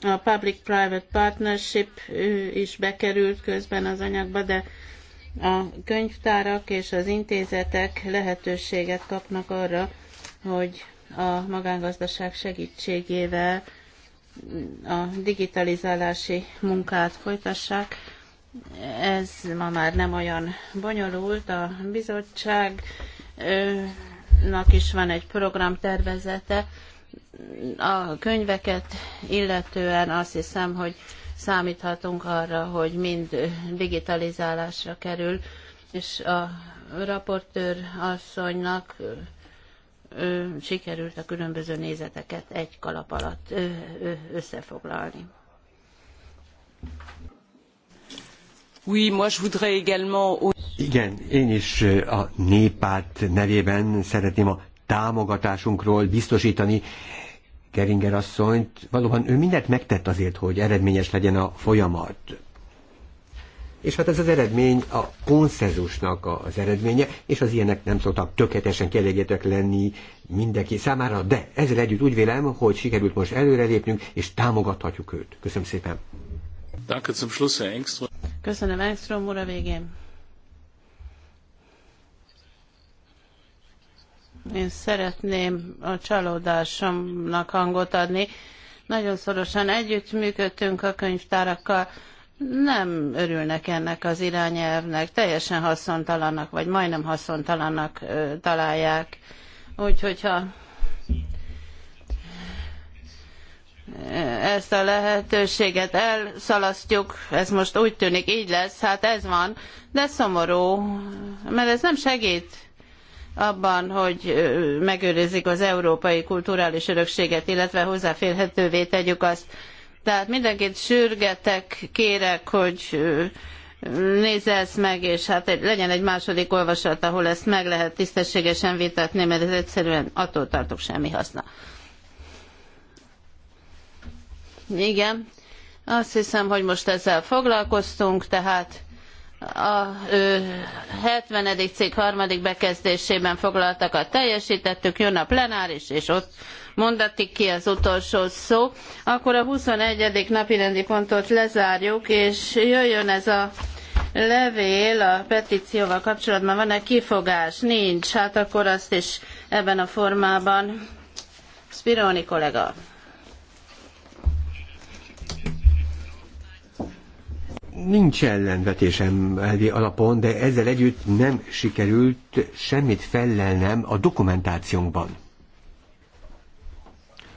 a Public-Private Partnership is bekerült közben az anyagba, de a könyvtárak és az intézetek lehetőséget kapnak arra, hogy a magángazdaság segítségével a digitalizálási munkát folytassák. Ez ma már nem olyan bonyolult. A bizottságnak is van egy programtervezete. A könyveket illetően azt hiszem, hogy számíthatunk arra, hogy mind digitalizálásra kerül, és a raportőr asszonynak ö, sikerült a különböző nézeteket egy kalap alatt ö, ö, összefoglalni. Oui, moi je voudrais également... Igen, én is a népát nevében szeretném a támogatásunkról biztosítani Geringer asszonyt. Valóban ő mindent megtett azért, hogy eredményes legyen a folyamat és hát ez az eredmény a konszenzusnak az eredménye, és az ilyenek nem szoktak tökéletesen kielégítőek lenni mindenki számára, de ezzel együtt úgy vélem, hogy sikerült most előrelépnünk, és támogathatjuk őt. Köszönöm szépen. Köszönöm, Engström úr, a végén. Én szeretném a csalódásomnak hangot adni. Nagyon szorosan együttműködtünk a könyvtárakkal, nem örülnek ennek az irányelvnek, teljesen haszontalannak, vagy majdnem haszontalannak találják. Úgyhogy ha ezt a lehetőséget elszalasztjuk, ez most úgy tűnik így lesz, hát ez van, de szomorú, mert ez nem segít abban, hogy megőrizzük az európai kulturális örökséget, illetve hozzáférhetővé tegyük azt tehát mindenkit sürgetek, kérek, hogy nézze ezt meg, és hát egy, legyen egy második olvasat, ahol ezt meg lehet tisztességesen vitatni, mert ez egyszerűen attól tartok semmi haszna. Igen, azt hiszem, hogy most ezzel foglalkoztunk, tehát a ö, 70. cikk harmadik bekezdésében foglaltakat teljesítettük, jön a plenáris, és ott mondatig ki az utolsó szó. Akkor a 21. napirendi pontot lezárjuk, és jöjjön ez a levél a petícióval kapcsolatban. Van-e kifogás? Nincs. Hát akkor azt is ebben a formában. Spironi kollega. nincs ellenvetésem elvi alapon, de ezzel együtt nem sikerült semmit fellelnem a dokumentációnkban.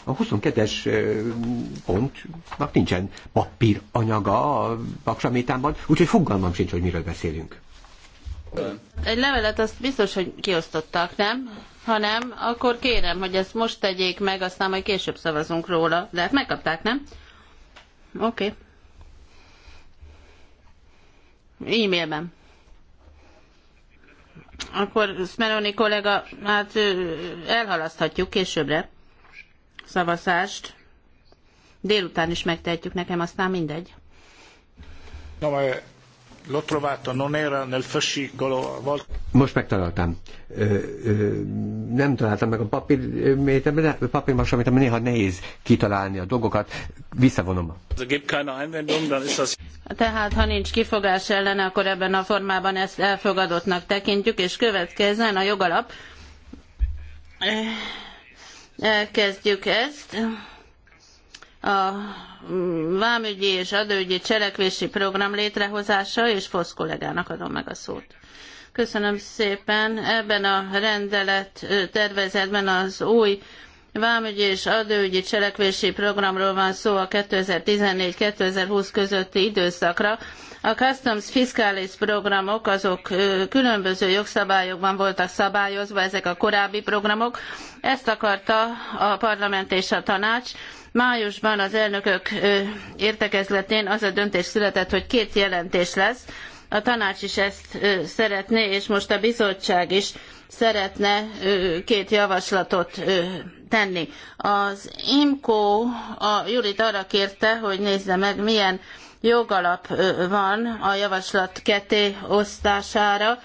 A 22-es pontnak nincsen papír anyaga a paksamétánban, úgyhogy fogalmam sincs, hogy miről beszélünk. Egy levelet azt biztos, hogy kiosztottak, nem? Ha nem, akkor kérem, hogy ezt most tegyék meg, aztán majd később szavazunk róla. De hát megkapták, nem? Oké. Okay. E-mailben. Akkor Smeroni kollega, hát elhalaszthatjuk későbbre szavazást. Délután is megtehetjük, nekem aztán mindegy. Eh, l'ho trovato, non era nel fascicolo. Most megtaláltam. Ö, ö, nem találtam meg a papír, papírmas, amit néha nehéz kitalálni a dolgokat. Visszavonom. Tehát, ha nincs kifogás ellene, akkor ebben a formában ezt elfogadottnak tekintjük, és következzen a jogalap. Eh, Elkezdjük ezt. A vámügyi és adóügyi cselekvési program létrehozása, és Fosz kollégának adom meg a szót. Köszönöm szépen. Ebben a rendelet tervezetben az új vámügyi és adóügyi cselekvési programról van szó a 2014-2020 közötti időszakra a customs fiscalis programok azok különböző jogszabályokban voltak szabályozva, ezek a korábbi programok. Ezt akarta a parlament és a tanács. Májusban az elnökök értekezletén az a döntés született, hogy két jelentés lesz. A tanács is ezt szeretné, és most a bizottság is szeretne két javaslatot tenni. Az IMCO a Jurit arra kérte, hogy nézze meg, milyen jogalap van a javaslat ketté osztására,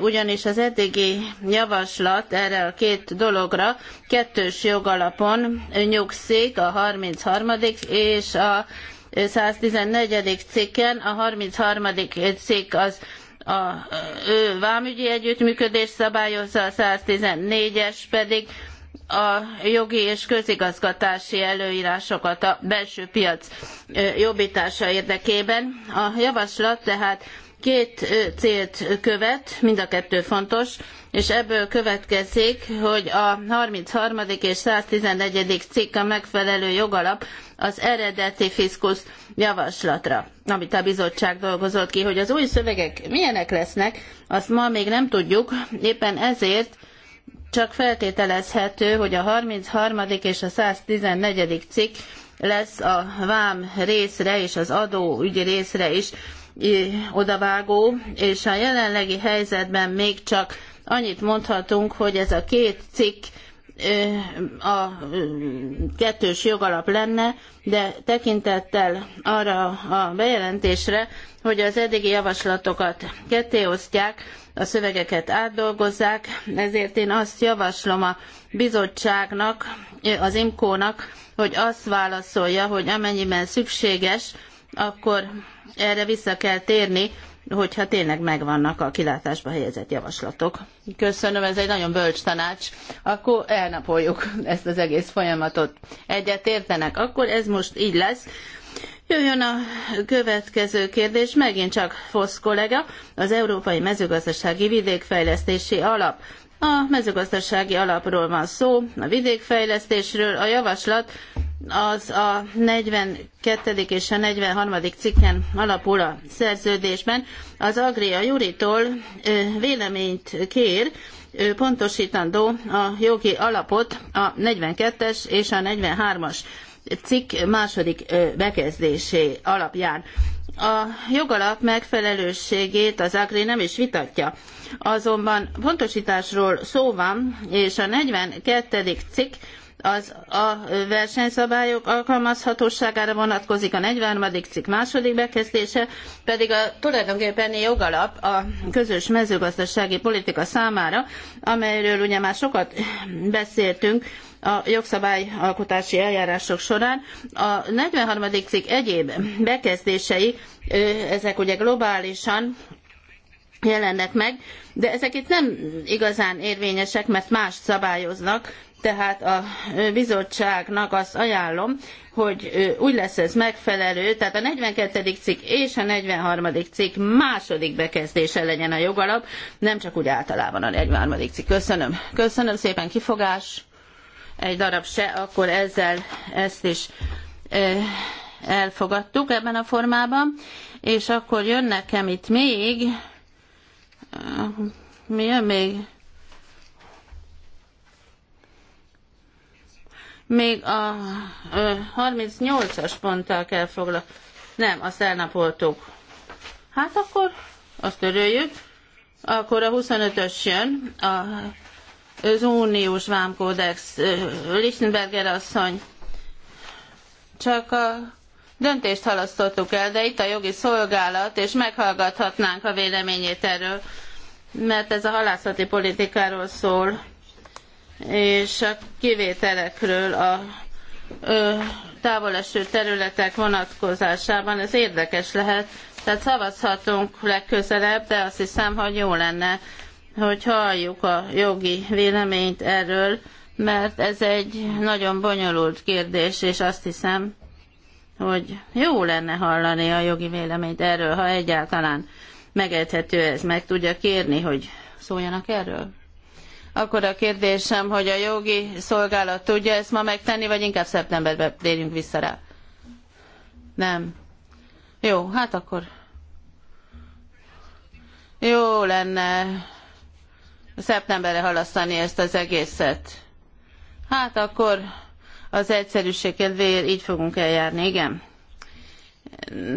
ugyanis az eddigi javaslat erre a két dologra kettős jogalapon nyugszik, a 33. és a 114. cikken, a 33. cikk az a vámügyi együttműködés szabályozza, a 114-es pedig a jogi és közigazgatási előírásokat a belső piac jobbítása érdekében. A javaslat tehát két célt követ, mind a kettő fontos, és ebből következik, hogy a 33. és 111. cikk a megfelelő jogalap az eredeti fiskusz javaslatra, amit a bizottság dolgozott ki, hogy az új szövegek milyenek lesznek, azt ma még nem tudjuk, éppen ezért csak feltételezhető, hogy a 33. és a 114. cikk lesz a vám részre és az adóügyi részre is odavágó, és a jelenlegi helyzetben még csak annyit mondhatunk, hogy ez a két cikk a kettős jogalap lenne, de tekintettel arra a bejelentésre, hogy az eddigi javaslatokat kettéosztják, a szövegeket átdolgozzák, ezért én azt javaslom a bizottságnak, az IMKO-nak, hogy azt válaszolja, hogy amennyiben szükséges, akkor erre vissza kell térni, hogyha tényleg megvannak a kilátásba helyezett javaslatok. Köszönöm, ez egy nagyon bölcs tanács. Akkor elnapoljuk ezt az egész folyamatot. Egyet értenek, akkor ez most így lesz. Jöjjön a következő kérdés, megint csak Fosz kollega, az Európai Mezőgazdasági Vidékfejlesztési Alap. A mezőgazdasági alapról van szó, a vidékfejlesztésről. A javaslat az a 42. és a 43. cikken alapul a szerződésben. Az Agria Juritól véleményt kér, pontosítandó a jogi alapot a 42-es és a 43-as cikk második bekezdésé alapján. A jogalap megfelelőségét az Agri nem is vitatja. Azonban pontosításról szó van, és a 42. cikk az a versenyszabályok alkalmazhatóságára vonatkozik, a 43. cikk második bekezdése, pedig a tulajdonképpen jogalap a közös mezőgazdasági politika számára, amelyről ugye már sokat beszéltünk, a jogszabályalkotási eljárások során. A 43. cikk egyéb bekezdései, ezek ugye globálisan jelennek meg, de ezek itt nem igazán érvényesek, mert más szabályoznak, tehát a bizottságnak azt ajánlom, hogy úgy lesz ez megfelelő, tehát a 42. cikk és a 43. cikk második bekezdése legyen a jogalap, nem csak úgy általában a 43. cikk. Köszönöm. Köszönöm szépen, kifogás egy darab se, akkor ezzel ezt is elfogadtuk ebben a formában. És akkor jön nekem itt még, mi jön még? Még a 38-as ponttal kell foglalkozni. Nem, azt elnapoltuk. Hát akkor azt töröljük. Akkor a 25-ös jön, a az uniós vámkódex, Lichtenberger asszony. Csak a döntést halasztottuk el, de itt a jogi szolgálat, és meghallgathatnánk a véleményét erről, mert ez a halászati politikáról szól, és a kivételekről a távoleső területek vonatkozásában ez érdekes lehet. Tehát szavazhatunk legközelebb, de azt hiszem, hogy jó lenne, hogy halljuk a jogi véleményt erről, mert ez egy nagyon bonyolult kérdés, és azt hiszem, hogy jó lenne hallani a jogi véleményt erről, ha egyáltalán megedhető ez, meg tudja kérni, hogy szóljanak erről. Akkor a kérdésem, hogy a jogi szolgálat tudja ezt ma megtenni, vagy inkább szeptemberben térjünk vissza rá? Nem. Jó, hát akkor jó lenne szeptemberre halasztani ezt az egészet. Hát akkor az egyszerűség kedvéért így fogunk eljárni, igen?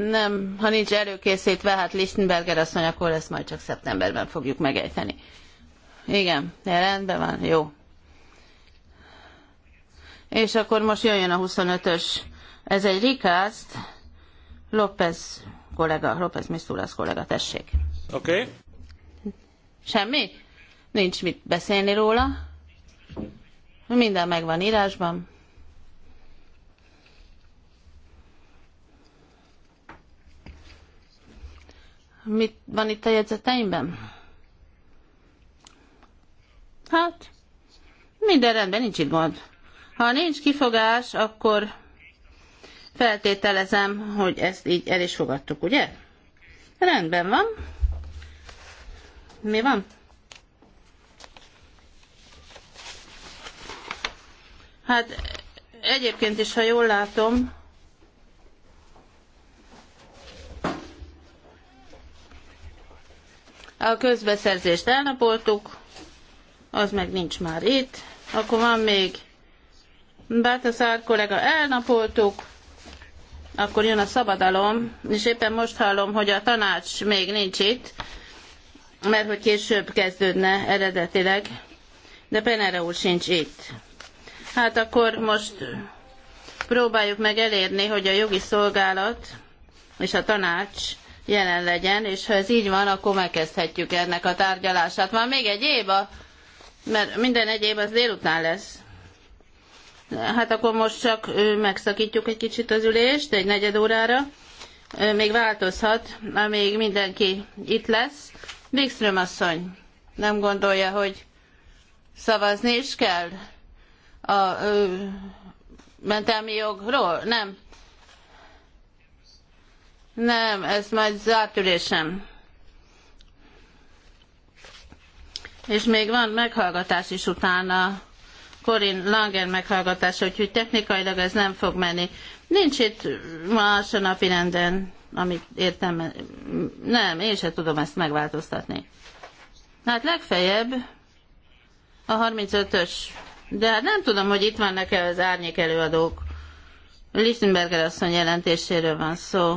Nem, ha nincs előkészítve, hát Lichtenberger asszony, akkor ezt majd csak szeptemberben fogjuk megejteni. Igen, de rendben van, jó. És akkor most jöjjön a 25-ös. Ez egy Rikázt, López kollega, López Misztulász kollega, tessék. Oké. Okay. Semmi? Nincs mit beszélni róla. Minden megvan írásban. Mit van itt a jegyzeteimben? Hát, minden rendben, nincs itt gond. Ha nincs kifogás, akkor feltételezem, hogy ezt így el is fogadtuk, ugye? Rendben van. Mi van? Hát egyébként is, ha jól látom, a közbeszerzést elnapoltuk, az meg nincs már itt, akkor van még Bátaszár kollega elnapoltuk, akkor jön a szabadalom, és éppen most hallom, hogy a tanács még nincs itt, mert hogy később kezdődne eredetileg, de Penere úr sincs itt. Hát akkor most próbáljuk meg elérni, hogy a jogi szolgálat és a tanács jelen legyen, és ha ez így van, akkor megkezdhetjük ennek a tárgyalását. Van még egy év, a, mert minden egy év az délután lesz. Hát akkor most csak megszakítjuk egy kicsit az ülést, egy negyed órára. Még változhat, amíg mindenki itt lesz. Wikström asszony nem gondolja, hogy szavazni is kell? a ö, mentelmi jogról? Nem. Nem, ez majd zárt ülésem. És még van meghallgatás is utána. Corin Langer meghallgatása, úgyhogy technikailag ez nem fog menni. Nincs itt más a napi renden, amit értem. Nem, én sem tudom ezt megváltoztatni. Hát legfeljebb a 35-ös de hát nem tudom, hogy itt vannak-e az árnyék előadók. Lichtenberger asszony jelentéséről van szó.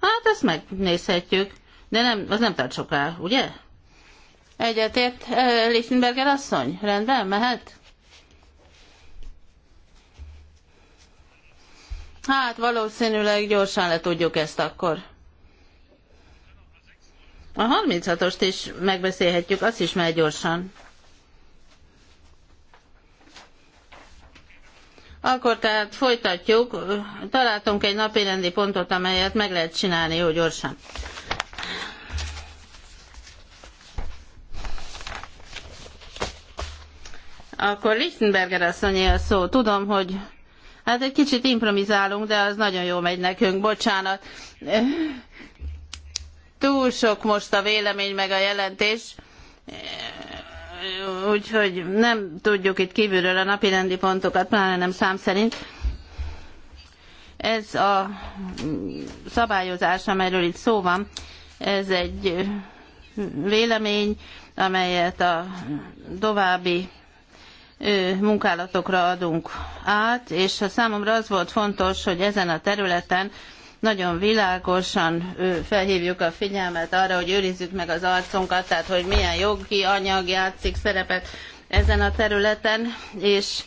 Hát ezt megnézhetjük, de nem, az nem tart soká, ugye? Egyetért Lichtenberger asszony? Rendben, mehet? Hát valószínűleg gyorsan le tudjuk ezt akkor. A 36-ost is megbeszélhetjük, azt is megy gyorsan. Akkor tehát folytatjuk, találtunk egy napirendi pontot, amelyet meg lehet csinálni jó gyorsan. Akkor Lichtenberger asszonyé a szó. Tudom, hogy hát egy kicsit improvizálunk, de az nagyon jó megy nekünk, bocsánat. Túl sok most a vélemény meg a jelentés úgyhogy nem tudjuk itt kívülről a napirendi pontokat, pláne nem szám szerint. Ez a szabályozás, amelyről itt szó van, ez egy vélemény, amelyet a további munkálatokra adunk át, és a számomra az volt fontos, hogy ezen a területen nagyon világosan felhívjuk a figyelmet arra, hogy őrizzük meg az arcunkat, tehát hogy milyen jogi anyag játszik szerepet ezen a területen, és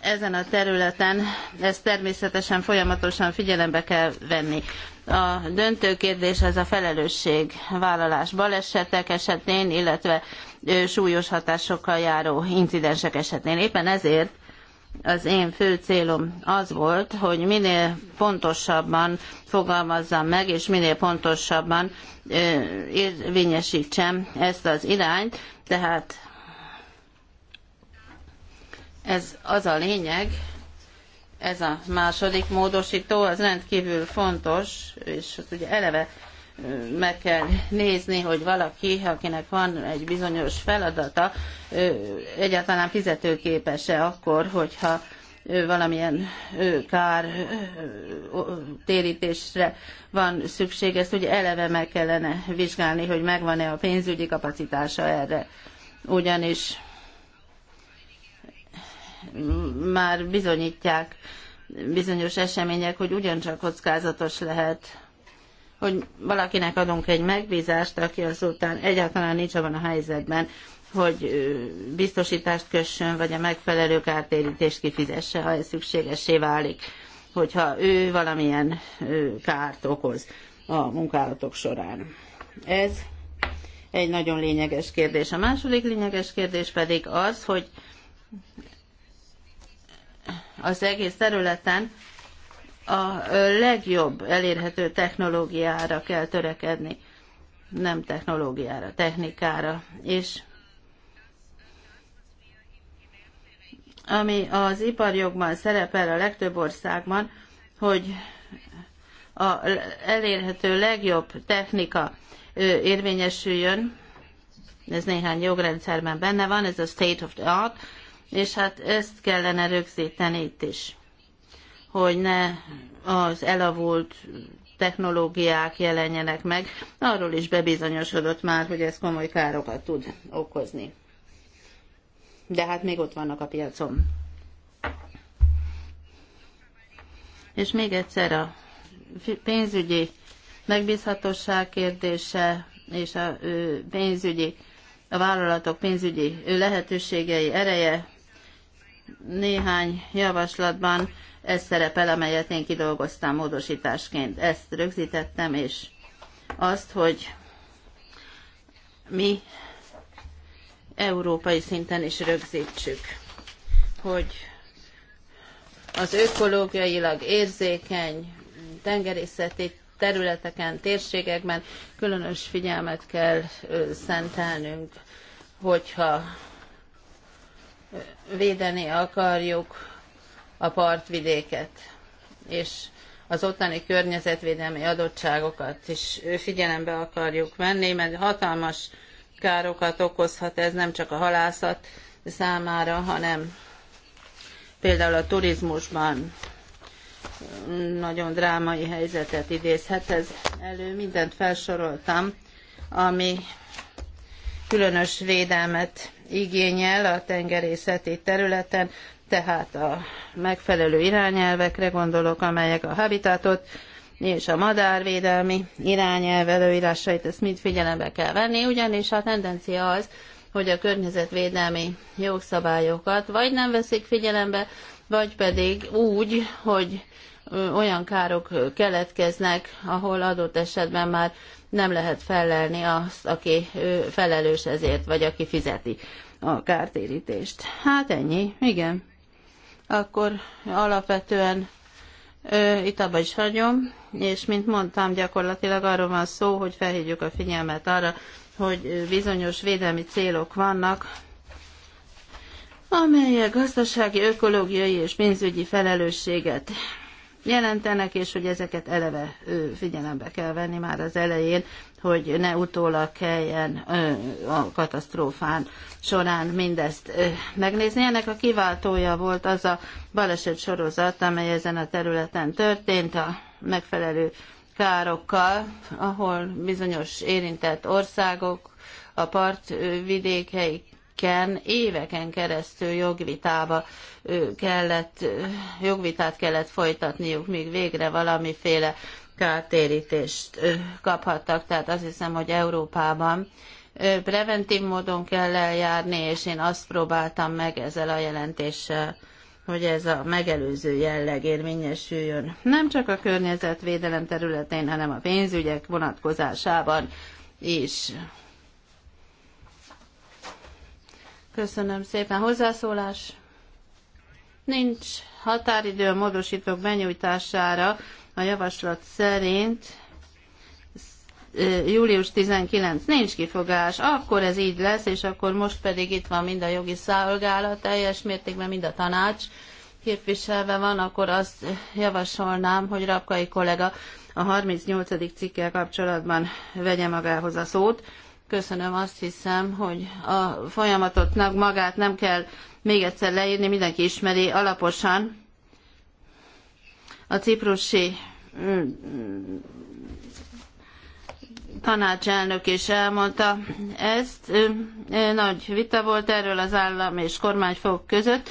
ezen a területen ezt természetesen folyamatosan figyelembe kell venni. A döntő kérdés az a felelősség vállalás balesetek esetén, illetve súlyos hatásokkal járó incidensek esetén. Éppen ezért az én fő célom az volt, hogy minél pontosabban fogalmazzam meg, és minél pontosabban érvényesítsem ezt az irányt, tehát ez az a lényeg, ez a második módosító, az rendkívül fontos, és ugye eleve meg kell nézni, hogy valaki, akinek van egy bizonyos feladata, egyáltalán fizetőképes-e akkor, hogyha valamilyen kár térítésre van szükség, ezt ugye eleve meg kellene vizsgálni, hogy megvan-e a pénzügyi kapacitása erre. Ugyanis már bizonyítják bizonyos események, hogy ugyancsak kockázatos lehet hogy valakinek adunk egy megbízást, aki azután egyáltalán nincs abban a helyzetben, hogy biztosítást kössön, vagy a megfelelő kártérítést kifizesse, ha ez szükségessé válik, hogyha ő valamilyen kárt okoz a munkálatok során. Ez egy nagyon lényeges kérdés. A második lényeges kérdés pedig az, hogy az egész területen a legjobb elérhető technológiára kell törekedni, nem technológiára, technikára. És ami az iparjogban szerepel a legtöbb országban, hogy a elérhető legjobb technika érvényesüljön, ez néhány jogrendszerben benne van, ez a state of the art, és hát ezt kellene rögzíteni itt is hogy ne az elavult technológiák jelenjenek meg. Arról is bebizonyosodott már, hogy ez komoly károkat tud okozni. De hát még ott vannak a piacon. És még egyszer a pénzügyi megbízhatóság kérdése és a pénzügyi, a vállalatok pénzügyi lehetőségei ereje néhány javaslatban ez szerepel, amelyet én kidolgoztam módosításként. Ezt rögzítettem, és azt, hogy mi európai szinten is rögzítsük, hogy az ökológiailag érzékeny tengerészeti területeken, térségekben különös figyelmet kell szentelnünk, hogyha védeni akarjuk a partvidéket, és az ottani környezetvédelmi adottságokat is figyelembe akarjuk venni, mert hatalmas károkat okozhat ez nem csak a halászat számára, hanem például a turizmusban nagyon drámai helyzetet idézhet ez elő. Mindent felsoroltam, ami különös védelmet igényel a tengerészeti területen, tehát a megfelelő irányelvekre gondolok, amelyek a habitatot és a madárvédelmi irányelv előírásait, ezt mind figyelembe kell venni, ugyanis a tendencia az, hogy a környezetvédelmi jogszabályokat vagy nem veszik figyelembe, vagy pedig úgy, hogy olyan károk keletkeznek, ahol adott esetben már nem lehet felelni azt, aki felelős ezért, vagy aki fizeti a kártérítést. Hát ennyi, igen akkor alapvetően itt abba is hagyom, és mint mondtam, gyakorlatilag arról van szó, hogy felhívjuk a figyelmet arra, hogy bizonyos védelmi célok vannak, amelyek gazdasági, ökológiai és pénzügyi felelősséget jelentenek, és hogy ezeket eleve figyelembe kell venni már az elején, hogy ne utólag kelljen a katasztrófán során mindezt megnézni. Ennek a kiváltója volt az a baleset sorozat, amely ezen a területen történt a megfelelő károkkal, ahol bizonyos érintett országok, a partvidékeik éveken, éveken keresztül jogvitába kellett, jogvitát kellett folytatniuk, míg végre valamiféle kártérítést kaphattak. Tehát azt hiszem, hogy Európában preventív módon kell eljárni, és én azt próbáltam meg ezzel a jelentéssel, hogy ez a megelőző jelleg érvényesüljön. Nem csak a környezetvédelem területén, hanem a pénzügyek vonatkozásában is. Köszönöm szépen. Hozzászólás? Nincs határidő a módosítók benyújtására a javaslat szerint július 19. Nincs kifogás. Akkor ez így lesz, és akkor most pedig itt van mind a jogi szolgálat, teljes mértékben mind a tanács képviselve van, akkor azt javasolnám, hogy Rapkai kollega a 38. cikkel kapcsolatban vegye magához a szót köszönöm, azt hiszem, hogy a folyamatotnak magát nem kell még egyszer leírni, mindenki ismeri alaposan. A ciprusi mm, tanácselnök is elmondta ezt. Nagy vita volt erről az állam és kormányfók között.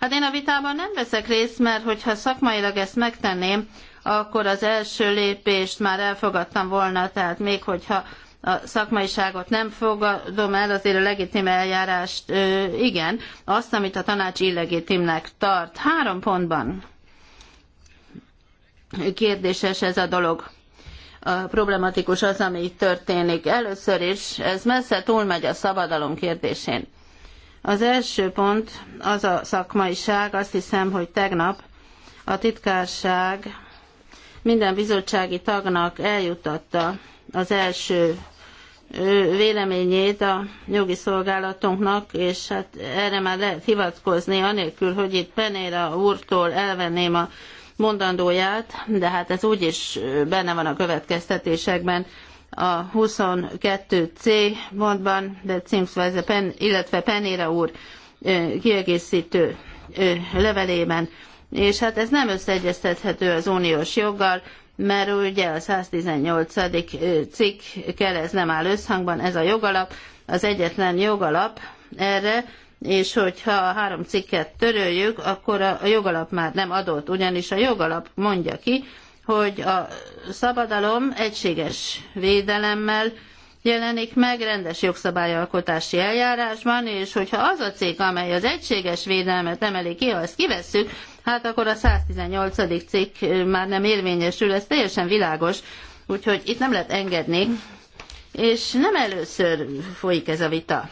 Hát én a vitában nem veszek részt, mert hogyha szakmailag ezt megtenném, akkor az első lépést már elfogadtam volna, tehát még hogyha a szakmaiságot nem fogadom el, azért a legitim eljárást igen, azt, amit a tanács illegitimnek tart. Három pontban kérdéses ez a dolog. A problematikus az, ami itt történik. Először is ez messze túlmegy a szabadalom kérdésén. Az első pont az a szakmaiság, azt hiszem, hogy tegnap a titkárság minden bizottsági tagnak eljutatta az első véleményét a jogi szolgálatunknak, és hát erre már lehet hivatkozni, anélkül, hogy itt Penéra úrtól elvenném a mondandóját, de hát ez úgyis benne van a következtetésekben a 22C mondban, de Cimszveze, pen, illetve Penéra úr kiegészítő levelében. És hát ez nem összeegyeztethető az uniós joggal, mert ugye a 118. cikkel ez nem áll összhangban, ez a jogalap, az egyetlen jogalap erre, és hogyha a három cikket töröljük, akkor a jogalap már nem adott, ugyanis a jogalap mondja ki, hogy a szabadalom egységes védelemmel, jelenik meg rendes jogszabályalkotási eljárásban, és hogyha az a cég, amely az egységes védelmet emeli ki, ha ezt kivesszük, hát akkor a 118. cikk már nem érvényesül, ez teljesen világos, úgyhogy itt nem lehet engedni, és nem először folyik ez a vita.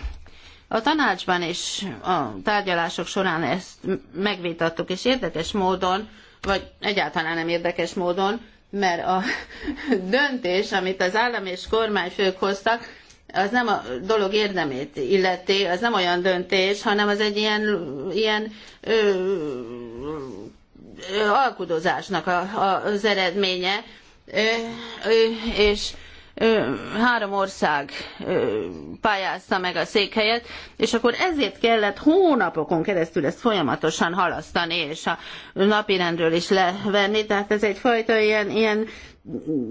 A tanácsban és a tárgyalások során ezt megvitattuk, és érdekes módon, vagy egyáltalán nem érdekes módon, mert a döntés, amit az állam és kormányfők hoztak, az nem a dolog érdemét illeti, az nem olyan döntés, hanem az egy ilyen, ilyen ö, ö, alkudozásnak a, a, az eredménye, ö, és három ország pályázta meg a székhelyet, és akkor ezért kellett hónapokon keresztül ezt folyamatosan halasztani, és a napirendről is levenni, tehát ez egyfajta ilyen, ilyen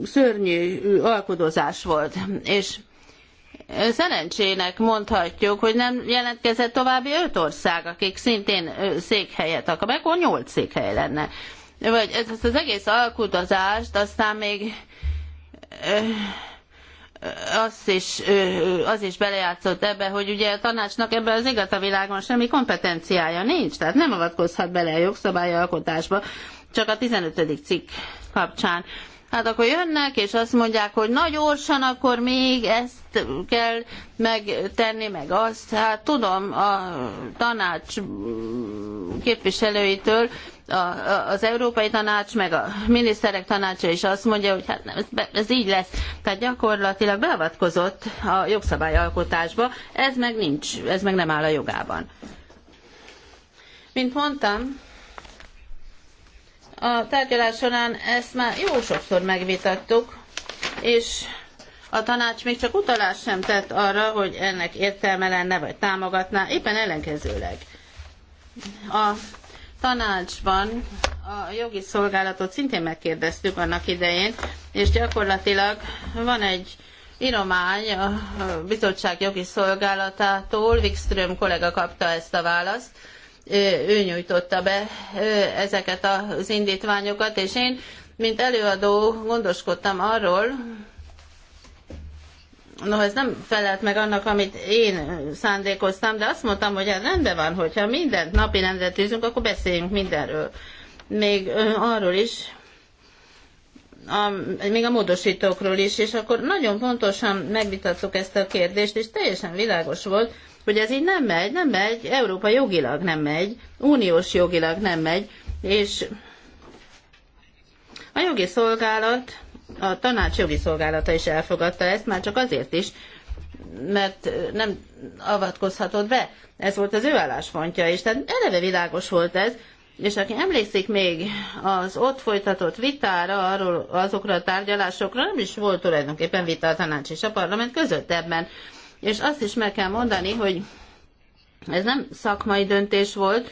szörnyű alkudozás volt. És szerencsének mondhatjuk, hogy nem jelentkezett további öt ország, akik szintén székhelyet akar, akkor nyolc székhely lenne. Vagy ezt az egész alkudozást aztán még az is, az is belejátszott ebbe, hogy ugye a tanácsnak ebben az igaz a világon semmi kompetenciája nincs, tehát nem avatkozhat bele a jogszabályalkotásba, csak a 15. cikk kapcsán hát akkor jönnek, és azt mondják, hogy nagy orsan, akkor még ezt kell megtenni, meg azt. Hát tudom a tanács képviselőitől, az Európai Tanács, meg a miniszterek tanácsa is azt mondja, hogy hát nem, ez így lesz. Tehát gyakorlatilag beavatkozott a jogszabályalkotásba, ez meg nincs, ez meg nem áll a jogában. Mint mondtam, a tárgyalás során ezt már jó sokszor megvitattuk, és a tanács még csak utalást sem tett arra, hogy ennek értelme lenne, vagy támogatná, éppen ellenkezőleg. A tanácsban a jogi szolgálatot szintén megkérdeztük annak idején, és gyakorlatilag van egy íromány a bizottság jogi szolgálatától, Wikström kollega kapta ezt a választ, ő nyújtotta be ezeket az indítványokat, és én, mint előadó, gondoskodtam arról, no, ez nem felelt meg annak, amit én szándékoztam, de azt mondtam, hogy ez hát rendben van, hogyha mindent napi rendre tűzünk, akkor beszéljünk mindenről. Még arról is, a, még a módosítókról is, és akkor nagyon pontosan megvitattuk ezt a kérdést, és teljesen világos volt, hogy ez így nem megy, nem megy, Európa jogilag nem megy, uniós jogilag nem megy, és a jogi szolgálat, a tanács jogi szolgálata is elfogadta ezt, már csak azért is, mert nem avatkozhatott be. Ez volt az ő álláspontja, és tehát eleve világos volt ez, és aki emlékszik még az ott folytatott vitára, arról azokra a tárgyalásokra, nem is volt tulajdonképpen vita a tanács és a parlament között ebben. És azt is meg kell mondani, hogy ez nem szakmai döntés volt,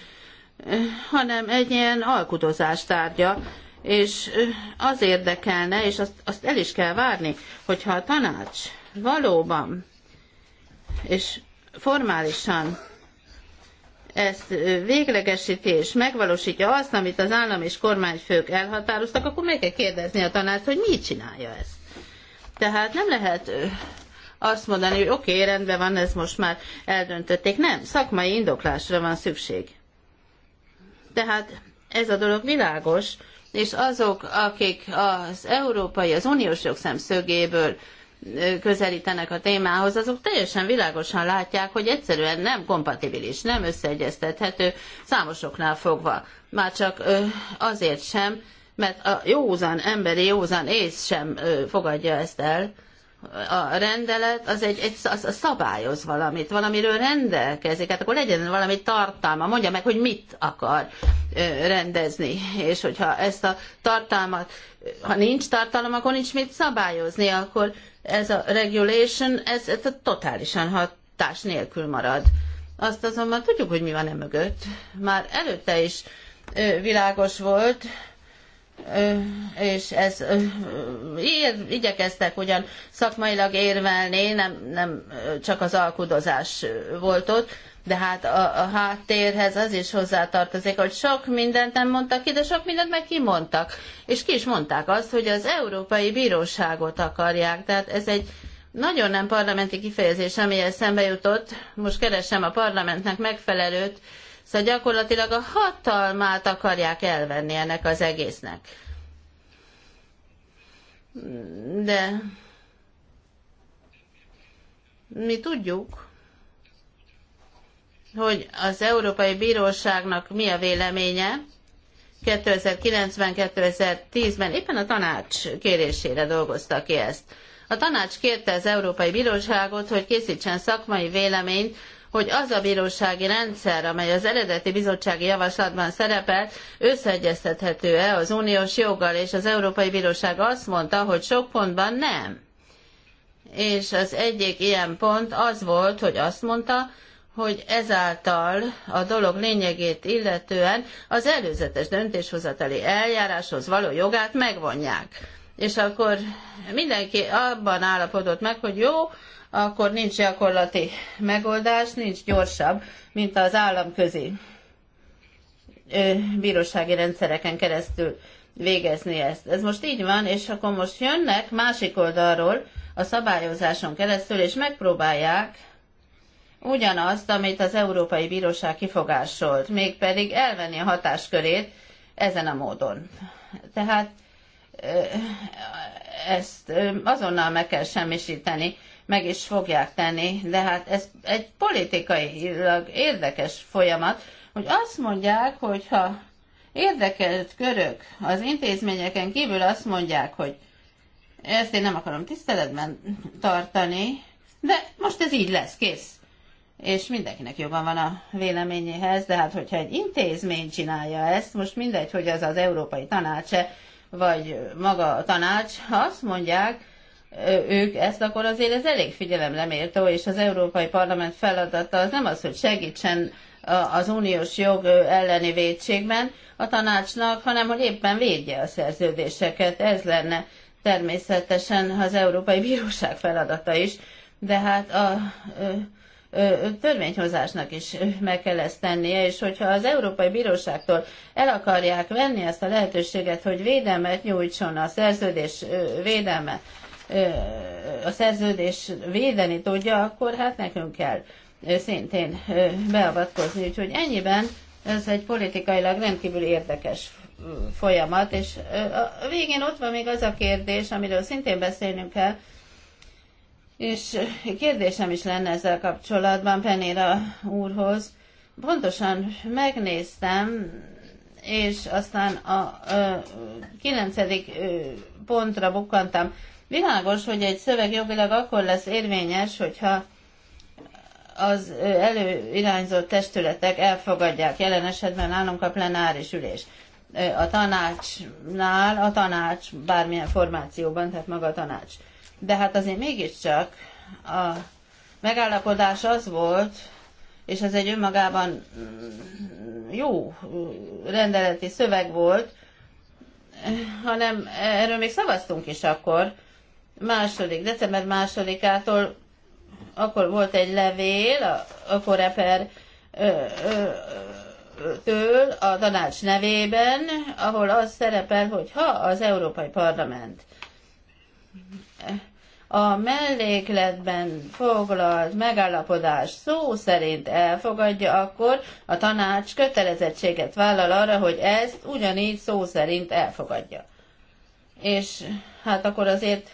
hanem egy ilyen alkudozás tárgya, és az érdekelne, és azt, azt el is kell várni, hogyha a tanács valóban és formálisan ezt véglegesítés és megvalósítja azt, amit az állam és kormányfők elhatároztak, akkor meg kell kérdezni a tanács, hogy mi csinálja ezt. Tehát nem lehet azt mondani, hogy oké, okay, rendben van, ez most már eldöntötték. Nem, szakmai indoklásra van szükség. Tehát ez a dolog világos, és azok, akik az európai, az uniós jogszemszögéből közelítenek a témához, azok teljesen világosan látják, hogy egyszerűen nem kompatibilis, nem összeegyeztethető számosoknál fogva. Már csak azért sem, mert a józan, emberi józan ész sem fogadja ezt el a rendelet az egy, egy az, az szabályoz valamit, valamiről rendelkezik, hát akkor legyen valami tartalma, mondja meg, hogy mit akar rendezni, és hogyha ezt a tartalmat, ha nincs tartalom, akkor nincs mit szabályozni, akkor ez a regulation, ez, ez a totálisan hatás nélkül marad. Azt azonban tudjuk, hogy mi van e mögött. Már előtte is világos volt, és ez igyekeztek ugyan szakmailag érvelni, nem, nem csak az alkudozás volt ott, de hát a, a háttérhez az is hozzátartozik, hogy sok mindent nem mondtak ki, de sok mindent meg kimondtak. És ki is mondták azt, hogy az Európai Bíróságot akarják. Tehát ez egy nagyon nem parlamenti kifejezés, ami szembe jutott. Most keresem a parlamentnek megfelelőt, Szóval gyakorlatilag a hatalmát akarják elvenni ennek az egésznek. De mi tudjuk, hogy az Európai Bíróságnak mi a véleménye, 2009 2010-ben éppen a tanács kérésére dolgozta ki ezt. A tanács kérte az Európai Bíróságot, hogy készítsen szakmai véleményt hogy az a bírósági rendszer, amely az eredeti bizottsági javaslatban szerepelt, összeegyeztethető-e az uniós joggal, és az Európai Bíróság azt mondta, hogy sok pontban nem. És az egyik ilyen pont az volt, hogy azt mondta, hogy ezáltal a dolog lényegét illetően az előzetes döntéshozatali eljáráshoz való jogát megvonják. És akkor mindenki abban állapodott meg, hogy jó, akkor nincs gyakorlati megoldás, nincs gyorsabb, mint az államközi bírósági rendszereken keresztül végezni ezt. Ez most így van, és akkor most jönnek másik oldalról a szabályozáson keresztül, és megpróbálják ugyanazt, amit az Európai Bíróság kifogásolt, mégpedig elvenni a hatáskörét ezen a módon. Tehát ezt azonnal meg kell semmisíteni, meg is fogják tenni, de hát ez egy politikailag érdekes folyamat, hogy azt mondják, hogy ha érdekelt körök az intézményeken kívül azt mondják, hogy ezt én nem akarom tiszteletben tartani, de most ez így lesz, kész. És mindenkinek joga van a véleményéhez, de hát hogyha egy intézmény csinálja ezt, most mindegy, hogy az az Európai Tanács vagy maga a tanács, ha azt mondják, ők ezt, akkor azért ez elég figyelemreméltó, és az Európai Parlament feladata az nem az, hogy segítsen az uniós jog elleni védségben a tanácsnak, hanem hogy éppen védje a szerződéseket. Ez lenne természetesen az Európai Bíróság feladata is, de hát a törvényhozásnak is meg kell ezt tennie, és hogyha az Európai Bíróságtól el akarják venni ezt a lehetőséget, hogy védelmet nyújtson a szerződés védelmet, a szerződés védeni tudja, akkor hát nekünk kell szintén beavatkozni. Úgyhogy ennyiben ez egy politikailag rendkívül érdekes folyamat, és a végén ott van még az a kérdés, amiről szintén beszélnünk kell, és kérdésem is lenne ezzel kapcsolatban Penéra úrhoz. Pontosan megnéztem, és aztán a kilencedik pontra bukkantam Világos, hogy egy szöveg jogilag akkor lesz érvényes, hogyha az előirányzott testületek elfogadják jelen esetben nálunk a plenáris ülés. A tanácsnál a tanács bármilyen formációban, tehát maga a tanács. De hát azért mégiscsak a megállapodás az volt, és ez egy önmagában mm, jó mm, rendeleti szöveg volt, hanem erről még szavaztunk is akkor, második, december másodikától akkor volt egy levél a, a koreper ö, ö, től a tanács nevében, ahol az szerepel, hogy ha az Európai Parlament a mellékletben foglalt megállapodás szó szerint elfogadja, akkor a tanács kötelezettséget vállal arra, hogy ezt ugyanígy szó szerint elfogadja. És hát akkor azért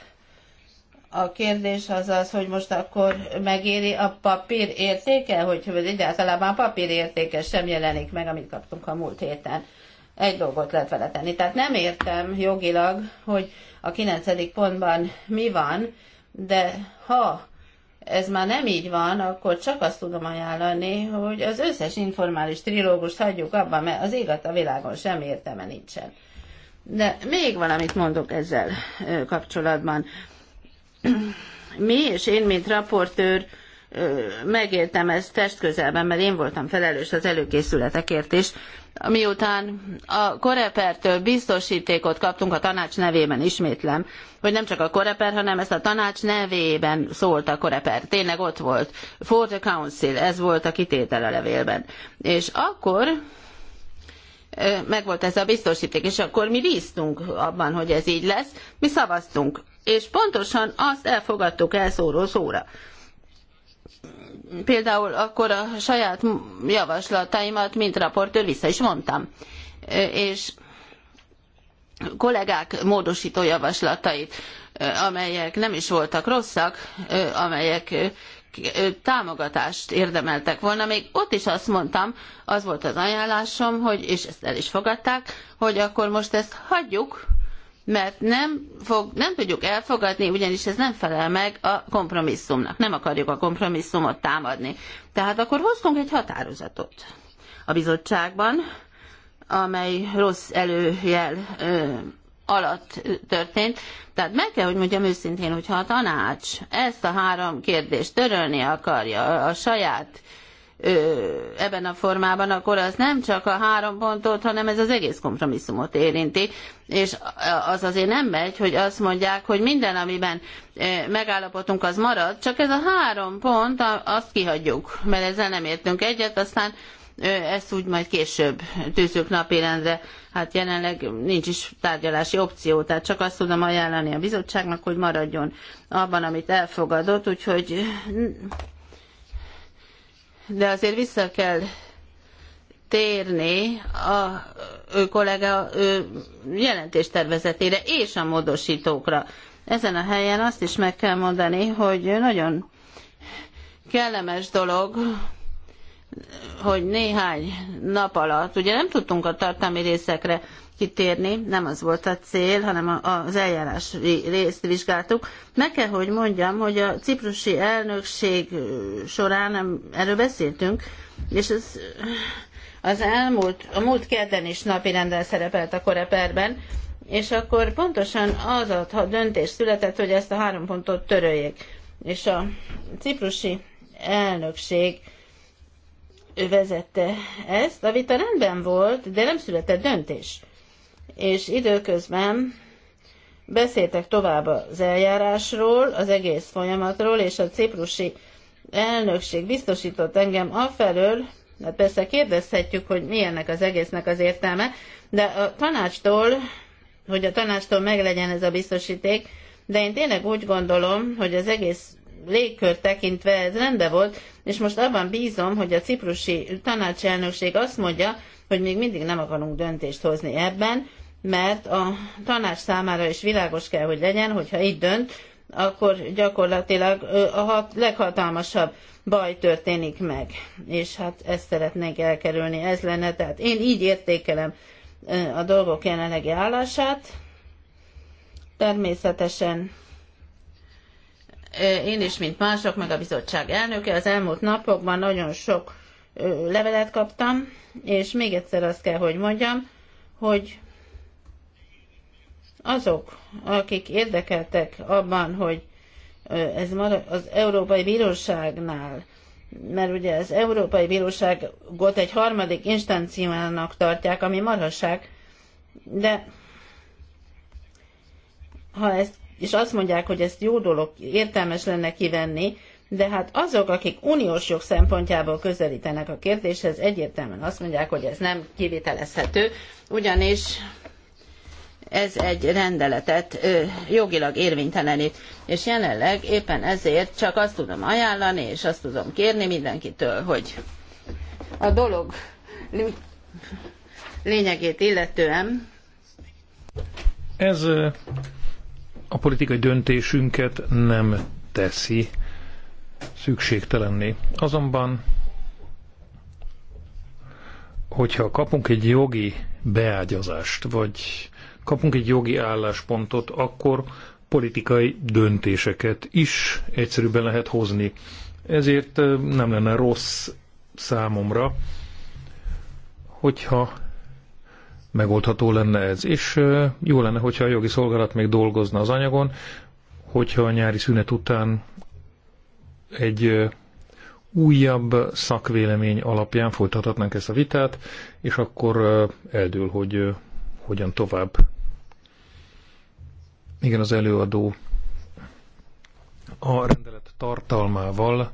a kérdés az az, hogy most akkor megéri a papír értéke, hogy egyáltalán már papír értéke sem jelenik meg, amit kaptunk a múlt héten. Egy dolgot lehet vele tenni. Tehát nem értem jogilag, hogy a 9. pontban mi van, de ha ez már nem így van, akkor csak azt tudom ajánlani, hogy az összes informális trilógust hagyjuk abban, mert az égat a világon sem értelme nincsen. De még valamit mondok ezzel kapcsolatban mi és én, mint raportőr, megértem ezt testközelben, mert én voltam felelős az előkészületekért is. Miután a Korepertől biztosítékot kaptunk a tanács nevében, ismétlem, hogy nem csak a Koreper, hanem ezt a tanács nevében szólt a Koreper. Tényleg ott volt. For the Council, ez volt a kitétel a levélben. És akkor megvolt ez a biztosíték, és akkor mi bíztunk abban, hogy ez így lesz, mi szavaztunk, és pontosan azt elfogadtuk el szóról szóra. Például akkor a saját javaslataimat, mint raportőr vissza is mondtam. És kollégák módosító javaslatait, amelyek nem is voltak rosszak, amelyek támogatást érdemeltek volna. Még ott is azt mondtam, az volt az ajánlásom, hogy, és ezt el is fogadták, hogy akkor most ezt hagyjuk, mert nem, fog, nem tudjuk elfogadni, ugyanis ez nem felel meg a kompromisszumnak. Nem akarjuk a kompromisszumot támadni. Tehát akkor hoztunk egy határozatot a bizottságban, amely rossz előjel alatt történt. Tehát meg kell, hogy mondjam őszintén, hogyha a tanács ezt a három kérdést törölni akarja a saját ebben a formában, akkor az nem csak a három pontot, hanem ez az egész kompromisszumot érinti, és az azért nem megy, hogy azt mondják, hogy minden, amiben megállapodtunk, az marad, csak ez a három pont, azt kihagyjuk, mert ezzel nem értünk egyet, aztán ezt úgy majd később tűzzük napirendre. Hát jelenleg nincs is tárgyalási opció, tehát csak azt tudom ajánlani a bizottságnak, hogy maradjon abban, amit elfogadott, úgyhogy de azért vissza kell térni a ő kollega ő jelentéstervezetére és a módosítókra. Ezen a helyen azt is meg kell mondani, hogy nagyon kellemes dolog, hogy néhány nap alatt, ugye nem tudtunk a tartalmi részekre kitérni, nem az volt a cél, hanem az eljárás részt vizsgáltuk. Meg kell, hogy mondjam, hogy a ciprusi elnökség során erről beszéltünk, és az az elmúlt, a múlt kedden is rendel szerepelt a koreperben, és akkor pontosan az a döntés született, hogy ezt a három pontot töröljék. És a ciprusi elnökség ő vezette ezt. A vita rendben volt, de nem született döntés. És időközben beszéltek tovább az eljárásról, az egész folyamatról, és a ciprusi elnökség biztosított engem afelől, mert hát persze kérdezhetjük, hogy mi ennek az egésznek az értelme, de a tanácstól, hogy a tanácstól meglegyen ez a biztosíték, de én tényleg úgy gondolom, hogy az egész légkör tekintve ez rendben volt, és most abban bízom, hogy a ciprusi tanácselnökség azt mondja, hogy még mindig nem akarunk döntést hozni ebben, mert a tanács számára is világos kell, hogy legyen, hogyha így dönt, akkor gyakorlatilag a hat, leghatalmasabb baj történik meg. És hát ezt szeretnénk elkerülni, ez lenne. Tehát én így értékelem a dolgok jelenlegi állását. Természetesen én is, mint mások, meg a bizottság elnöke. Az elmúlt napokban nagyon sok levelet kaptam, és még egyszer azt kell, hogy mondjam, hogy azok, akik érdekeltek abban, hogy ez az Európai Bíróságnál, mert ugye az Európai Bíróságot egy harmadik instanciának tartják, ami marhasság, de ha ezt és azt mondják, hogy ezt jó dolog, értelmes lenne kivenni, de hát azok, akik uniós jog szempontjából közelítenek a kérdéshez, egyértelműen azt mondják, hogy ez nem kivitelezhető, ugyanis ez egy rendeletet jogilag érvénytelenít. És jelenleg éppen ezért csak azt tudom ajánlani, és azt tudom kérni mindenkitől, hogy a dolog lényegét illetően. Ez a politikai döntésünket nem teszi szükségtelenné. Azonban, hogyha kapunk egy jogi beágyazást, vagy kapunk egy jogi álláspontot, akkor politikai döntéseket is egyszerűbben lehet hozni. Ezért nem lenne rossz számomra, hogyha megoldható lenne ez, és jó lenne, hogyha a jogi szolgálat még dolgozna az anyagon, hogyha a nyári szünet után egy újabb szakvélemény alapján folytathatnánk ezt a vitát, és akkor eldől, hogy hogyan tovább. Igen, az előadó a rendelet tartalmával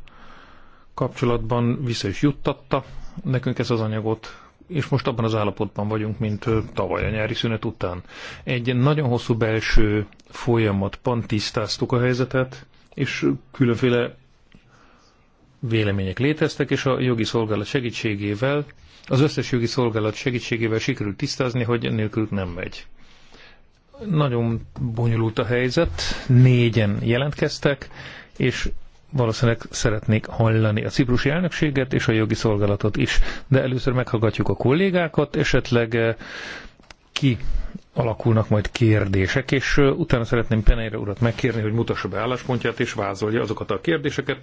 kapcsolatban vissza is juttatta nekünk ezt az anyagot, és most abban az állapotban vagyunk, mint tavaly a nyári szünet után. Egy nagyon hosszú belső folyamatban tisztáztuk a helyzetet, és különféle vélemények léteztek, és a jogi szolgálat segítségével, az összes jogi szolgálat segítségével sikerült tisztázni, hogy nélkülük nem megy. Nagyon bonyolult a helyzet, négyen jelentkeztek, és valószínűleg szeretnék hallani a ciprusi elnökséget és a jogi szolgálatot is. De először meghallgatjuk a kollégákat, esetleg eh, ki alakulnak majd kérdések, és eh, utána szeretném Peneire urat megkérni, hogy mutassa be álláspontját és vázolja azokat a kérdéseket,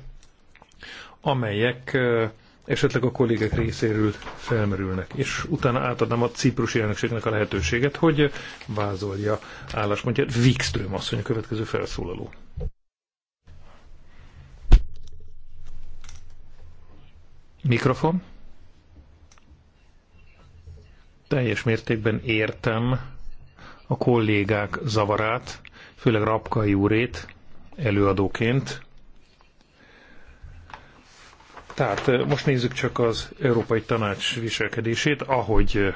amelyek eh, esetleg a kollégek részéről felmerülnek. És utána átadnám a ciprusi elnökségnek a lehetőséget, hogy vázolja álláspontját. Wikström asszony a következő felszólaló. Mikrofon. Teljes mértékben értem a kollégák zavarát, főleg Rapkai úrét előadóként. Tehát most nézzük csak az Európai Tanács viselkedését, ahogy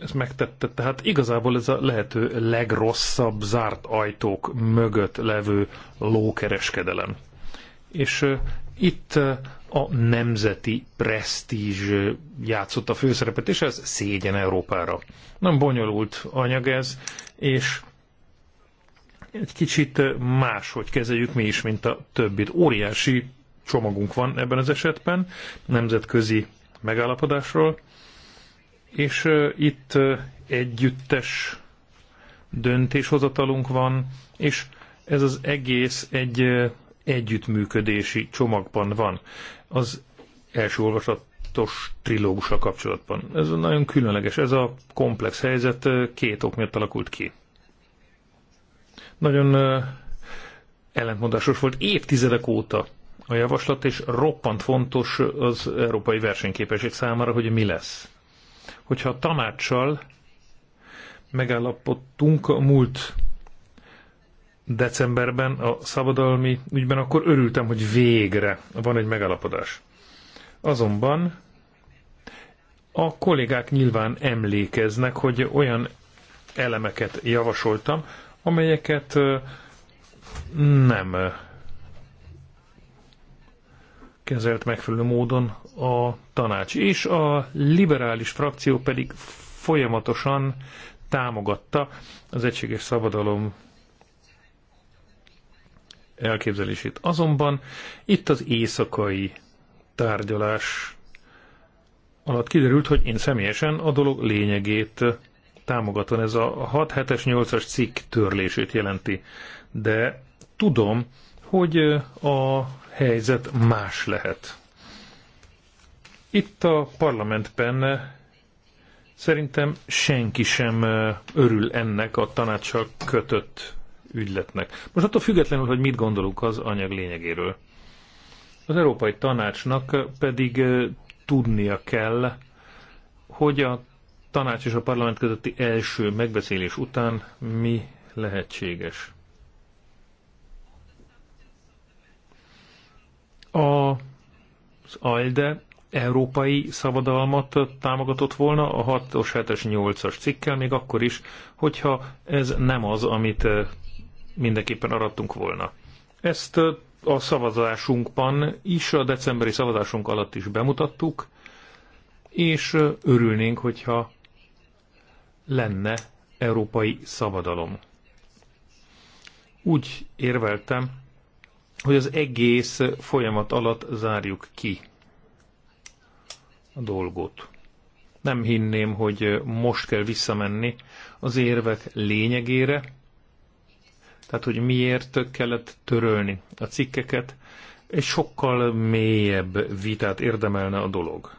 ezt megtette. Tehát igazából ez a lehető legrosszabb zárt ajtók mögött levő lókereskedelem. És itt a nemzeti presztízs játszott a főszerepet, és ez szégyen Európára. Nem bonyolult anyag ez, és egy kicsit máshogy kezeljük mi is, mint a többit. Óriási csomagunk van ebben az esetben, nemzetközi megállapodásról, és itt együttes döntéshozatalunk van, és ez az egész egy együttműködési csomagban van az első olvasatos trilógusa kapcsolatban. Ez nagyon különleges, ez a komplex helyzet két ok miatt alakult ki. Nagyon ellentmondásos volt évtizedek óta a javaslat, és roppant fontos az európai versenyképesség számára, hogy mi lesz. Hogyha a tanácssal megállapodtunk a múlt decemberben a szabadalmi ügyben, akkor örültem, hogy végre van egy megállapodás. Azonban a kollégák nyilván emlékeznek, hogy olyan elemeket javasoltam, amelyeket nem kezelt megfelelő módon a tanács. És a liberális frakció pedig folyamatosan támogatta az egységes szabadalom elképzelését. Azonban itt az éjszakai tárgyalás alatt kiderült, hogy én személyesen a dolog lényegét támogatom. Ez a 6 7 8-as cikk törlését jelenti. De tudom, hogy a helyzet más lehet. Itt a parlamentben szerintem senki sem örül ennek a tanácsak kötött ügyletnek. Most attól függetlenül, hogy mit gondolunk az anyag lényegéről. Az Európai Tanácsnak pedig tudnia kell, hogy a tanács és a parlament közötti első megbeszélés után mi lehetséges. A, az ALDE európai szabadalmat támogatott volna a 6-os, 7-es, 8-as cikkel, még akkor is, hogyha ez nem az, amit mindenképpen arattunk volna. Ezt a szavazásunkban is, a decemberi szavazásunk alatt is bemutattuk, és örülnénk, hogyha lenne európai szabadalom. Úgy érveltem, hogy az egész folyamat alatt zárjuk ki a dolgot. Nem hinném, hogy most kell visszamenni az érvek lényegére, tehát, hogy miért kellett törölni a cikkeket, egy sokkal mélyebb vitát érdemelne a dolog.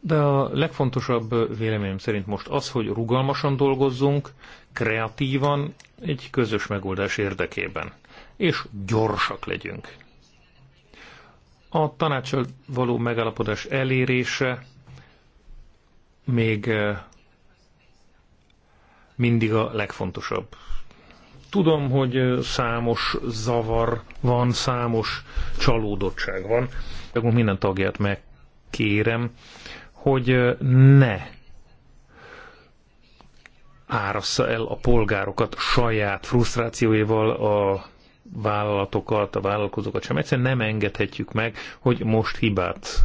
De a legfontosabb véleményem szerint most az, hogy rugalmasan dolgozzunk, kreatívan, egy közös megoldás érdekében. És gyorsak legyünk. A tanácsal való megállapodás elérése még eh, mindig a legfontosabb Tudom, hogy számos zavar van, számos csalódottság van. Akkor minden tagját megkérem, hogy ne árassza el a polgárokat saját frusztrációival a vállalatokat, a vállalkozókat sem. Egyszerűen nem engedhetjük meg, hogy most hibát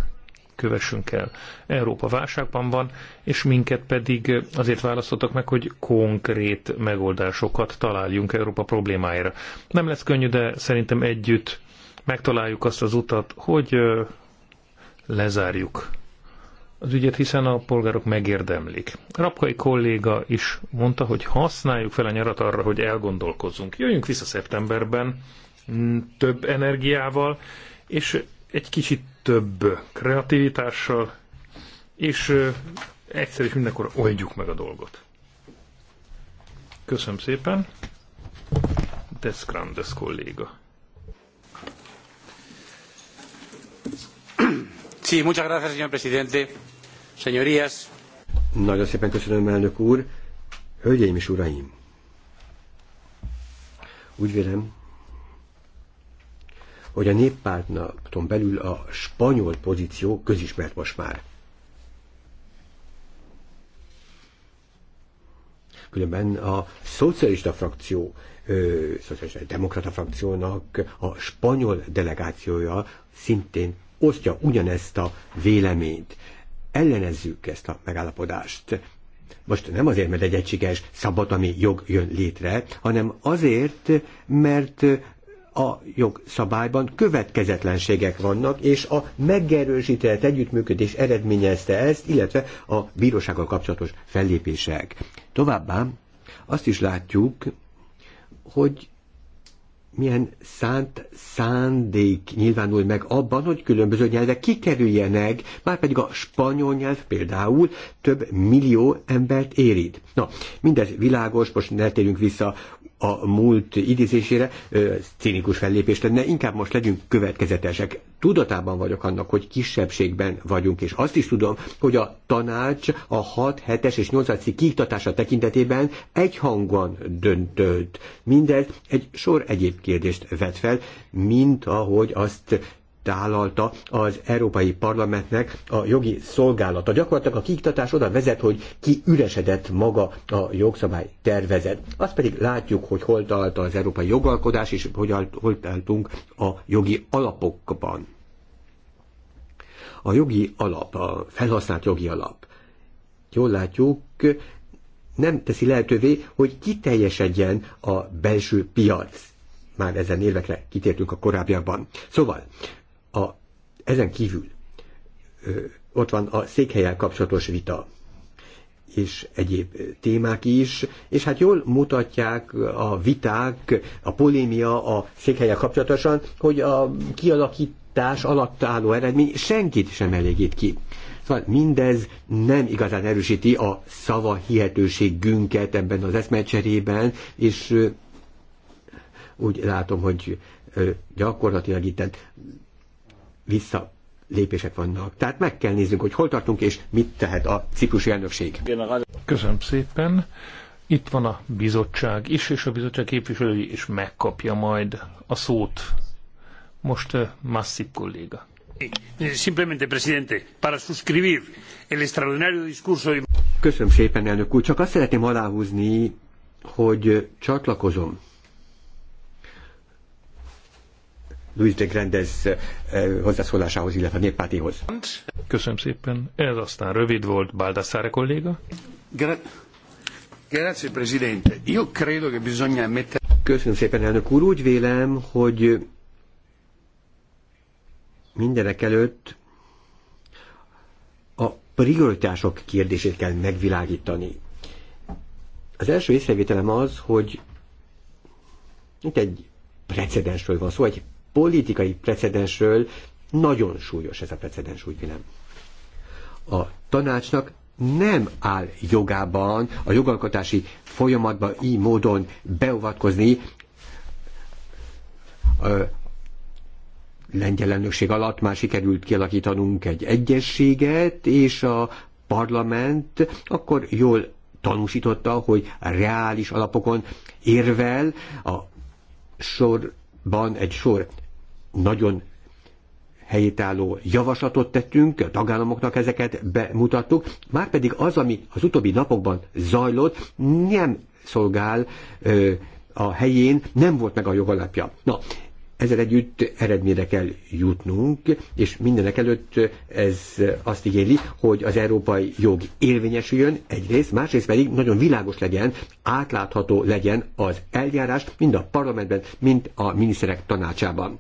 kövessünk el. Európa válságban van, és minket pedig azért választottak meg, hogy konkrét megoldásokat találjunk Európa problémáira. Nem lesz könnyű, de szerintem együtt megtaláljuk azt az utat, hogy lezárjuk az ügyet, hiszen a polgárok megérdemlik. Rapkai kolléga is mondta, hogy használjuk fel a nyarat arra, hogy elgondolkozzunk. Jöjjünk vissza szeptemberben több energiával, és egy kicsit több kreativitással, és egyszer is mindenkor oldjuk meg a dolgot. Köszönöm szépen. Deszkrandes kolléga. Sí, muchas gracias, señor presidente. Señorías. Nagyon szépen köszönöm, elnök úr. Hölgyeim és uraim! Úgy vélem, hogy a néppárton belül a spanyol pozíció közismert most már. Különben a szocialista frakció, ö, szocialista demokrata frakciónak a spanyol delegációja szintén osztja ugyanezt a véleményt. Ellenezzük ezt a megállapodást. Most nem azért, mert egy egységes szabadalmi jog jön létre, hanem azért, mert a jogszabályban következetlenségek vannak, és a megerősített együttműködés eredményezte ezt, illetve a bírósággal kapcsolatos fellépések. Továbbá azt is látjuk, hogy milyen szánt szándék nyilvánul meg abban, hogy különböző nyelvek kikerüljenek, már pedig a spanyol nyelv például több millió embert érint. Na, mindez világos, most ne térjünk vissza a múlt idézésére cínikus fellépés lenne, inkább most legyünk következetesek. Tudatában vagyok annak, hogy kisebbségben vagyunk, és azt is tudom, hogy a tanács a 6, 7-es és 8-as cikk kiiktatása tekintetében egyhangon döntött. Mindez egy sor egyéb kérdést vet fel, mint ahogy azt tálalta az Európai Parlamentnek a jogi szolgálata. Gyakorlatilag a kiiktatás oda vezet, hogy ki üresedett maga a jogszabály tervezet. Azt pedig látjuk, hogy hol talált az európai jogalkodás, és hogy hol találtunk a jogi alapokban. A jogi alap, a felhasznált jogi alap, jól látjuk, nem teszi lehetővé, hogy kiteljesedjen a belső piac már ezen érvekre kitértünk a korábbiakban. Szóval a, ezen kívül ö, ott van a székhelyel kapcsolatos vita és egyéb témák is, és hát jól mutatják a viták, a polémia a székhelyel kapcsolatosan, hogy a kialakítás alatt álló eredmény senkit sem elégít ki. Szóval mindez nem igazán erősíti a szava hihetőségünket ebben az eszmecserében, és úgy látom, hogy gyakorlatilag itt vissza lépések vannak. Tehát meg kell néznünk, hogy hol tartunk, és mit tehet a ciprusi elnökség. Köszönöm szépen. Itt van a bizottság is, és a bizottság képviselői is megkapja majd a szót. Most eh, Massip kolléga. Simplemente, presidente, para suscribir el extraordinario discurso... Köszönöm szépen, elnök úr. Csak azt szeretném aláhúzni, hogy csatlakozom Luis de Grandes eh, hozzászólásához, illetve a néppártihoz. Köszönöm szépen. Ez aztán rövid volt, Baldassare kolléga. Gra- Grazie, Presidente. Io credo che bisogna mettere... Köszönöm szépen, elnök úr. Úgy vélem, hogy mindenek előtt a prioritások kérdését kell megvilágítani. Az első észrevételem az, hogy itt egy precedensről van szó, egy politikai precedensről, nagyon súlyos ez a precedens, úgy vélem. A tanácsnak nem áll jogában a jogalkotási folyamatba így módon beavatkozni lengyel elnökség alatt már sikerült kialakítanunk egy egyességet, és a parlament akkor jól tanúsította, hogy reális alapokon érvel a sor ban egy sor nagyon helytálló javaslatot tettünk, a tagállamoknak ezeket bemutattuk, márpedig az, ami az utóbbi napokban zajlott, nem szolgál ö, a helyén, nem volt meg a jogalapja. Na, ezzel együtt eredményre kell jutnunk, és mindenek előtt ez azt igényli, hogy az európai jog érvényesüljön egyrészt, másrészt pedig nagyon világos legyen, átlátható legyen az eljárás mind a parlamentben, mind a miniszterek tanácsában.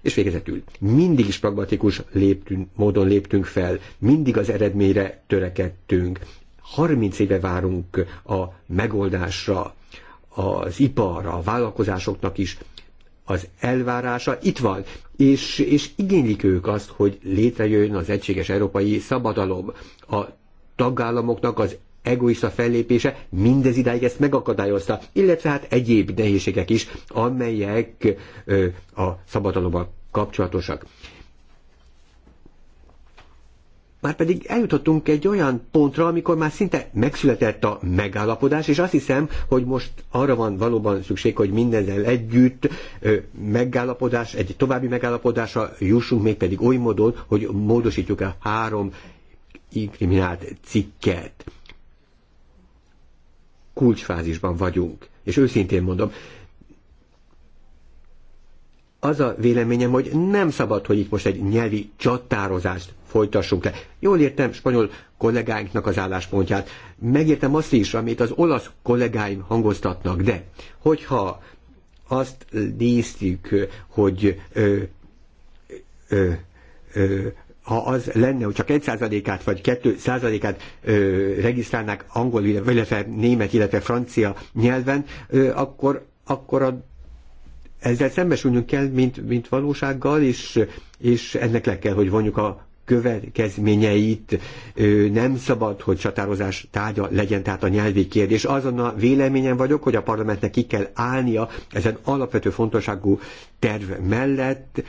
És végezetül, mindig is pragmatikus léptünk, módon léptünk fel, mindig az eredményre törekedtünk. 30 éve várunk a megoldásra, az ipar, a vállalkozásoknak is az elvárása itt van, és, és igénylik ők azt, hogy létrejön az egységes európai szabadalom. A tagállamoknak az egoista fellépése mindez idáig ezt megakadályozta, illetve hát egyéb nehézségek is, amelyek ö, a szabadalommal kapcsolatosak már pedig eljutottunk egy olyan pontra, amikor már szinte megszületett a megállapodás, és azt hiszem, hogy most arra van valóban szükség, hogy mindezzel együtt megállapodás, egy további megállapodásra jussunk, mégpedig oly módon, hogy módosítjuk a három inkriminált cikket. Kulcsfázisban vagyunk, és őszintén mondom, az a véleményem, hogy nem szabad, hogy itt most egy nyelvi csatározást folytassunk le. Jól értem spanyol kollégáinknak az álláspontját. Megértem azt is, amit az olasz kollégáim hangoztatnak, de hogyha azt néztük, hogy ö, ö, ö, ha az lenne, hogy csak 1%-át vagy 2%-át regisztrálnák angol, illetve német, illetve francia nyelven, ö, akkor, akkor a ezzel szembesülnünk kell, mint, mint valósággal, és, és ennek le kell, hogy vonjuk a következményeit nem szabad, hogy csatározás tárgya legyen, tehát a nyelvi kérdés. Azon a véleményen vagyok, hogy a parlamentnek ki kell állnia ezen alapvető fontosságú terv mellett.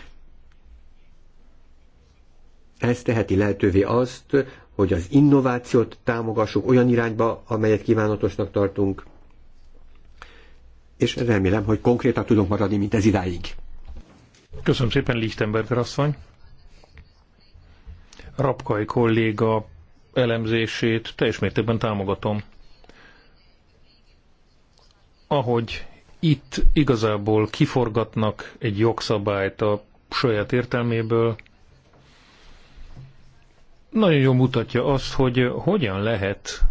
Ez teheti lehetővé azt, hogy az innovációt támogassuk olyan irányba, amelyet kívánatosnak tartunk, és remélem, hogy konkrétan tudunk maradni, mint ez idáig. Köszönöm szépen, Lichtenberger asszony. Rapkai kolléga elemzését teljes mértékben támogatom. Ahogy itt igazából kiforgatnak egy jogszabályt a saját értelméből, nagyon jól mutatja azt, hogy hogyan lehet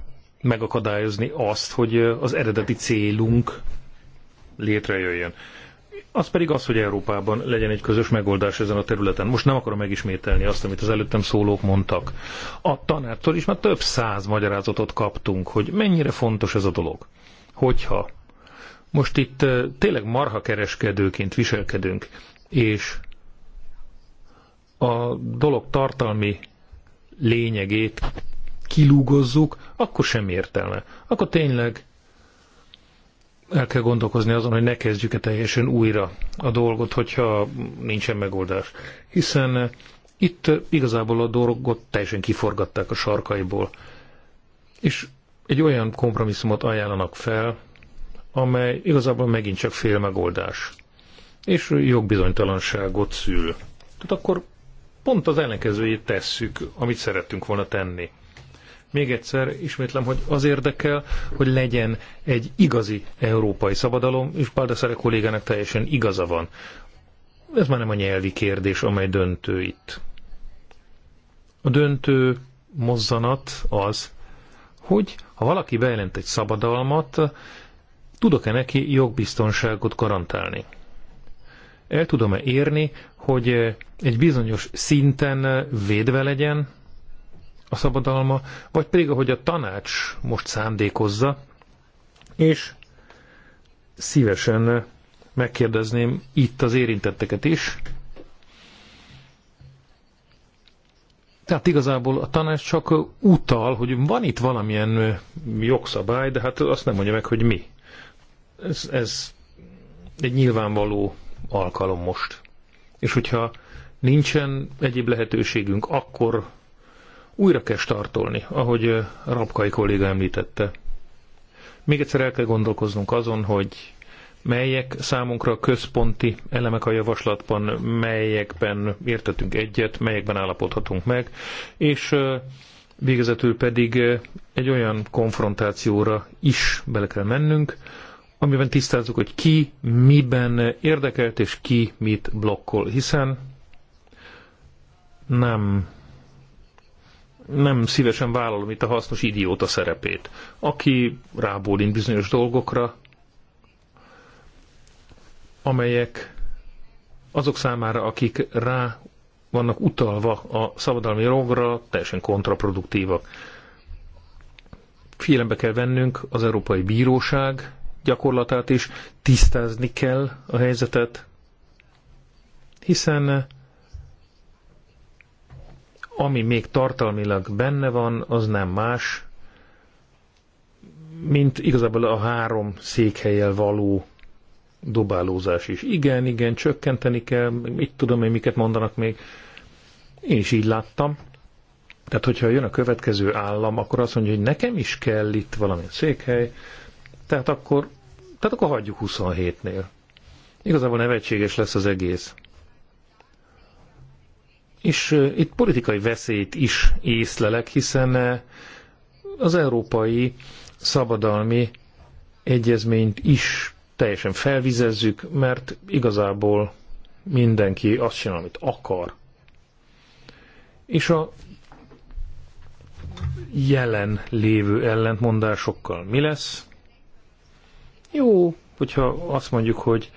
megakadályozni azt, hogy az eredeti célunk létrejöjjön. Az pedig az, hogy Európában legyen egy közös megoldás ezen a területen. Most nem akarom megismételni azt, amit az előttem szólók mondtak. A tanártól is már több száz magyarázatot kaptunk, hogy mennyire fontos ez a dolog. Hogyha most itt tényleg marha kereskedőként viselkedünk, és a dolog tartalmi lényegét kilúgozzuk, akkor sem értelme. Akkor tényleg el kell gondolkozni azon, hogy ne kezdjük-e teljesen újra a dolgot, hogyha nincsen megoldás. Hiszen eh, itt eh, igazából a dolgot teljesen kiforgatták a sarkaiból. És egy olyan kompromisszumot ajánlanak fel, amely igazából megint csak fél megoldás. És jogbizonytalanságot szül. Tehát akkor pont az ellenkezőjét tesszük, amit szerettünk volna tenni. Még egyszer ismétlem, hogy az érdekel, hogy legyen egy igazi európai szabadalom, és Baldassare kollégának teljesen igaza van. Ez már nem a nyelvi kérdés, amely döntő itt. A döntő mozzanat az, hogy ha valaki bejelent egy szabadalmat, tudok-e neki jogbiztonságot garantálni? El tudom-e érni, hogy egy bizonyos szinten védve legyen, a szabadalma, vagy pedig ahogy a tanács most szándékozza, és szívesen megkérdezném itt az érintetteket is. Tehát igazából a tanács csak utal, hogy van itt valamilyen jogszabály, de hát azt nem mondja meg, hogy mi. Ez, ez egy nyilvánvaló alkalom most. És hogyha nincsen egyéb lehetőségünk, akkor újra kell startolni, ahogy Rabkai kolléga említette. Még egyszer el kell gondolkoznunk azon, hogy melyek számunkra központi elemek a javaslatban, melyekben értetünk egyet, melyekben állapodhatunk meg, és végezetül pedig egy olyan konfrontációra is bele kell mennünk, amiben tisztázzuk, hogy ki miben érdekelt és ki mit blokkol, hiszen nem nem szívesen vállalom itt a hasznos idióta szerepét, aki rábólint bizonyos dolgokra, amelyek azok számára, akik rá vannak utalva a szabadalmi jogra, teljesen kontraproduktívak. Félembe kell vennünk az Európai Bíróság gyakorlatát is, tisztázni kell a helyzetet, hiszen ami még tartalmilag benne van, az nem más, mint igazából a három székhelyel való dobálózás is. Igen, igen, csökkenteni kell, mit tudom én, miket mondanak még. Én is így láttam. Tehát, hogyha jön a következő állam, akkor azt mondja, hogy nekem is kell itt valamilyen székhely, tehát akkor, tehát akkor hagyjuk 27-nél. Igazából nevetséges lesz az egész. És itt politikai veszélyt is észlelek, hiszen az európai szabadalmi egyezményt is teljesen felvizezzük, mert igazából mindenki azt csinál, amit akar. És a jelen lévő ellentmondásokkal mi lesz? Jó, hogyha azt mondjuk, hogy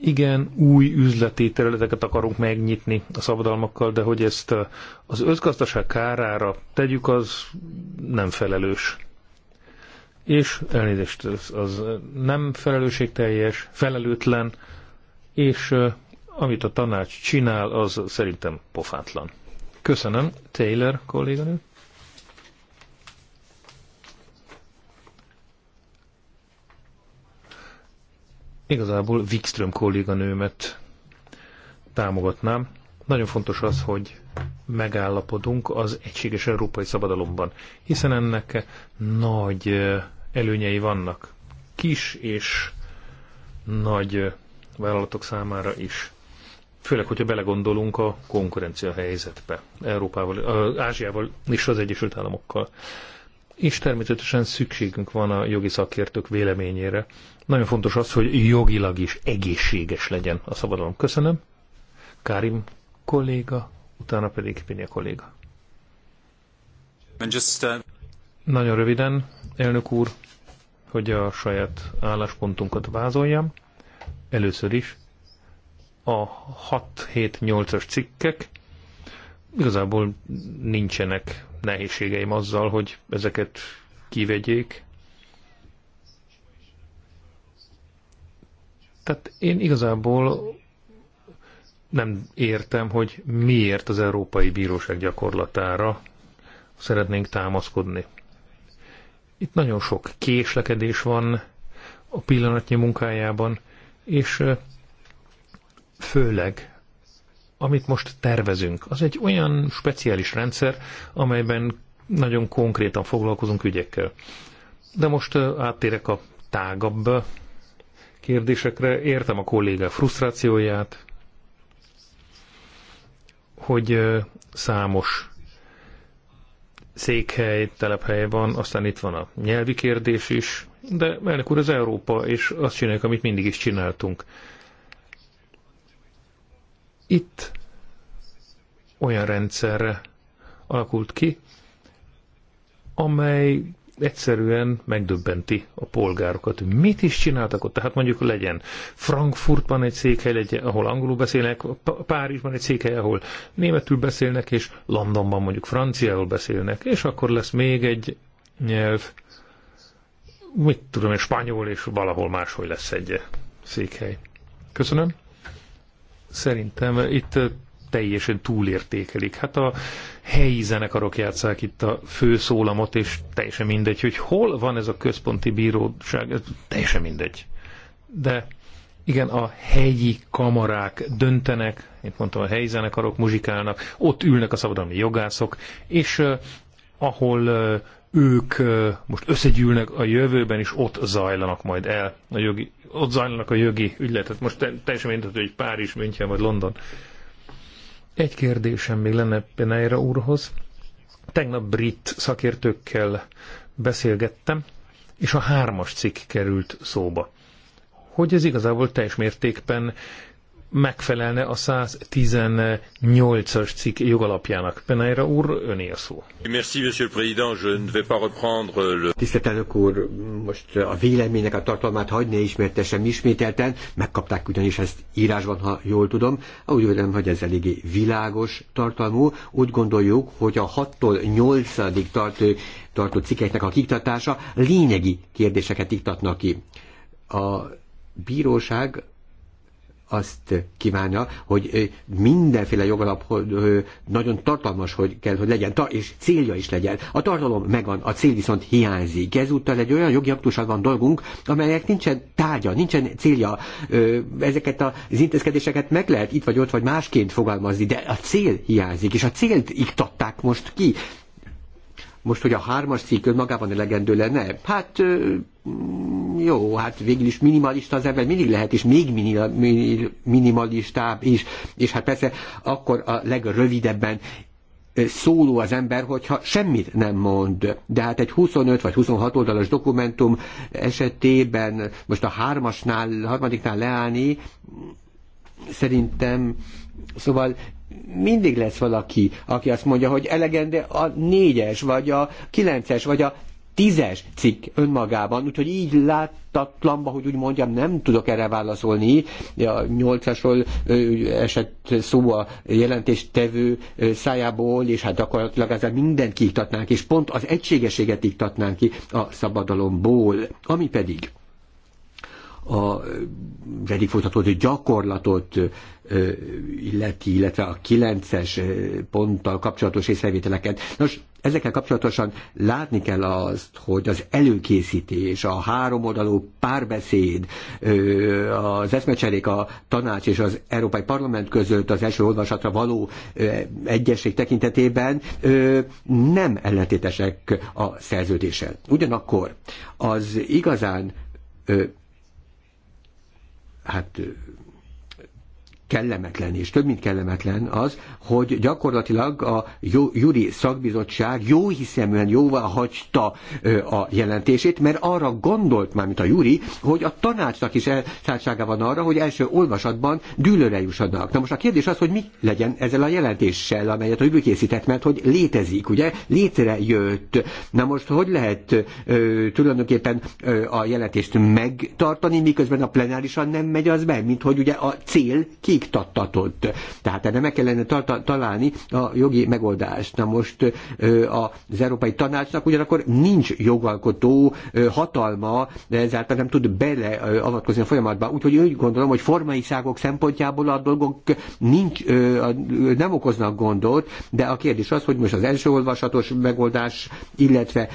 igen új üzleti területeket akarunk megnyitni a szabadalmakkal, de hogy ezt eh, az özgazdaság kárára tegyük, az nem felelős. És elnézést, az nem felelősségteljes, felelőtlen, és eh, amit a tanács csinál, az szerintem pofátlan. Köszönöm, Taylor kolléganő. Igazából Wikström kolléganőmet támogatnám. Nagyon fontos az, hogy megállapodunk az egységes európai szabadalomban, hiszen ennek nagy előnyei vannak. Kis és nagy vállalatok számára is. Főleg, hogyha belegondolunk a konkurencia helyzetbe Európával, Ázsiával és az Egyesült Államokkal. És természetesen szükségünk van a jogi szakértők véleményére, nagyon fontos az, hogy jogilag is egészséges legyen a szabadalom. Köszönöm. Karim kolléga, utána pedig Pinja kolléga. Just, uh... Nagyon röviden, elnök úr, hogy a saját álláspontunkat vázoljam. Először is a 6-7-8-as cikkek igazából nincsenek nehézségeim azzal, hogy ezeket kivegyék, Tehát én igazából nem értem, hogy miért az Európai Bíróság gyakorlatára szeretnénk támaszkodni. Itt nagyon sok késlekedés van a pillanatnyi munkájában, és főleg, amit most tervezünk, az egy olyan speciális rendszer, amelyben nagyon konkrétan foglalkozunk ügyekkel. De most áttérek a tágabb kérdésekre. Értem a kolléga frusztrációját, hogy számos székhely, telephely van, aztán itt van a nyelvi kérdés is, de elnök úr, az Európa, és azt csináljuk, amit mindig is csináltunk. Itt olyan rendszerre alakult ki, amely egyszerűen megdöbbenti a polgárokat. Mit is csináltak ott? Tehát mondjuk legyen Frankfurtban egy székhely, legyen, ahol angolul beszélnek, Párizsban egy székhely, ahol németül beszélnek, és Londonban mondjuk franciául beszélnek, és akkor lesz még egy nyelv, mit tudom én, spanyol, és valahol máshol lesz egy székhely. Köszönöm. Szerintem itt teljesen túlértékelik. Hát a helyi zenekarok játszák itt a főszólamot, és teljesen mindegy, hogy hol van ez a központi bíróság, ez teljesen mindegy. De igen, a helyi kamarák döntenek, mint mondtam, a helyi zenekarok muzsikálnak, ott ülnek a szabadalmi jogászok, és uh, ahol uh, ők uh, most összegyűlnek a jövőben, és ott zajlanak majd el a jogi, ott zajlanak a jogi ügyletet. Most teljesen mindegy, hogy Párizs, München vagy London. Uh, egy kérdésem még lenne Penaira úrhoz. Tegnap brit szakértőkkel beszélgettem, és a hármas cikk került szóba. Hogy ez igazából teljes mértékben megfelelne a 118-as cikk jogalapjának. Penaira úr, öné a szó. Merci, monsieur le président. Je ne vais pas reprendre le... Tisztelt elnök úr, most a véleménynek a tartalmát hagyni ismertesem ismételten. Megkapták ugyanis ezt írásban, ha jól tudom. Úgy vélem, hogy ez eléggé világos tartalmú. Úgy gondoljuk, hogy a 6-tól 8-ig tartó cikkeknek a kiktatása lényegi kérdéseket iktatnak ki. A bíróság azt kívánja, hogy mindenféle jogalap nagyon tartalmas, hogy kell, hogy legyen, és célja is legyen. A tartalom megvan, a cél viszont hiányzik. Ezúttal egy olyan jogi aktussal van dolgunk, amelyek nincsen tárgya, nincsen célja. Ezeket az intézkedéseket meg lehet itt vagy ott, vagy másként fogalmazni, de a cél hiányzik, és a célt iktatták most ki. Most, hogy a hármas cikk önmagában elegendő lenne, hát mm, jó, hát végül is minimalista az ember mindig lehet, és még minimalistább is. És hát persze akkor a legrövidebben szóló az ember, hogyha semmit nem mond. De hát egy 25 vagy 26 oldalas dokumentum esetében most a hármasnál, harmadiknál leállni, szerintem, szóval mindig lesz valaki, aki azt mondja, hogy elegende a négyes, vagy a kilences, vagy a tízes cikk önmagában, úgyhogy így láttatlanba, hogy úgy mondjam, nem tudok erre válaszolni. A nyolcasról esett szó a jelentéstevő szájából, és hát gyakorlatilag ezzel mindent kiiktatnánk, és pont az egységeséget iktatnánk ki a szabadalomból. Ami pedig a eddig folytatódó gyakorlatot illeti, illetve a kilences ponttal kapcsolatos észrevételeket. Nos, ezekkel kapcsolatosan látni kell azt, hogy az előkészítés, a háromoldalú párbeszéd, az eszmecserék a tanács és az Európai Parlament között az első olvasatra való egyesség tekintetében nem ellentétesek a szerződéssel. Ugyanakkor az igazán hát kellemetlen, és több mint kellemetlen az, hogy gyakorlatilag a Juri szakbizottság jó hiszeműen jóvá hagyta a jelentését, mert arra gondolt már, mint a Juri, hogy a tanácsnak is elszálltsága van arra, hogy első olvasatban dűlőre jussanak. Na most a kérdés az, hogy mi legyen ezzel a jelentéssel, amelyet a Juri készített, mert hogy létezik, ugye, létrejött. Na most hogy lehet ö, tulajdonképpen ö, a jelentést megtartani, miközben a plenárisan nem megy az be, mint hogy ugye a cél ki kiiktattatott. Tehát erre meg kellene találni a jogi megoldást. Na most az Európai Tanácsnak ugyanakkor nincs jogalkotó hatalma, de ezáltal nem tud beleavatkozni a folyamatba. Úgyhogy úgy gondolom, hogy formai ságok szempontjából a dolgok nincs, nem okoznak gondot, de a kérdés az, hogy most az első olvasatos megoldás, illetve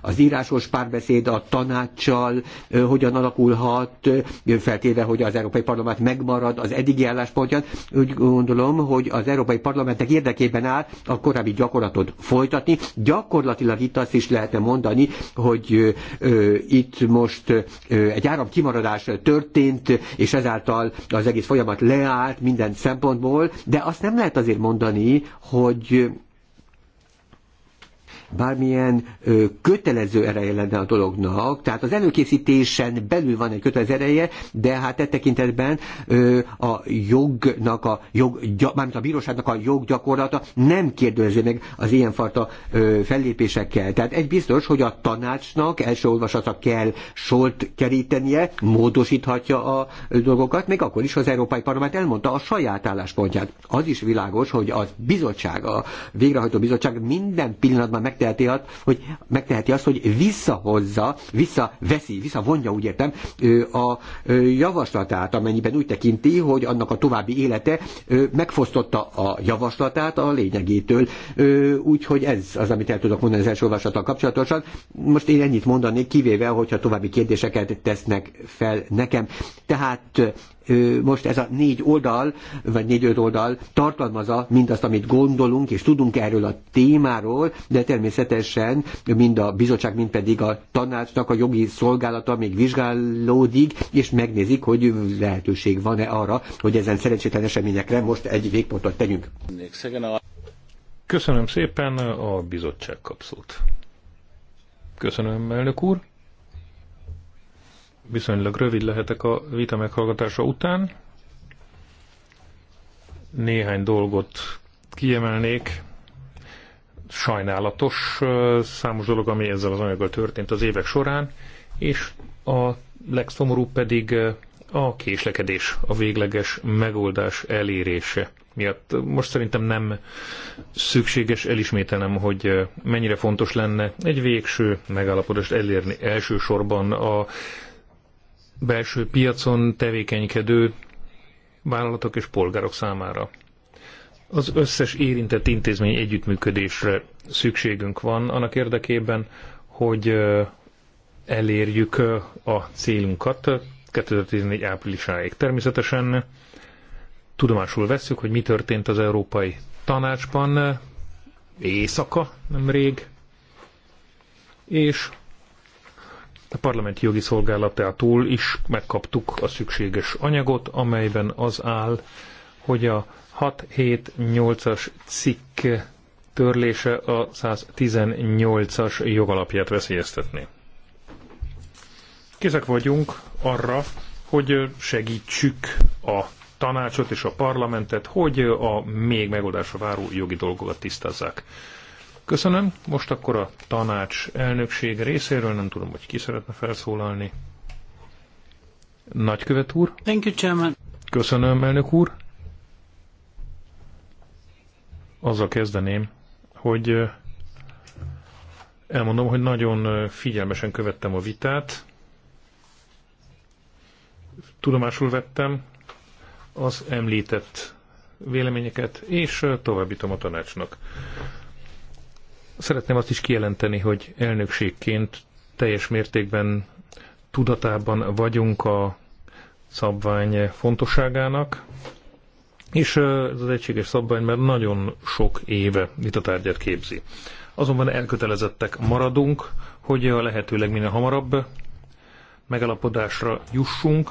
az írásos párbeszéd a tanácssal hogyan alakulhat, feltéve, hogy az Európai Parlament megmarad az eddig eddigi álláspontját. Úgy gondolom, hogy az Európai Parlamentnek érdekében áll a korábbi gyakorlatot folytatni. Gyakorlatilag itt azt is lehetne mondani, hogy ö, itt most ö, egy áram kimaradás történt, és ezáltal az egész folyamat leállt minden szempontból, de azt nem lehet azért mondani, hogy bármilyen ö, kötelező ereje lenne a dolognak, tehát az előkészítésen belül van egy kötelező ereje, de hát e tekintetben ö, a jognak, a jog, mármint a bíróságnak a joggyakorlata nem kérdőző meg az ilyenfajta ö, fellépésekkel. Tehát egy biztos, hogy a tanácsnak első olvasata kell solt kerítenie, módosíthatja a dolgokat, még akkor is az Európai Parlament elmondta a saját álláspontját. Az is világos, hogy a bizottság, a végrehajtó bizottság minden pillanatban megteszi megteheti, hogy, megteheti azt, hogy visszahozza, visszaveszi, visszavonja, úgy értem, a javaslatát, amennyiben úgy tekinti, hogy annak a további élete megfosztotta a javaslatát a lényegétől. Úgyhogy ez az, amit el tudok mondani az első olvasattal kapcsolatosan. Most én ennyit mondanék, kivéve, hogyha további kérdéseket tesznek fel nekem. Tehát most ez a négy oldal, vagy négy-öt oldal tartalmazza mindazt, amit gondolunk és tudunk erről a témáról, de természetesen mind a bizottság, mind pedig a tanácsnak a jogi szolgálata még vizsgálódik, és megnézik, hogy lehetőség van-e arra, hogy ezen szerencsétlen eseményekre most egy végpontot tegyünk. Köszönöm szépen, a bizottság kapszót. Köszönöm, elnök úr viszonylag rövid lehetek a vita meghallgatása után. Néhány dolgot kiemelnék. Sajnálatos számos dolog, ami ezzel az anyaggal történt az évek során, és a legszomorúbb pedig a késlekedés, a végleges megoldás elérése miatt. Most szerintem nem szükséges elismételnem, hogy mennyire fontos lenne egy végső megállapodást elérni elsősorban a belső piacon tevékenykedő vállalatok és polgárok számára. Az összes érintett intézmény együttműködésre szükségünk van annak érdekében, hogy elérjük a célunkat 2014 áprilisáig. Természetesen tudomásul vesszük, hogy mi történt az Európai Tanácsban éjszaka nemrég, és a parlamenti jogi szolgálatától is megkaptuk a szükséges anyagot, amelyben az áll, hogy a 8 as cikk törlése a 118-as jogalapját veszélyeztetné. Készek vagyunk arra, hogy segítsük a tanácsot és a parlamentet, hogy a még megoldásra váró jogi dolgokat tisztázzák. Köszönöm. Most akkor a tanács elnökség részéről, nem tudom, hogy ki szeretne felszólalni. Nagykövet úr. Thank you, Chairman. Köszönöm, elnök úr. Azzal kezdeném, hogy elmondom, hogy nagyon figyelmesen követtem a vitát. Tudomásul vettem az említett véleményeket, és továbbítom a tanácsnak. Szeretném azt is kijelenteni, hogy elnökségként teljes mértékben tudatában vagyunk a szabvány fontosságának, és ez az egységes szabvány már nagyon sok éve vitatárgyat képzi. Azonban elkötelezettek maradunk, hogy a lehetőleg minél hamarabb megállapodásra jussunk,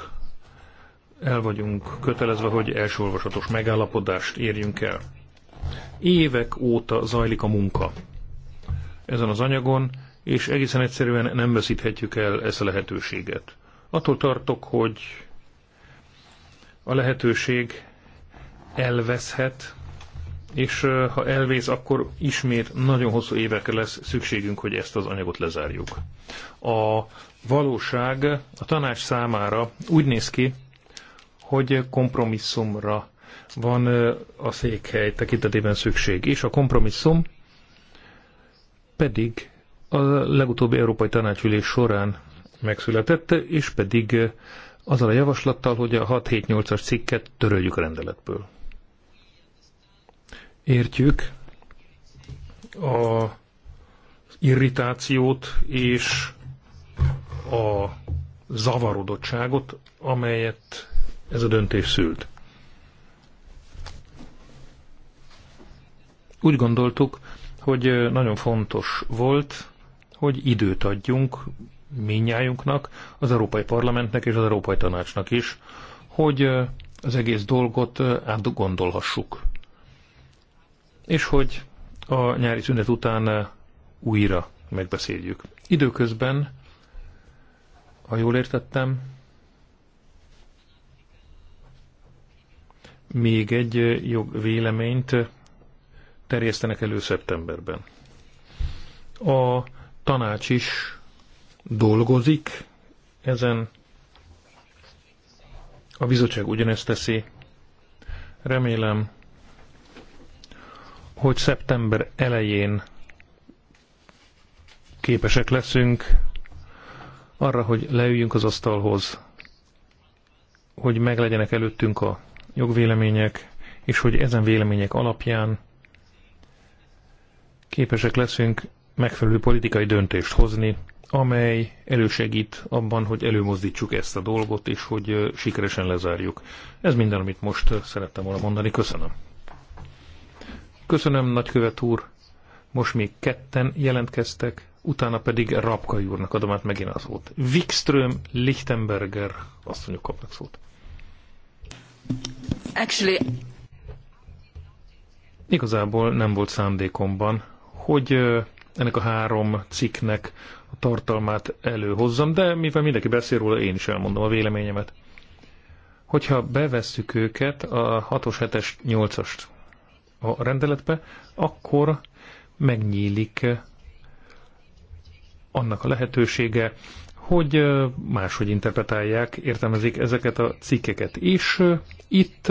el vagyunk kötelezve, hogy első olvasatos megállapodást érjünk el. Évek óta zajlik a munka ezen az anyagon, és egészen egyszerűen nem veszíthetjük el ezt a lehetőséget. Attól tartok, hogy a lehetőség elveszhet, és ha elvész, akkor ismét nagyon hosszú évekre lesz szükségünk, hogy ezt az anyagot lezárjuk. A valóság a tanács számára úgy néz ki, hogy kompromisszumra van a székhely tekintetében szükség, és a kompromisszum pedig a legutóbbi Európai Tanácsülés során megszületett, és pedig azzal a javaslattal, hogy a 6-7-8-as cikket töröljük a rendeletből. Értjük a irritációt és a zavarodottságot, amelyet ez a döntés szült. Úgy gondoltuk, hogy nagyon fontos volt, hogy időt adjunk minnyájunknak, az Európai Parlamentnek és az Európai Tanácsnak is, hogy az egész dolgot átgondolhassuk. És hogy a nyári szünet után újra megbeszéljük. Időközben, ha jól értettem, még egy jogvéleményt terjesztenek elő szeptemberben. A tanács is dolgozik ezen, a bizottság ugyanezt teszi. Remélem, hogy szeptember elején képesek leszünk arra, hogy leüljünk az asztalhoz, hogy meglegyenek előttünk a jogvélemények, és hogy ezen vélemények alapján képesek leszünk megfelelő politikai döntést hozni, amely elősegít abban, hogy előmozdítsuk ezt a dolgot, és hogy sikeresen lezárjuk. Ez minden, amit most szerettem volna mondani. Köszönöm. Köszönöm, nagykövet úr. Most még ketten jelentkeztek, utána pedig Rapka úrnak adom át megint a szót. Wikström, Lichtenberger asszonyok kapnak szót. Actually... Igazából nem volt szándékomban hogy ennek a három cikknek a tartalmát előhozzam, de mivel mindenki beszél róla, én is elmondom a véleményemet. Hogyha bevesszük őket a 6-os, 7-es, 8-as a rendeletbe, akkor megnyílik annak a lehetősége, hogy máshogy interpretálják, értelmezik ezeket a cikkeket. És itt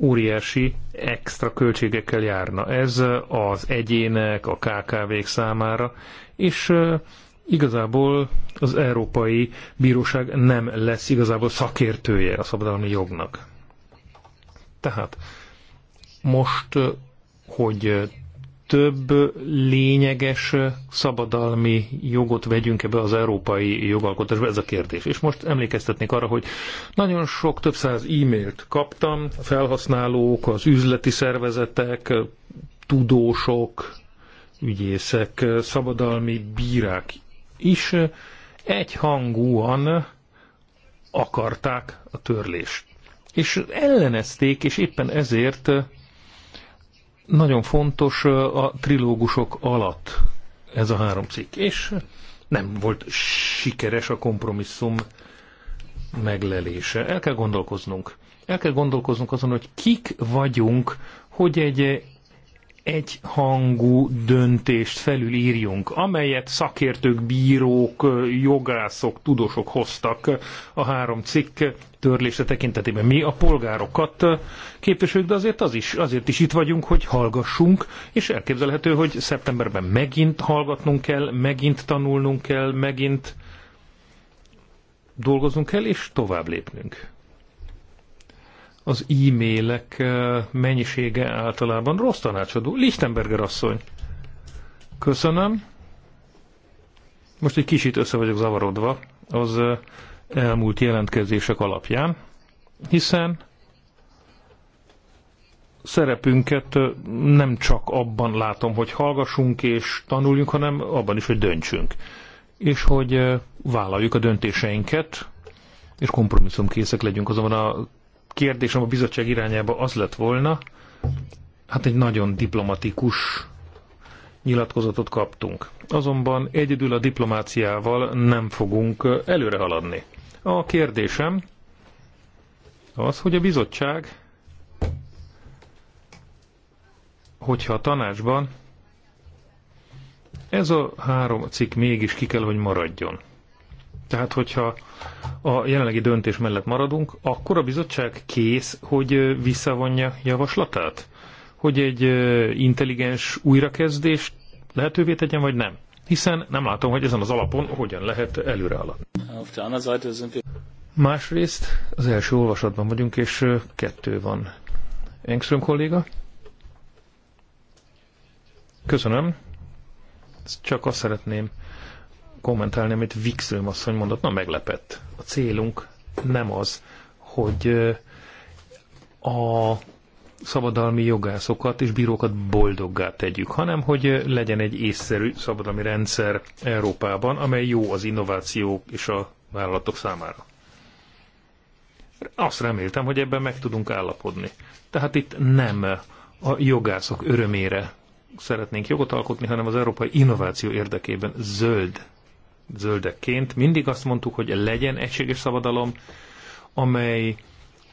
óriási extra költségekkel járna. Ez az egyének, a KKV-k számára, és igazából az Európai Bíróság nem lesz igazából szakértője a szabadalmi jognak. Tehát most, hogy több lényeges szabadalmi jogot vegyünk ebbe az európai jogalkotásba, ez a kérdés. És most emlékeztetnék arra, hogy nagyon sok, több száz e-mailt kaptam, a felhasználók, az üzleti szervezetek, tudósok, ügyészek, szabadalmi bírák is egyhangúan akarták a törlést. És ellenezték, és éppen ezért nagyon fontos a trilógusok alatt ez a három cikk, és nem volt sikeres a kompromisszum meglelése. El kell gondolkoznunk. El kell gondolkoznunk azon, hogy kik vagyunk, hogy egy egyhangú döntést felülírjunk, amelyet szakértők, bírók, jogászok, tudósok hoztak a három cikk törlése tekintetében. Mi a polgárokat képviseljük, de azért, az is, azért is itt vagyunk, hogy hallgassunk, és elképzelhető, hogy szeptemberben megint hallgatnunk kell, megint tanulnunk kell, megint dolgozunk kell, és tovább lépnünk az e-mailek mennyisége általában rossz tanácsadó. Lichtenberger asszony. Köszönöm. Most egy kicsit össze vagyok zavarodva az elmúlt jelentkezések alapján, hiszen szerepünket nem csak abban látom, hogy hallgassunk és tanuljunk, hanem abban is, hogy döntsünk. És hogy vállaljuk a döntéseinket, és kompromisszumkészek legyünk. Azonban a kérdésem a bizottság irányába az lett volna, hát egy nagyon diplomatikus nyilatkozatot kaptunk. Azonban egyedül a diplomáciával nem fogunk előre haladni. A kérdésem az, hogy a bizottság, hogyha a tanácsban ez a három cikk mégis ki kell, hogy maradjon. Tehát, hogyha a jelenlegi döntés mellett maradunk, akkor a bizottság kész, hogy visszavonja javaslatát? Hogy egy intelligens újrakezdés lehetővé tegyen, vagy nem? Hiszen nem látom, hogy ezen az alapon hogyan lehet előre Másrészt az első olvasatban vagyunk, és kettő van. Engström kolléga? Köszönöm. Csak azt szeretném kommentálni, amit Wikström asszony mondott. Na, meglepett. A célunk nem az, hogy a szabadalmi jogászokat és bírókat boldoggá tegyük, hanem hogy legyen egy észszerű szabadalmi rendszer Európában, amely jó az innovációk és a vállalatok számára. Azt reméltem, hogy ebben meg tudunk állapodni. Tehát itt nem a jogászok örömére szeretnénk jogot alkotni, hanem az európai innováció érdekében zöld zöldekként mindig azt mondtuk, hogy legyen egységes szabadalom, amely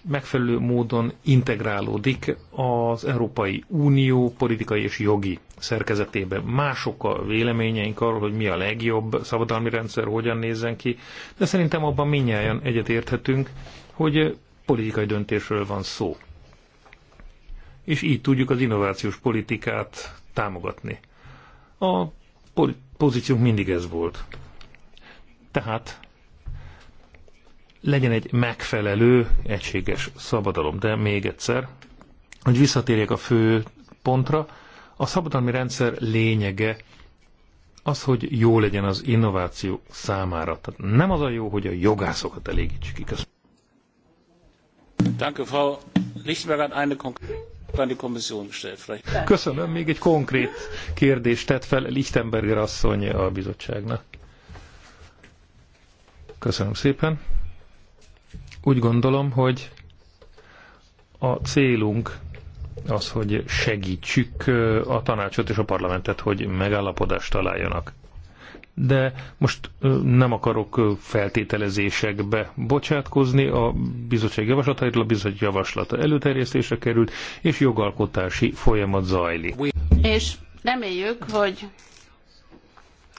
megfelelő módon integrálódik az Európai Unió politikai és jogi szerkezetébe. Mások a véleményeink arról, hogy mi a legjobb szabadalmi rendszer, hogyan nézzen ki, de szerintem abban minnyáján egyetérthetünk, hogy politikai döntésről van szó. És így tudjuk az innovációs politikát támogatni. A pozíciónk mindig ez volt. Tehát legyen egy megfelelő, egységes szabadalom. De még egyszer, hogy visszatérjek a fő pontra, a szabadalmi rendszer lényege az, hogy jó legyen az innováció számára. Tehát nem az a jó, hogy a jogászokat elégítsük ki. Köszönöm. Danke, Frau eine Kommission gestellt. Köszönöm, még egy konkrét kérdést tett fel Lichtenberger asszony a bizottságnak. Köszönöm szépen. Úgy gondolom, hogy a célunk az, hogy segítsük a tanácsot és a parlamentet, hogy megállapodást találjanak. De most nem akarok feltételezésekbe bocsátkozni, a bizottság javaslatairól a bizottság javaslata előterjesztésre került, és jogalkotási folyamat zajlik. És reméljük, hogy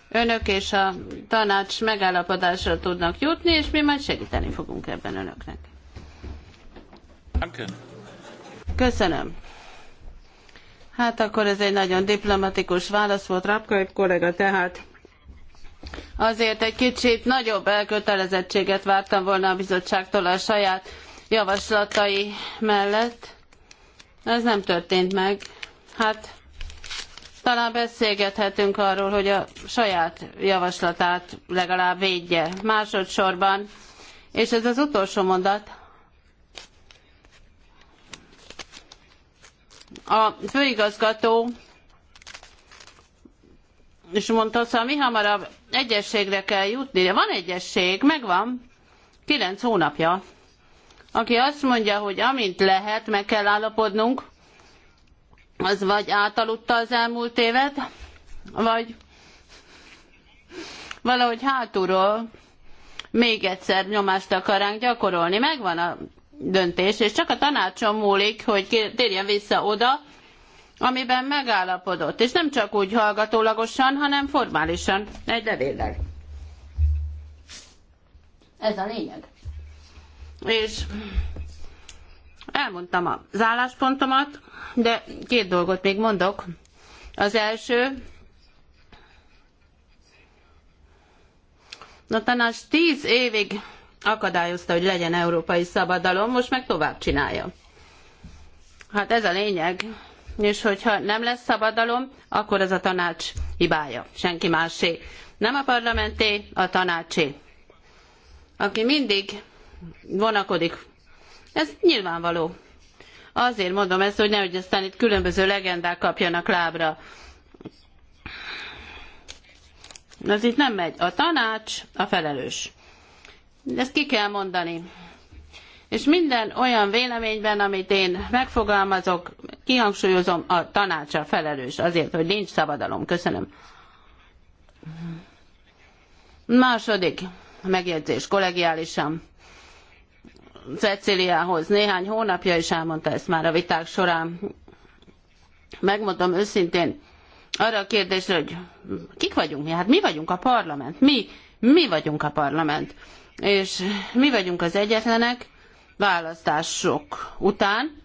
önök és a tanács megállapodásra tudnak jutni, és mi majd segíteni fogunk ebben önöknek. Köszönöm. Hát akkor ez egy nagyon diplomatikus válasz volt, Rapkai kollega, tehát azért egy kicsit nagyobb elkötelezettséget vártam volna a bizottságtól a saját javaslatai mellett. Ez nem történt meg. Hát talán beszélgethetünk arról, hogy a saját javaslatát legalább védje. Másodszorban, és ez az utolsó mondat, a főigazgató és mondta, szóval mi hamarabb egyességre kell jutni. De van egyesség, megvan, kilenc hónapja. Aki azt mondja, hogy amint lehet, meg kell állapodnunk, az vagy átaludta az elmúlt évet, vagy valahogy hátulról még egyszer nyomást akar ránk gyakorolni. Megvan a döntés, és csak a tanácsom múlik, hogy térjen vissza oda, amiben megállapodott, és nem csak úgy hallgatólagosan, hanem formálisan, egy levéllel. Ez a lényeg. És Elmondtam az álláspontomat, de két dolgot még mondok. Az első, no tanács tíz évig akadályozta, hogy legyen európai szabadalom, most meg tovább csinálja. Hát ez a lényeg. És hogyha nem lesz szabadalom, akkor ez a tanács hibája, senki másé. Nem a parlamenté, a tanácsé. Aki mindig vonakodik ez nyilvánvaló. Azért mondom ezt, hogy nehogy aztán itt különböző legendák kapjanak lábra. Ez itt nem megy. A tanács a felelős. Ezt ki kell mondani. És minden olyan véleményben, amit én megfogalmazok, kihangsúlyozom, a tanács a felelős azért, hogy nincs szabadalom. Köszönöm. Második megjegyzés kollegiálisan. Ceciliához néhány hónapja is elmondta ezt már a viták során. Megmondom őszintén, arra a kérdésre, hogy kik vagyunk mi? Hát mi vagyunk a parlament. Mi, mi vagyunk a parlament. És mi vagyunk az egyetlenek választások után,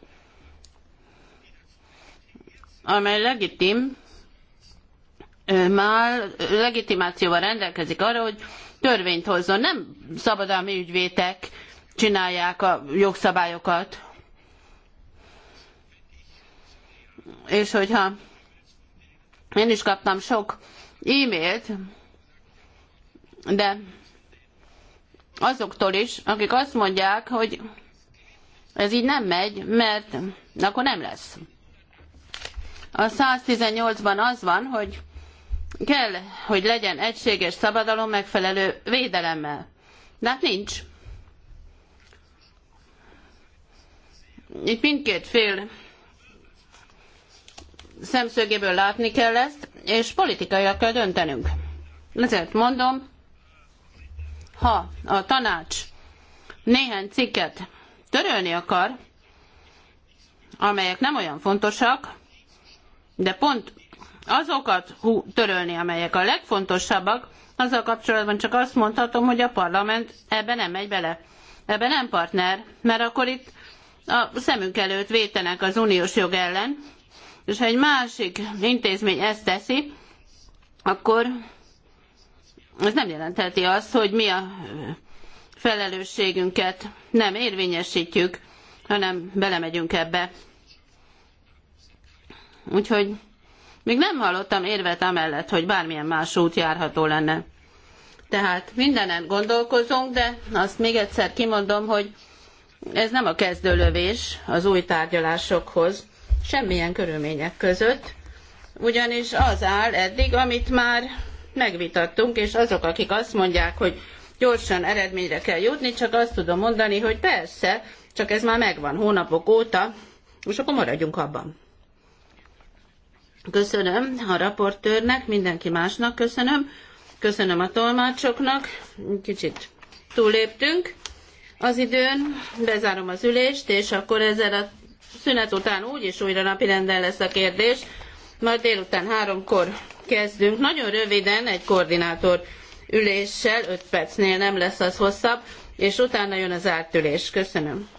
amely legitim, már legitimációval rendelkezik arra, hogy törvényt hozzon. Nem szabadalmi ügyvétek, csinálják a jogszabályokat. És hogyha én is kaptam sok e-mailt, de azoktól is, akik azt mondják, hogy ez így nem megy, mert akkor nem lesz. A 118-ban az van, hogy kell, hogy legyen egységes szabadalom megfelelő védelemmel. De hát nincs. Itt mindkét fél szemszögéből látni kell ezt, és politikailag kell döntenünk. Ezért mondom, ha a tanács néhány cikket törölni akar, amelyek nem olyan fontosak, de pont azokat törölni, amelyek a legfontosabbak, azzal kapcsolatban csak azt mondhatom, hogy a parlament ebbe nem megy bele. Ebbe nem partner, mert akkor itt a szemünk előtt vétenek az uniós jog ellen, és ha egy másik intézmény ezt teszi, akkor ez nem jelentheti azt, hogy mi a felelősségünket nem érvényesítjük, hanem belemegyünk ebbe. Úgyhogy még nem hallottam érvet amellett, hogy bármilyen más út járható lenne. Tehát mindenen gondolkozunk, de azt még egyszer kimondom, hogy ez nem a kezdőlövés az új tárgyalásokhoz, semmilyen körülmények között, ugyanis az áll eddig, amit már megvitattunk, és azok, akik azt mondják, hogy gyorsan eredményre kell jutni, csak azt tudom mondani, hogy persze, csak ez már megvan hónapok óta, és akkor maradjunk abban. Köszönöm a raportőrnek, mindenki másnak köszönöm, köszönöm a tolmácsoknak, kicsit túléptünk az időn, bezárom az ülést, és akkor ezzel a szünet után úgyis újra napirenden lesz a kérdés, majd délután háromkor kezdünk. Nagyon röviden egy koordinátor üléssel, öt percnél nem lesz az hosszabb, és utána jön az ártülés. Köszönöm.